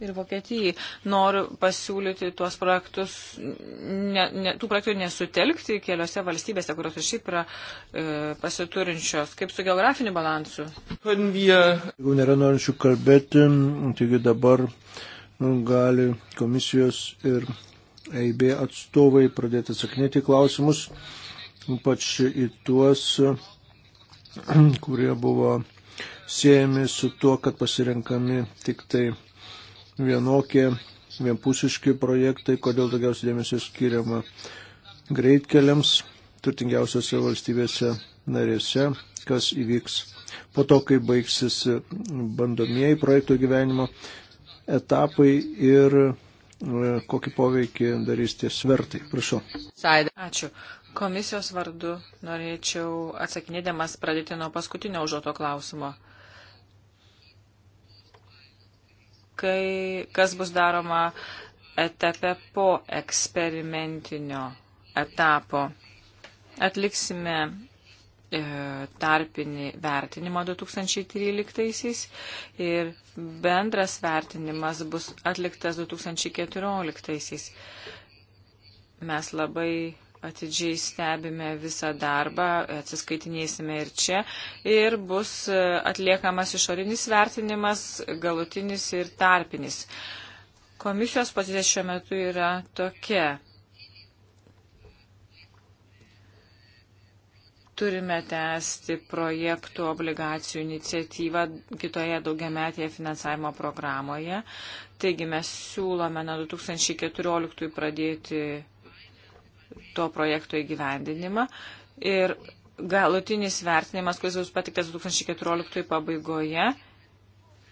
Ir Vokietijai noriu pasiūlyti tuos projektus, ne, ne, tų projektų nesutelkti keliose valstybėse, kurios ir šiaip yra e, pasiturinčios, kaip su geografiniu balansu. Jeigu nėra norinčių kalbėti, taigi dabar uh, gali komisijos ir EIB atstovai pradėti atsakinėti klausimus, ypač į tuos, kurie buvo siejami su tuo, kad pasirenkami tik tai vienokie vienpusiški projektai, kodėl daugiausiai dėmesio skiriama greitkeliams turtingiausiose valstybėse narėse, kas įvyks po to, kai baigsis bandomieji projekto gyvenimo etapai ir e, kokį poveikį darys tie svertai. Prašau. Ačiū. Komisijos vardu norėčiau atsakinėdamas pradėti nuo paskutinio užduoto klausimo. Kai, kas bus daroma etape po eksperimentinio etapo? Atliksime E, tarpinį vertinimą 2013 ir bendras vertinimas bus atliktas 2014. Mes labai atidžiai stebime visą darbą, atsiskaitinėsime ir čia ir bus e, atliekamas išorinis vertinimas, galutinis ir tarpinis. Komisijos pozicija šiuo metu yra tokia turime tęsti projektų obligacijų iniciatyvą kitoje daugiametėje finansavimo programoje. Taigi mes siūlome nuo 2014 pradėti to projekto įgyvendinimą ir galutinis vertinimas, kuris bus patiktas 2014 pabaigoje,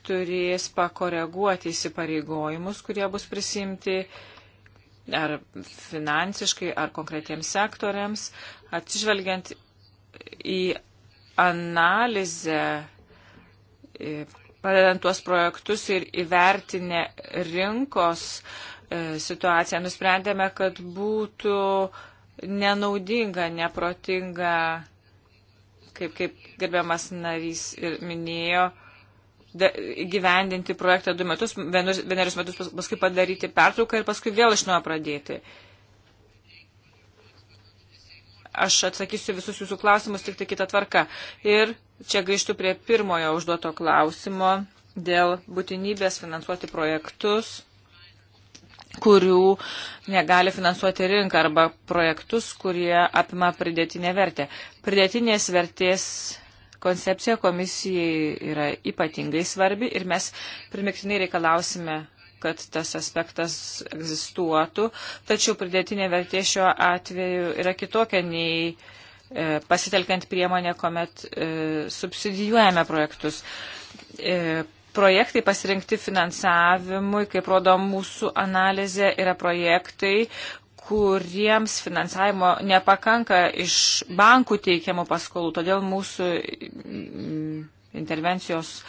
turės pakoreguoti įsipareigojimus, kurie bus prisimti ar finansiškai, ar konkretiems sektoriams, atsižvelgiant į analizę, e, padedant tuos projektus ir įvertinę rinkos e, situaciją, nusprendėme, kad būtų nenaudinga, neprotinga, kaip, kaip gerbiamas narys ir minėjo, gyvendinti projektą du metus, vienus, vienerius metus pas, paskui padaryti pertrauką ir paskui vėl iš nuo pradėti. Uh, aš atsakysiu visus jūsų klausimus tik tai kitą tvarką. Ir čia grįžtu prie pirmojo užduoto klausimo dėl būtinybės finansuoti projektus kurių negali finansuoti rinka arba projektus, kurie apima pridėtinę vertę. Pridėtinės vertės koncepcija komisijai yra ypatingai svarbi ir mes primiktinai reikalausime kad tas aspektas egzistuotų, tačiau pridėtinė vertė šiuo atveju yra kitokia nei e, pasitelkiant priemonę, kuomet e, subsidijuojame projektus. E, projektai pasirinkti finansavimui, kaip rodo mūsų analizė, yra projektai, kuriems finansavimo nepakanka iš bankų teikiamų paskolų. Todėl mūsų mm, intervencijos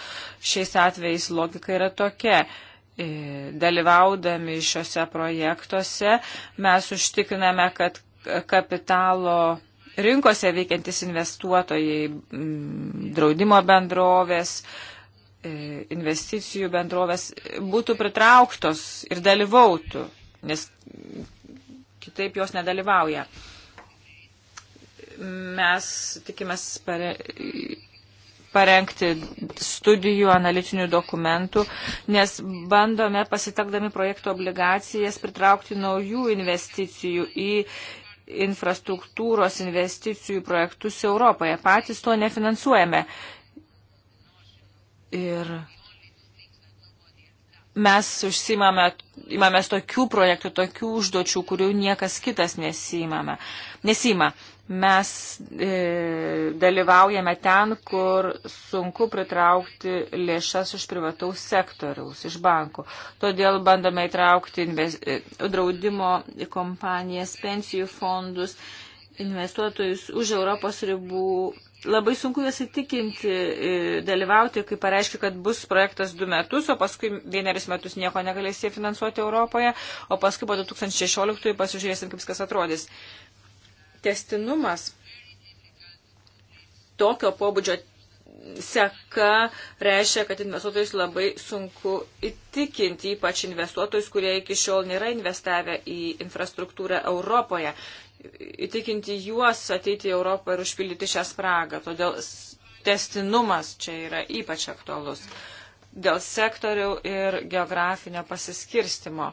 šiais atvejais logika yra tokia. E, dalyvaudami šiuose projektuose mes užtikriname, kad kapitalo rinkose veikiantis investuotojai, draudimo bendrovės, e, investicijų bendrovės būtų pritrauktos ir dalyvautų, nes kitaip jos nedalyvauja. Mes tikimės parengti studijų, analitinių dokumentų, nes bandome pasitakdami projektų obligacijas pritraukti naujų investicijų į infrastruktūros investicijų projektus Europoje. Patys to nefinansuojame. Ir mes užsimame, imamės tokių projektų, tokių užduočių, kurių niekas kitas nesimame. nesima. Mes e, dalyvaujame ten, kur sunku pritraukti lėšas iš privataus sektoriaus, iš bankų. Todėl bandome įtraukti invest, e, draudimo kompanijas, pensijų fondus, investuotojus už Europos ribų labai sunku juos įtikinti, e, dalyvauti, kai pareiškia, kad bus projektas du metus, o paskui vienerius metus nieko negalės jie finansuoti Europoje, o paskui po 2016 pasižiūrėsim, kaip viskas atrodys testinumas tokio pobūdžio seka reiškia, kad investuotojus labai sunku įtikinti, ypač investuotojus, kurie iki šiol nėra investavę į infrastruktūrą Europoje. Įtikinti juos ateiti į Europą ir užpildyti šią spragą. Todėl testinumas čia yra ypač aktualus. Dėl sektorių ir geografinio pasiskirstimo.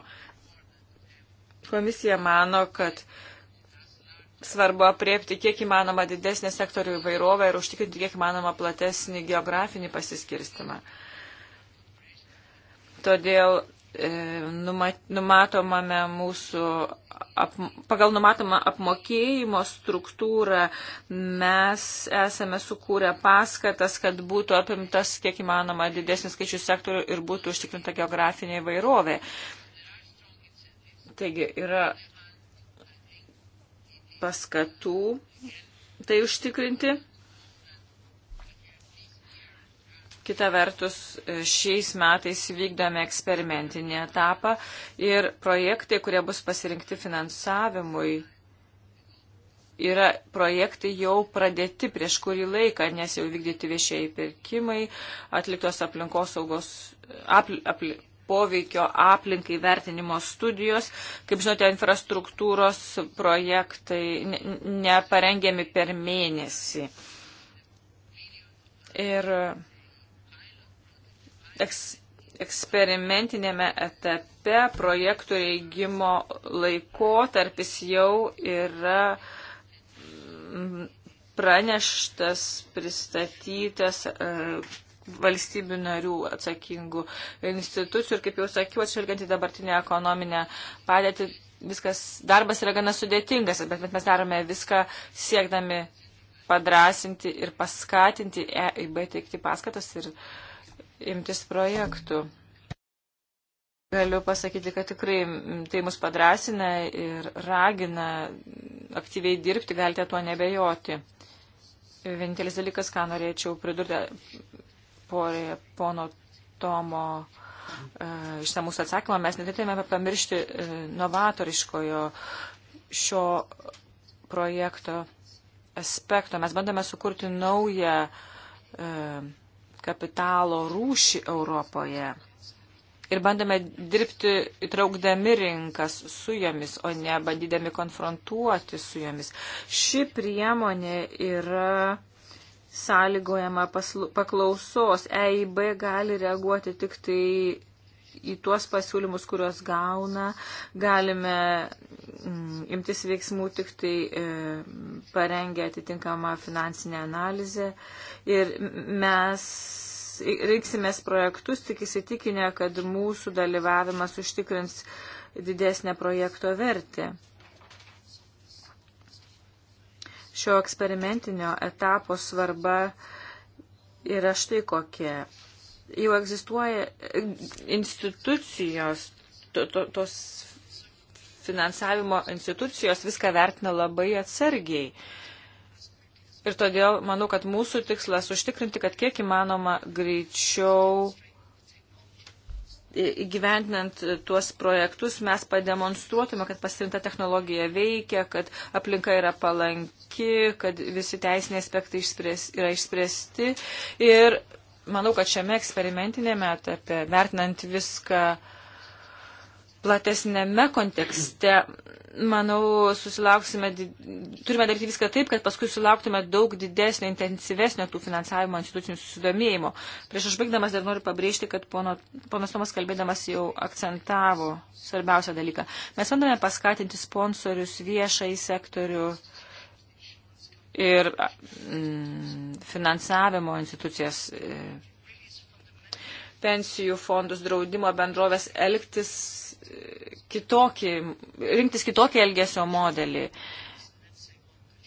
Komisija mano, kad uh, svarbu apriepti kiek įmanoma didesnį sektorių įvairovę ir užtikrinti kiek įmanoma platesnį geografinį pasiskirstimą. Todėl e, numatomame mūsų, ap, pagal numatomą apmokėjimo struktūrą mes esame sukūrę paskatas, kad būtų apimtas kiek įmanoma didesnis skaičius sektorių ir būtų užtikrinta geografinė įvairovė. Taigi yra paskatų tai užtikrinti. Kita vertus, šiais metais vykdome eksperimentinį etapą ir projektai, kurie bus pasirinkti finansavimui, yra projektai jau pradėti prieš kurį laiką, nes jau vykdyti viešieji pirkimai, atliktos aplinkos saugos, apl, apl, poveikio aplinkai vertinimo studijos. Kaip žinote, infrastruktūros projektai neparengiami per mėnesį. Ir eks, eksperimentinėme etape projektų reigimo laikotarpis jau yra mm, praneštas, pristatytas. Uh, valstybių narių atsakingų institucijų ir, kaip jau sakiau, atšvelgiant į dabartinę ekonominę padėtį, viskas, darbas yra gana sudėtingas, bet, bet mes darome viską siekdami padrasinti ir paskatinti EIB teikti paskatas ir imtis projektų. Galiu pasakyti, kad tikrai mm, tai mus padrasina ir ragina aktyviai dirbti, galite tuo nebejoti. Vienintelis dalykas, ką norėčiau pridurti, porė pono Tomo e, išsamus atsakymą, mes neturėtume pamiršti e, novatoriškojo šio projekto aspekto. Mes bandome sukurti naują e, kapitalo rūšį Europoje. Ir bandome dirbti įtraukdami rinkas su jomis, o ne bandydami konfrontuoti su jomis. Ši priemonė yra sąlygojama paklausos. EIB gali reaguoti tik tai į tuos pasiūlymus, kuriuos gauna. Galime mm, imtis veiksmų tik tai e, parengę atitinkamą finansinę analizę. Ir mes reiksimės projektus, tik įsitikinę, kad mūsų dalyvavimas užtikrins didesnę projekto vertę. Šio eksperimentinio etapo svarba yra štai kokia. Jau egzistuoja institucijos, to, to, tos finansavimo institucijos viską vertina labai atsargiai. Ir todėl manau, kad mūsų tikslas užtikrinti, kad kiek įmanoma greičiau gyventinant tuos projektus mes pademonstruotume, kad pasirinkta technologija veikia, kad aplinka yra palanki, kad visi teisiniai aspektai išspręs, yra išspręsti. Ir manau, kad šiame eksperimentinėme etape, vertinant viską, uh, platesnėme kontekste, manau, susilauksime, turime daryti viską taip, kad paskui sulauktume daug didesnio, intensyvesnio tų finansavimo institucijų susidomėjimo. Prieš užbaigdamas dar noriu pabrėžti, kad pono, ponas Tomas kalbėdamas jau akcentavo svarbiausią dalyką. Mes bandome paskatinti sponsorius viešai sektorių ir mm, finansavimo institucijas. E, pensijų fondus draudimo bendrovės elgtis kitokį, rinktis kitokį elgesio modelį.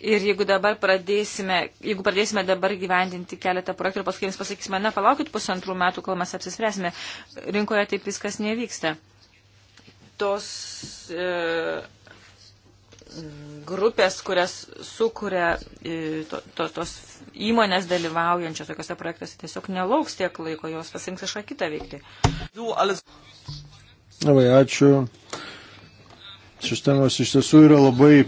Ir jeigu dabar pradėsime, jeigu pradėsime dabar gyvendinti keletą projektų ir paskui jums pasakysime, na, palaukit pusantrų metų, kol mes apsispręsime, rinkoje taip viskas nevyksta. Tos e, grupės, kurias sukuria e, to, to, tos įmonės dalyvaujančios tokiuose projektuose, tiesiog nelauks tiek laiko, jos pasirinks kažką kitą veikti. Nu, Labai ačiū. Sistemos iš tiesų yra labai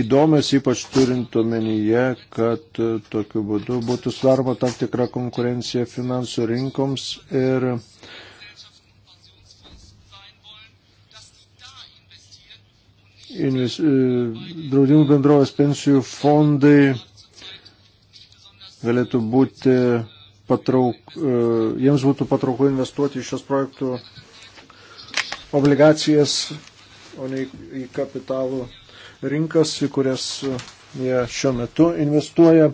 įdomios, ypač turint omenyje, kad e, tokiu būdu būtų sudaroma tam tikra konkurencija finansų rinkoms ir invis, e, draudimų bendrovės pensijų fondai galėtų būti patrauk, e, jiems būtų patrauklu investuoti į šios projektų obligacijas, o ne į kapitalų rinkas, į kurias jie šiuo metu investuoja.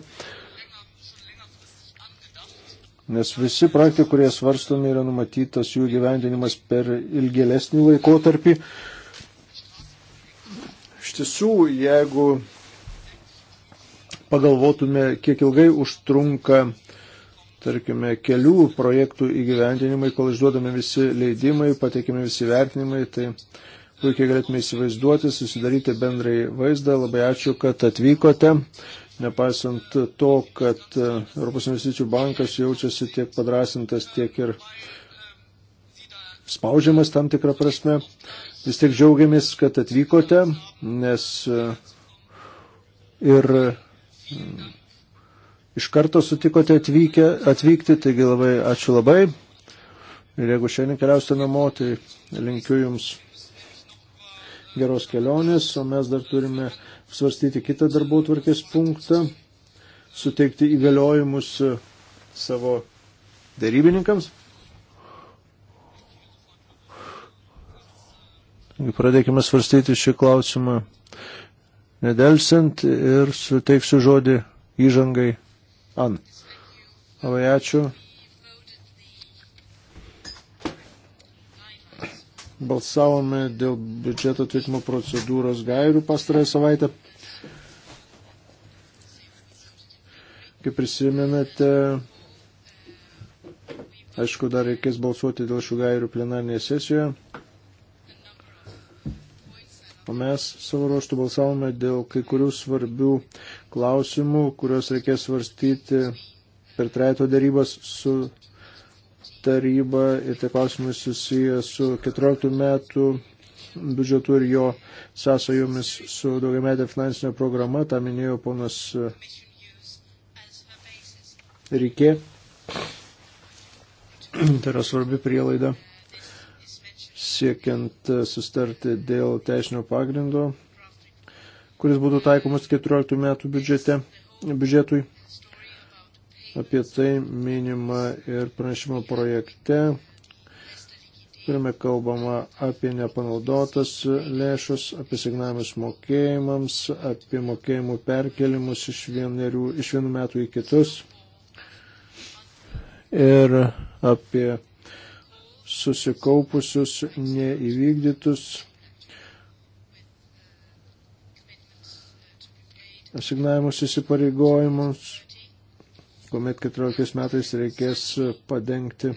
Nes visi projektai, kurie svarstomi, yra numatytas jų gyvendinimas per ilgėlesnį laikotarpį. Iš tiesų, jeigu pagalvotume, kiek ilgai užtrunka tarkime, kelių projektų įgyvendinimai, kol išduodami visi leidimai, pateikimi visi vertinimai, tai puikiai galėtume įsivaizduoti, susidaryti bendrai vaizdą. Labai ačiū, kad atvykote. Nepaisant to, kad e, Europos investicijų bankas jaučiasi tiek padrasintas, tiek ir spaudžiamas tam tikrą prasme, vis tiek džiaugiamės, kad atvykote, nes e, ir iš karto sutikote atvykę, atvykti, taigi labai ačiū labai. Ir jeigu šiandien keliausite namo, tai linkiu Jums geros kelionės, o mes dar turime svarstyti kitą darbų tvarkės punktą, suteikti įgaliojimus savo darybininkams. Pradėkime svarstyti šį klausimą nedelsiant ir suteiksiu žodį įžangai An. Labai ačiū. Balsavome dėl biudžeto tvirtimo procedūros gairių pastarąją savaitę. Kaip prisimenate, aišku, dar reikės balsuoti dėl šių gairių plenarnėje sesijoje. O mes savo ruoštų balsavome dėl kai kurių svarbių klausimų, kuriuos reikės svarstyti per trejato darybas su taryba ir tie klausimai susiję su 14 metų biudžetu ir jo sąsajomis su daugiametė finansinė programa, tą minėjo ponas Rikė. Tai yra svarbi prielaida siekiant e, sustarti dėl teisinio pagrindo, kuris būtų taikomas 14 metų biudžete, biudžetui. Apie tai minima ir pranešimo projekte, kuriame kalbama apie nepanaudotas lėšus, apie signavimus mokėjimams, apie mokėjimų perkelimus iš, vienerių, iš vienų metų į kitus ir apie susikaupusius neįvykdytus asignavimus įsipareigojimus, kuomet 14 metais reikės padengti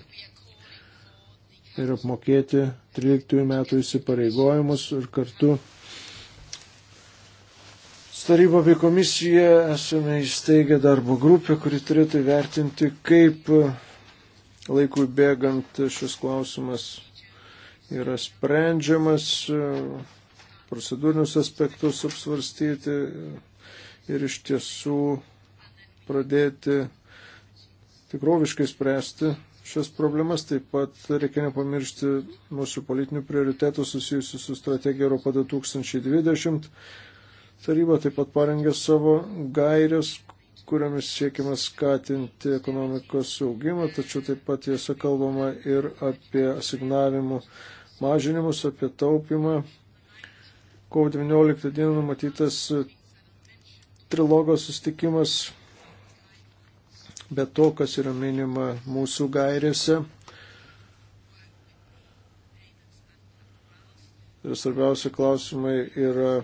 ir apmokėti 13 metų įsipareigojimus ir kartu Taryba bei komisija esame įsteigę darbo grupę, kuri turėtų vertinti, kaip laikui bėgant šis klausimas yra sprendžiamas, procedūrinius aspektus apsvarstyti ir iš tiesų pradėti tikroviškai spręsti šias problemas. Taip pat reikia nepamiršti mūsų politinių prioritetų susijusių su strategija Europa 2020. Taryba taip pat parengė savo gairias, kuriomis siekime skatinti ekonomikos saugimą, tačiau taip pat jose kalbama ir apie asignavimų mažinimus, apie taupimą. Kovo 19 dieną numatytas e, trilogo sustikimas, bet to, kas yra minima mūsų gairėse. Ir svarbiausia klausimai yra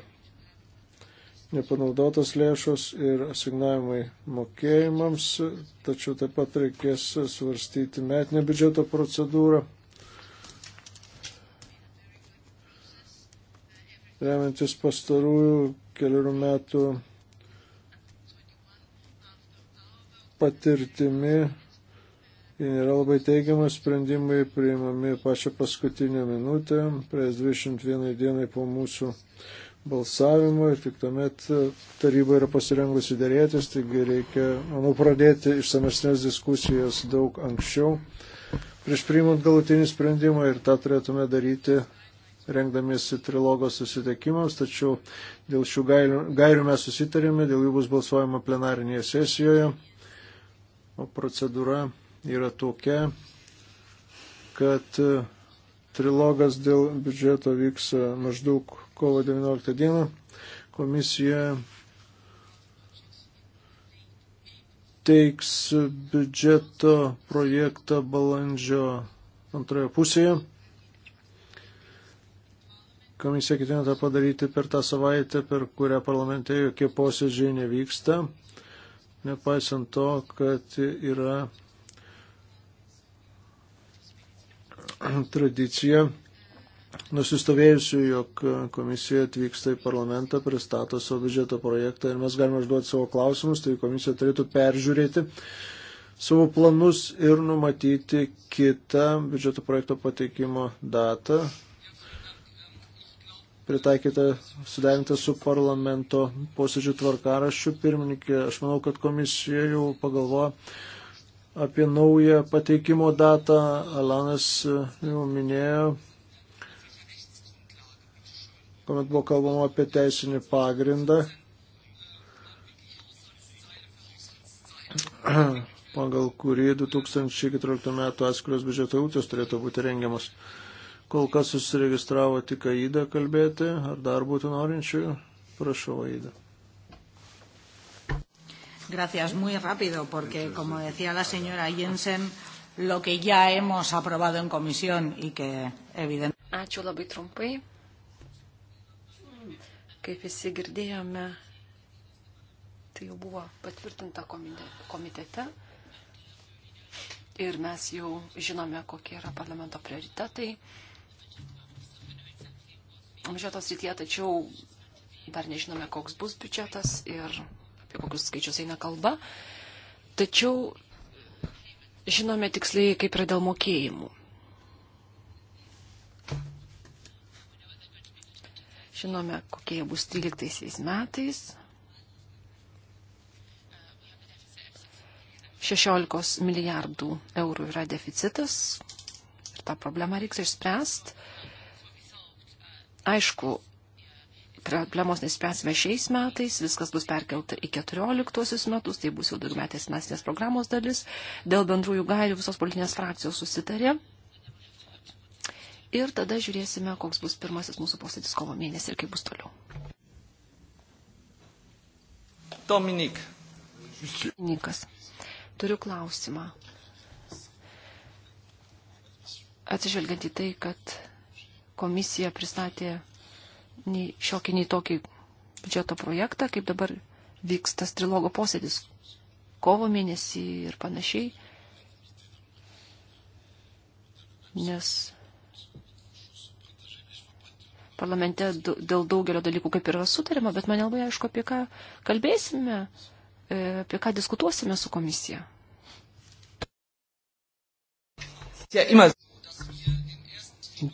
nepanaudotos lėšos ir asignavimai mokėjimams, tačiau taip pat reikės svarstyti metinę biudžeto procedūrą. Remiantis pastarųjų kelių metų patirtimi, jie nėra labai teigiamai sprendimai priimami pačią paskutinę minutę, prieš 21 dienai po mūsų balsavimui ir tik tuomet e, taryba yra pasirengusi dėrėtis, taigi reikia, manau, pradėti išsamesnės diskusijas daug anksčiau, prieš priimant galutinį sprendimą ir tą turėtume daryti rengdamiesi trilogo susitikimams, tačiau dėl šių gairių, gairių mes susitarėme, dėl jų bus balsuojama plenarinėje sesijoje, o procedūra yra tokia, kad e, trilogas dėl biudžeto vyks e, maždaug kovo 19 dieną komisija teiks biudžeto projektą balandžio antroje pusėje. Komisija ketina tą padaryti per tą savaitę, per kurią parlamente jokie posėdžiai nevyksta, nepaisant to, kad yra tradicija nusistovėjusių, jog komisija atvyksta į parlamentą, pristato savo biudžeto projektą ir mes galime užduoti savo klausimus, tai komisija turėtų peržiūrėti savo planus ir numatyti kitą biudžeto projekto pateikimo datą, pritaikyta, suderinta su parlamento posėdžių tvarkaraščių pirmininkė. Aš manau, kad komisija jau pagalvoja apie naują pateikimo datą. Alanas jau minėjo kuomet buvo kalbama apie teisinį pagrindą, pagal kurį 2014 metų atskiros biudžeto eilutės turėtų būti rengiamas. Kol kas susiregistravo tik Aida kalbėti, ar dar būtų norinčių? Prašau, Aida. Gracias, muy rápido, porque como decía la señora Jensen, lo que ya hemos aprobado en comisión y que evidentemente. Ačiū labai trumpai. Kaip visi girdėjome, tai jau buvo patvirtinta komitete ir mes jau žinome, kokie yra parlamento prioritetai. Biudžetos rytyje, tačiau dar nežinome, koks bus biudžetas ir apie kokius skaičius eina kalba. Tačiau žinome tiksliai, kaip yra dėl mokėjimų. Žinome, kokie jie bus 13 metais. 16 milijardų eurų yra deficitas ir tą problemą reiks išspręsti. Aišku, problemos nespręsime šiais metais, viskas bus perkelta į 14 metus, tai bus jau daugmetės finansinės programos dalis. Dėl bendrųjų gairių visos politinės frakcijos susitarė ir tada žiūrėsime, koks bus pirmasis mūsų posėdis kovo mėnesį ir kaip bus toliau. Dominik. Dominikas, turiu klausimą. Atsižvelgiant į tai, kad komisija pristatė nei šiokį, nei tokį biudžeto projektą, kaip dabar vyks tas trilogo posėdis kovo mėnesį ir panašiai. Nes parlamente dėl daugelio dalykų kaip yra sutarima, bet man labai aišku, apie ką kalbėsime, e, apie ką diskutuosime su komisija.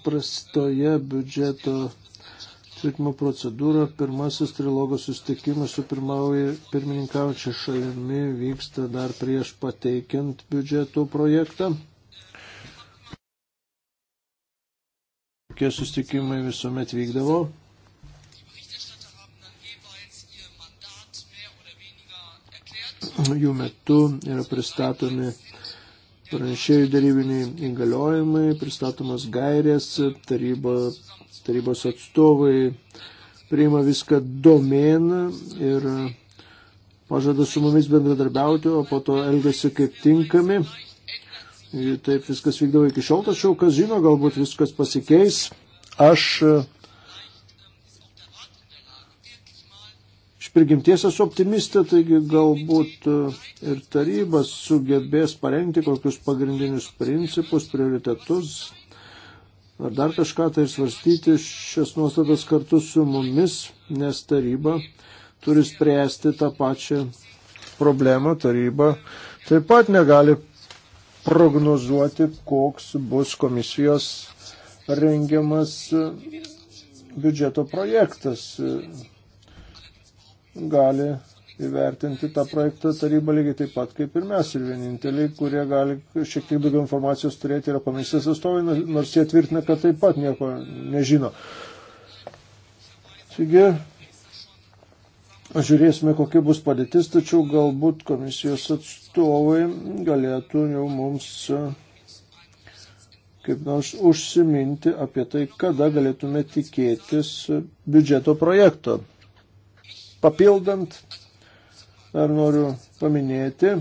Prastoje biudžeto tvirtimo procedūra, pirmasis trilogo sustikimas su pirmininkaujančia šalimi vyksta dar prieš pateikiant biudžeto projektą. Tokie sustikimai visuomet vykdavo. Jų metu yra pristatomi pranešėjų darybiniai įgaliojimai, pristatomas gairės, taryba, tarybos atstovai priima viską domen ir pažada su mumis bendradarbiauti, o po to elgesi kaip tinkami taip viskas vykdavo iki šiol, tačiau kas žino, galbūt viskas pasikeis. Aš e, iš prigimties esu optimistė, taigi galbūt e, ir tarybas sugebės parengti kokius pagrindinius principus, prioritetus ar dar kažką tai svarstyti šias nuostatas kartu su mumis, nes taryba turi spręsti tą pačią problemą, taryba taip pat negali prognozuoti, koks bus komisijos rengiamas biudžeto projektas. Gali įvertinti tą projektą taryba lygiai taip pat kaip ir mes. Ir vieninteliai, kurie gali šiek tiek daugiau informacijos turėti, yra komisijos atstovai, nors jie tvirtina, kad taip pat nieko nežino. Taigi, Žiūrėsime, kokia bus padėtis, tačiau galbūt komisijos atstovai galėtų jau mums e, kaip nors užsiminti apie tai, kada galėtume tikėtis biudžeto projekto. Papildant, dar noriu paminėti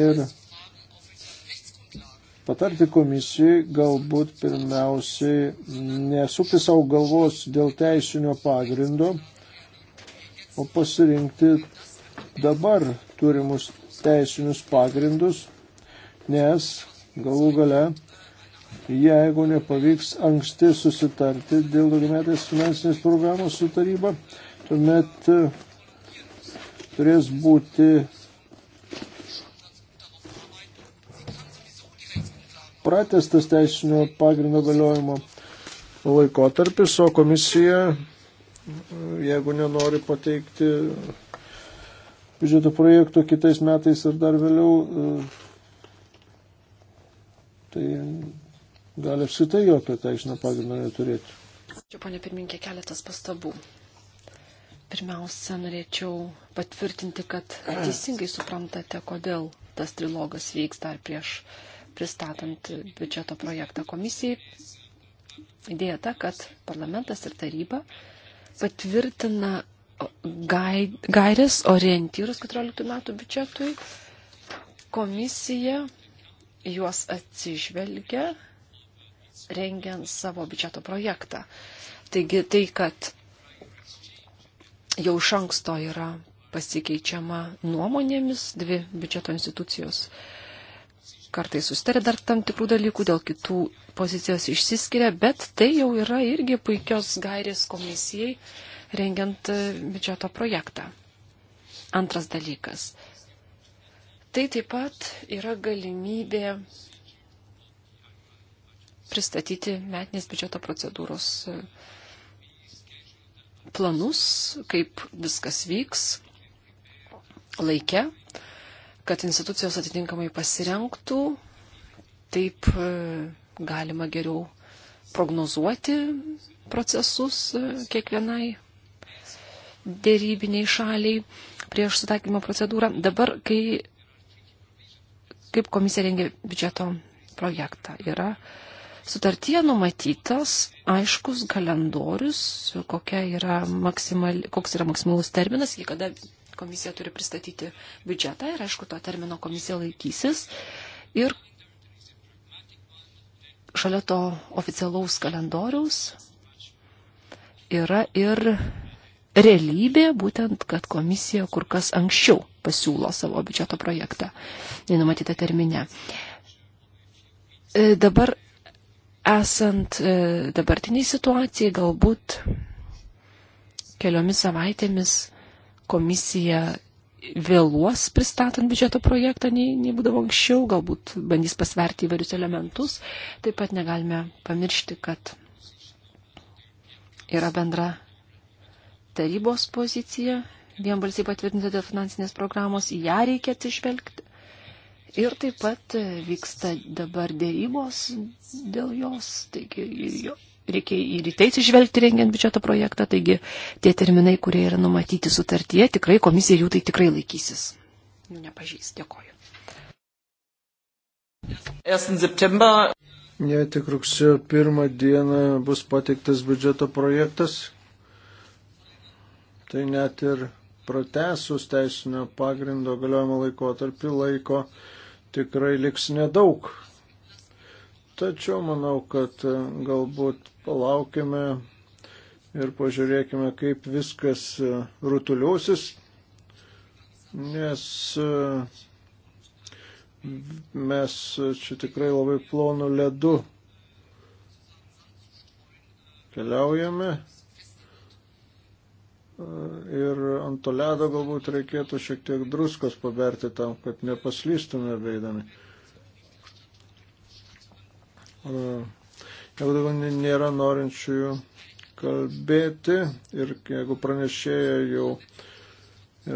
ir patarti komisijai galbūt pirmiausiai nesukti savo galvos dėl teisinio pagrindo, o pasirinkti dabar turimus teisinius pagrindus, nes galų gale, jeigu nepavyks anksti susitarti dėl daugiametės finansinės programos su taryba, tuomet turės būti pratestas teisinio pagrindo galiojimo laikotarpis, o komisija, jeigu nenori pateikti biudžeto projektų kitais metais ir dar vėliau, tai gali apsitai jokio teisinio pagrindo neturėti. Čia, ponė pirminkė, keletas pastabų. Pirmiausia, norėčiau patvirtinti, kad teisingai suprantate, kodėl tas trilogas vyks dar prieš pristatant biudžeto projektą komisijai. Idėja ta, kad parlamentas ir taryba patvirtina gairės orientyrus 14 metų biudžetui. Komisija juos atsižvelgia, rengiant savo biudžeto projektą. Taigi tai, kad jau iš anksto yra pasikeičiama nuomonėmis, dvi biudžeto institucijos uh, kartais sustarė dar tam tikrų dalykų, dėl kitų pozicijos išsiskiria, bet tai jau yra irgi puikios gairės komisijai rengiant e, biudžeto projektą. Antras dalykas. Tai taip pat yra galimybė pristatyti metinės biudžeto procedūros e, planus, kaip viskas vyks laikė kad institucijos atitinkamai pasirenktų, taip e, galima geriau prognozuoti procesus e, kiekvienai dėrybiniai šaliai prieš sutaikymo procedūrą. Dabar, kai kaip komisija rengia biudžeto projektą, yra sutartyje numatytas aiškus kalendorius, kokia yra maksimal, koks yra maksimalus terminas, iki kada komisija turi pristatyti biudžetą ir, aišku, to termino komisija laikysis. Ir šalia to oficialaus kalendoriaus yra ir realybė, būtent, kad komisija kur kas anksčiau pasiūlo savo biudžeto projektą, nenumatytą terminę. E, dabar, esant e, dabartiniai situacijai, galbūt keliomis savaitėmis komisija vėluos pristatant biudžeto projektą, nei, nei būdavo anksčiau, galbūt bandys pasverti įvairius elementus. Taip pat negalime pamiršti, kad yra bendra tarybos pozicija, vienbalsiai patvirtinta dėl finansinės programos, į ją reikia atsižvelgti. Ir taip pat vyksta dabar dėrybos dėl jos, taigi jo, reikia į rytais išvelgti rengiant biudžeto projektą, taigi tie terminai, kurie yra numatyti sutartyje, tikrai komisija jų tai tikrai laikysis. Nu, nepažįs, dėkoju. 1. september. Jei tik rugsėjo pirmą dieną bus pateiktas biudžeto projektas, tai net ir pratesus teisinio pagrindo galiojimo laikotarpį laiko tikrai liks nedaug Tačiau manau, kad e, galbūt palaukime ir pažiūrėkime, kaip viskas e, rutuliuosis, nes e, mes čia tikrai labai plonų ledų keliaujame ir ant to ledo galbūt reikėtų šiek tiek druskos paberti tam, kad nepaslystume veidami. Jeigu daugiau nėra norinčiųjų kalbėti ir jeigu pranešėja jau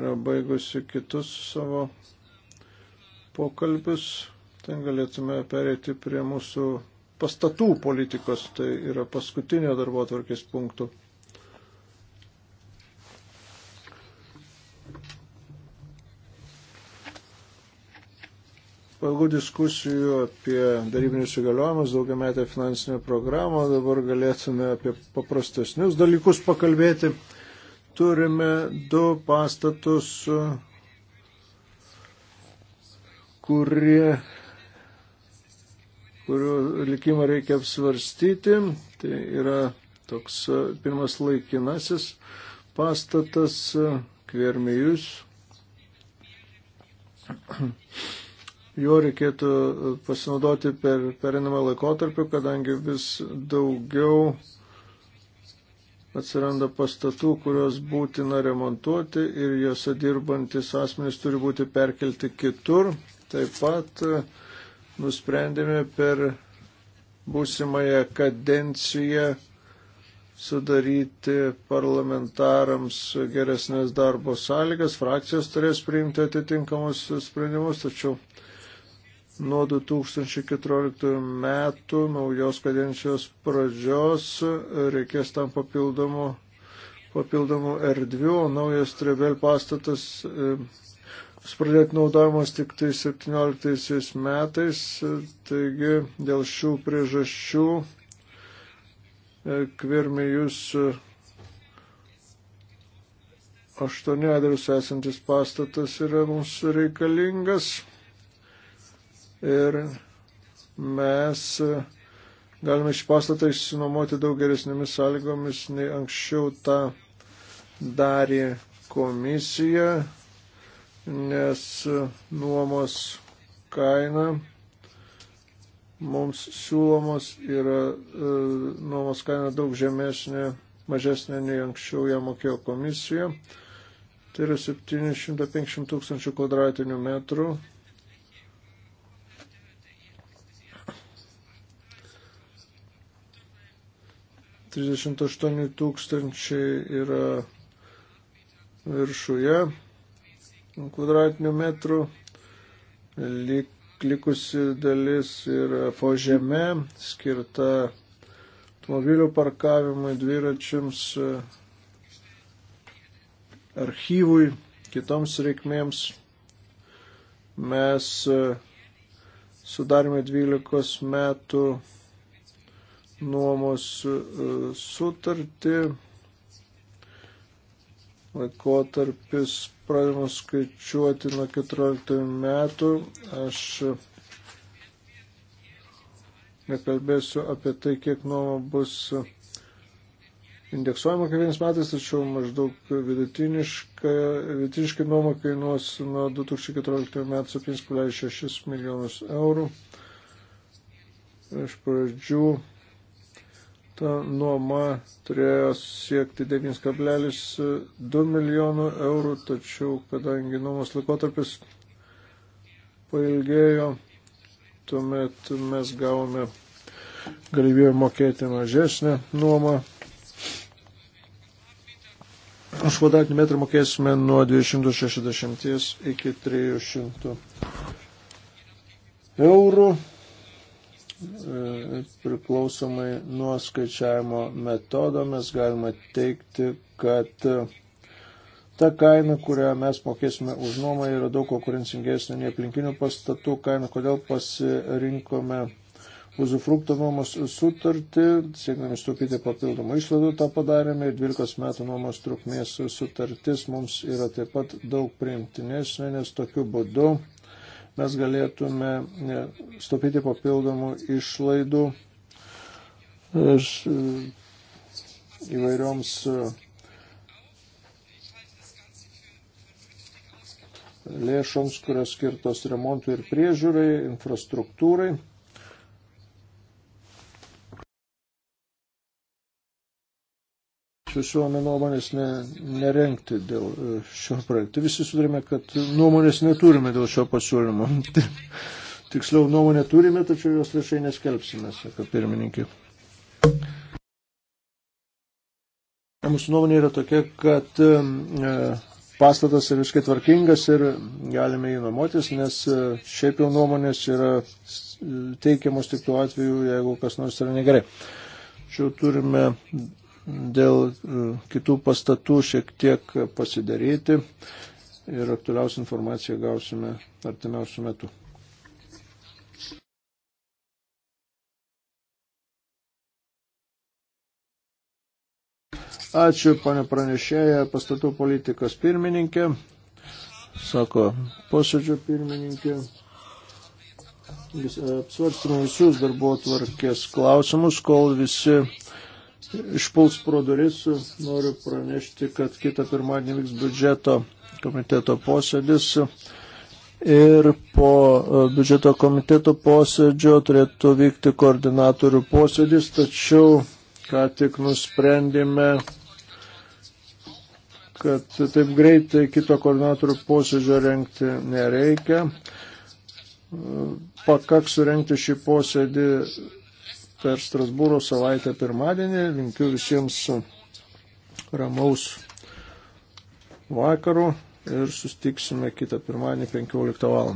yra baigusi kitus savo pokalbius, ten galėtume perėti prie mūsų pastatų politikos, tai yra paskutinio darbo atvarkės punktų. Po ilgų diskusijų apie darybinius įgaliojimus, daugiametę finansinę programą, dabar galėtume apie paprastesnius dalykus pakalbėti. Turime du pastatus, kurie, kurių likimą reikia apsvarstyti. Tai yra toks pirmas laikinasis pastatas Kvermijus juo reikėtų e, pasinaudoti per perinamą laikotarpį, kadangi vis daugiau atsiranda pastatų, kuriuos būtina remontuoti ir juose dirbantis asmenys turi būti perkelti kitur. Taip pat e, nusprendėme per būsimąją kadenciją sudaryti parlamentarams geresnės darbo sąlygas. Frakcijos turės priimti atitinkamus sprendimus, tačiau nuo 2014 metų naujos kadencijos pradžios reikės tam papildomų, papildomų erdvių, o naujas Trebel pastatas e, pradėti naudojamas tik tai 17 metais. Taigi dėl šių priežasčių e, Kvirmijus 8 e, adresų esantis pastatas yra mums reikalingas ir mes galime iš pastatą išsinuomoti daug geresnėmis sąlygomis, nei anksčiau tą darė komisija, nes nuomos kaina mums siūlomos yra e, nuomos kaina daug žemesnė, mažesnė nei anksčiau ją mokėjo komisija. Tai yra 750 tūkstančių kvadratinių metrų 38 tūkstančiai yra viršuje kvadratinių metrų, lik, likusi dalis yra po žeme, skirta automobilių parkavimui, dviračiams, archyvui, kitoms reikmėms. Mes sudarėme 12 metų nuomos e, sutartį. Laikotarpis pradedamas skaičiuoti nuo 14 metų. Aš nekalbėsiu apie tai, kiek nuoma bus indeksuojama kiekvienais metais, tačiau maždaug vidutiniškai nuoma kainuos nuo 2014 metų 7,6 milijonus eurų. Iš pradžių ta nuoma turėjo siekti 9,2 milijonų eurų, tačiau kadangi nuomos laikotarpis pailgėjo, tuomet mes gavome galimybę mokėti mažesnę nuomą. Už kvadratinį metrą mokėsime nuo 260 iki 300 eurų. E, priklausomai nuo skaičiavimo metodo mes galime teikti, kad e, ta kaina, kurią mes mokėsime už nuomą, yra daug konkurencingesnė nei aplinkinių pastatų kaina. Kodėl pasirinkome uzufrukto nuomos sutartį, siekdami stupyti papildomų išlaidų, tą padarėme ir 12 metų nuomos trukmės sutartis mums yra taip pat daug priimtinesnė, nes tokiu būdu mes galėtume e, stopyti papildomų išlaidų e, e, įvairioms lėšoms, kurios skirtos remontui ir priežiūrai, infrastruktūrai. visuomenė nuomonės ne, nerenkti dėl e, šio projekto. Visi sudarėme, kad nuomonės neturime dėl šio pasiūlymo. Tiksliau, nuomonę turime, tačiau jos viešai neskelbsime, sako pirmininkė. Mūsų nuomonė yra tokia, kad e, pastatas yra visiškai tvarkingas ir galime jį nuomotis, nes e, šiaip jau nuomonės yra teikiamos tik tuo atveju, jeigu kas nors yra negerai. Tačiau turime dėl e, kitų pastatų šiek tiek pasidaryti ir aktualiausią informaciją gausime artimiausių metų. Ačiū, ponė pranešėja, pastatų politikos pirmininkė, sako posėdžio pirmininkė. Apsvarstame visus darbo tvarkės klausimus, kol visi išpuls pro duris, noriu pranešti, kad kitą pirmadienį vyks biudžeto komiteto posėdis. Ir po e, biudžeto komiteto posėdžio turėtų vykti koordinatorių posėdis, tačiau ką tik nusprendėme, kad taip greitai kito koordinatorių posėdžio renkti nereikia. E, pakaks surenkti šį posėdį per Strasbūro savaitę pirmadienį. Linkiu visiems ramaus vakarų ir sustiksime kitą pirmadienį 15 val.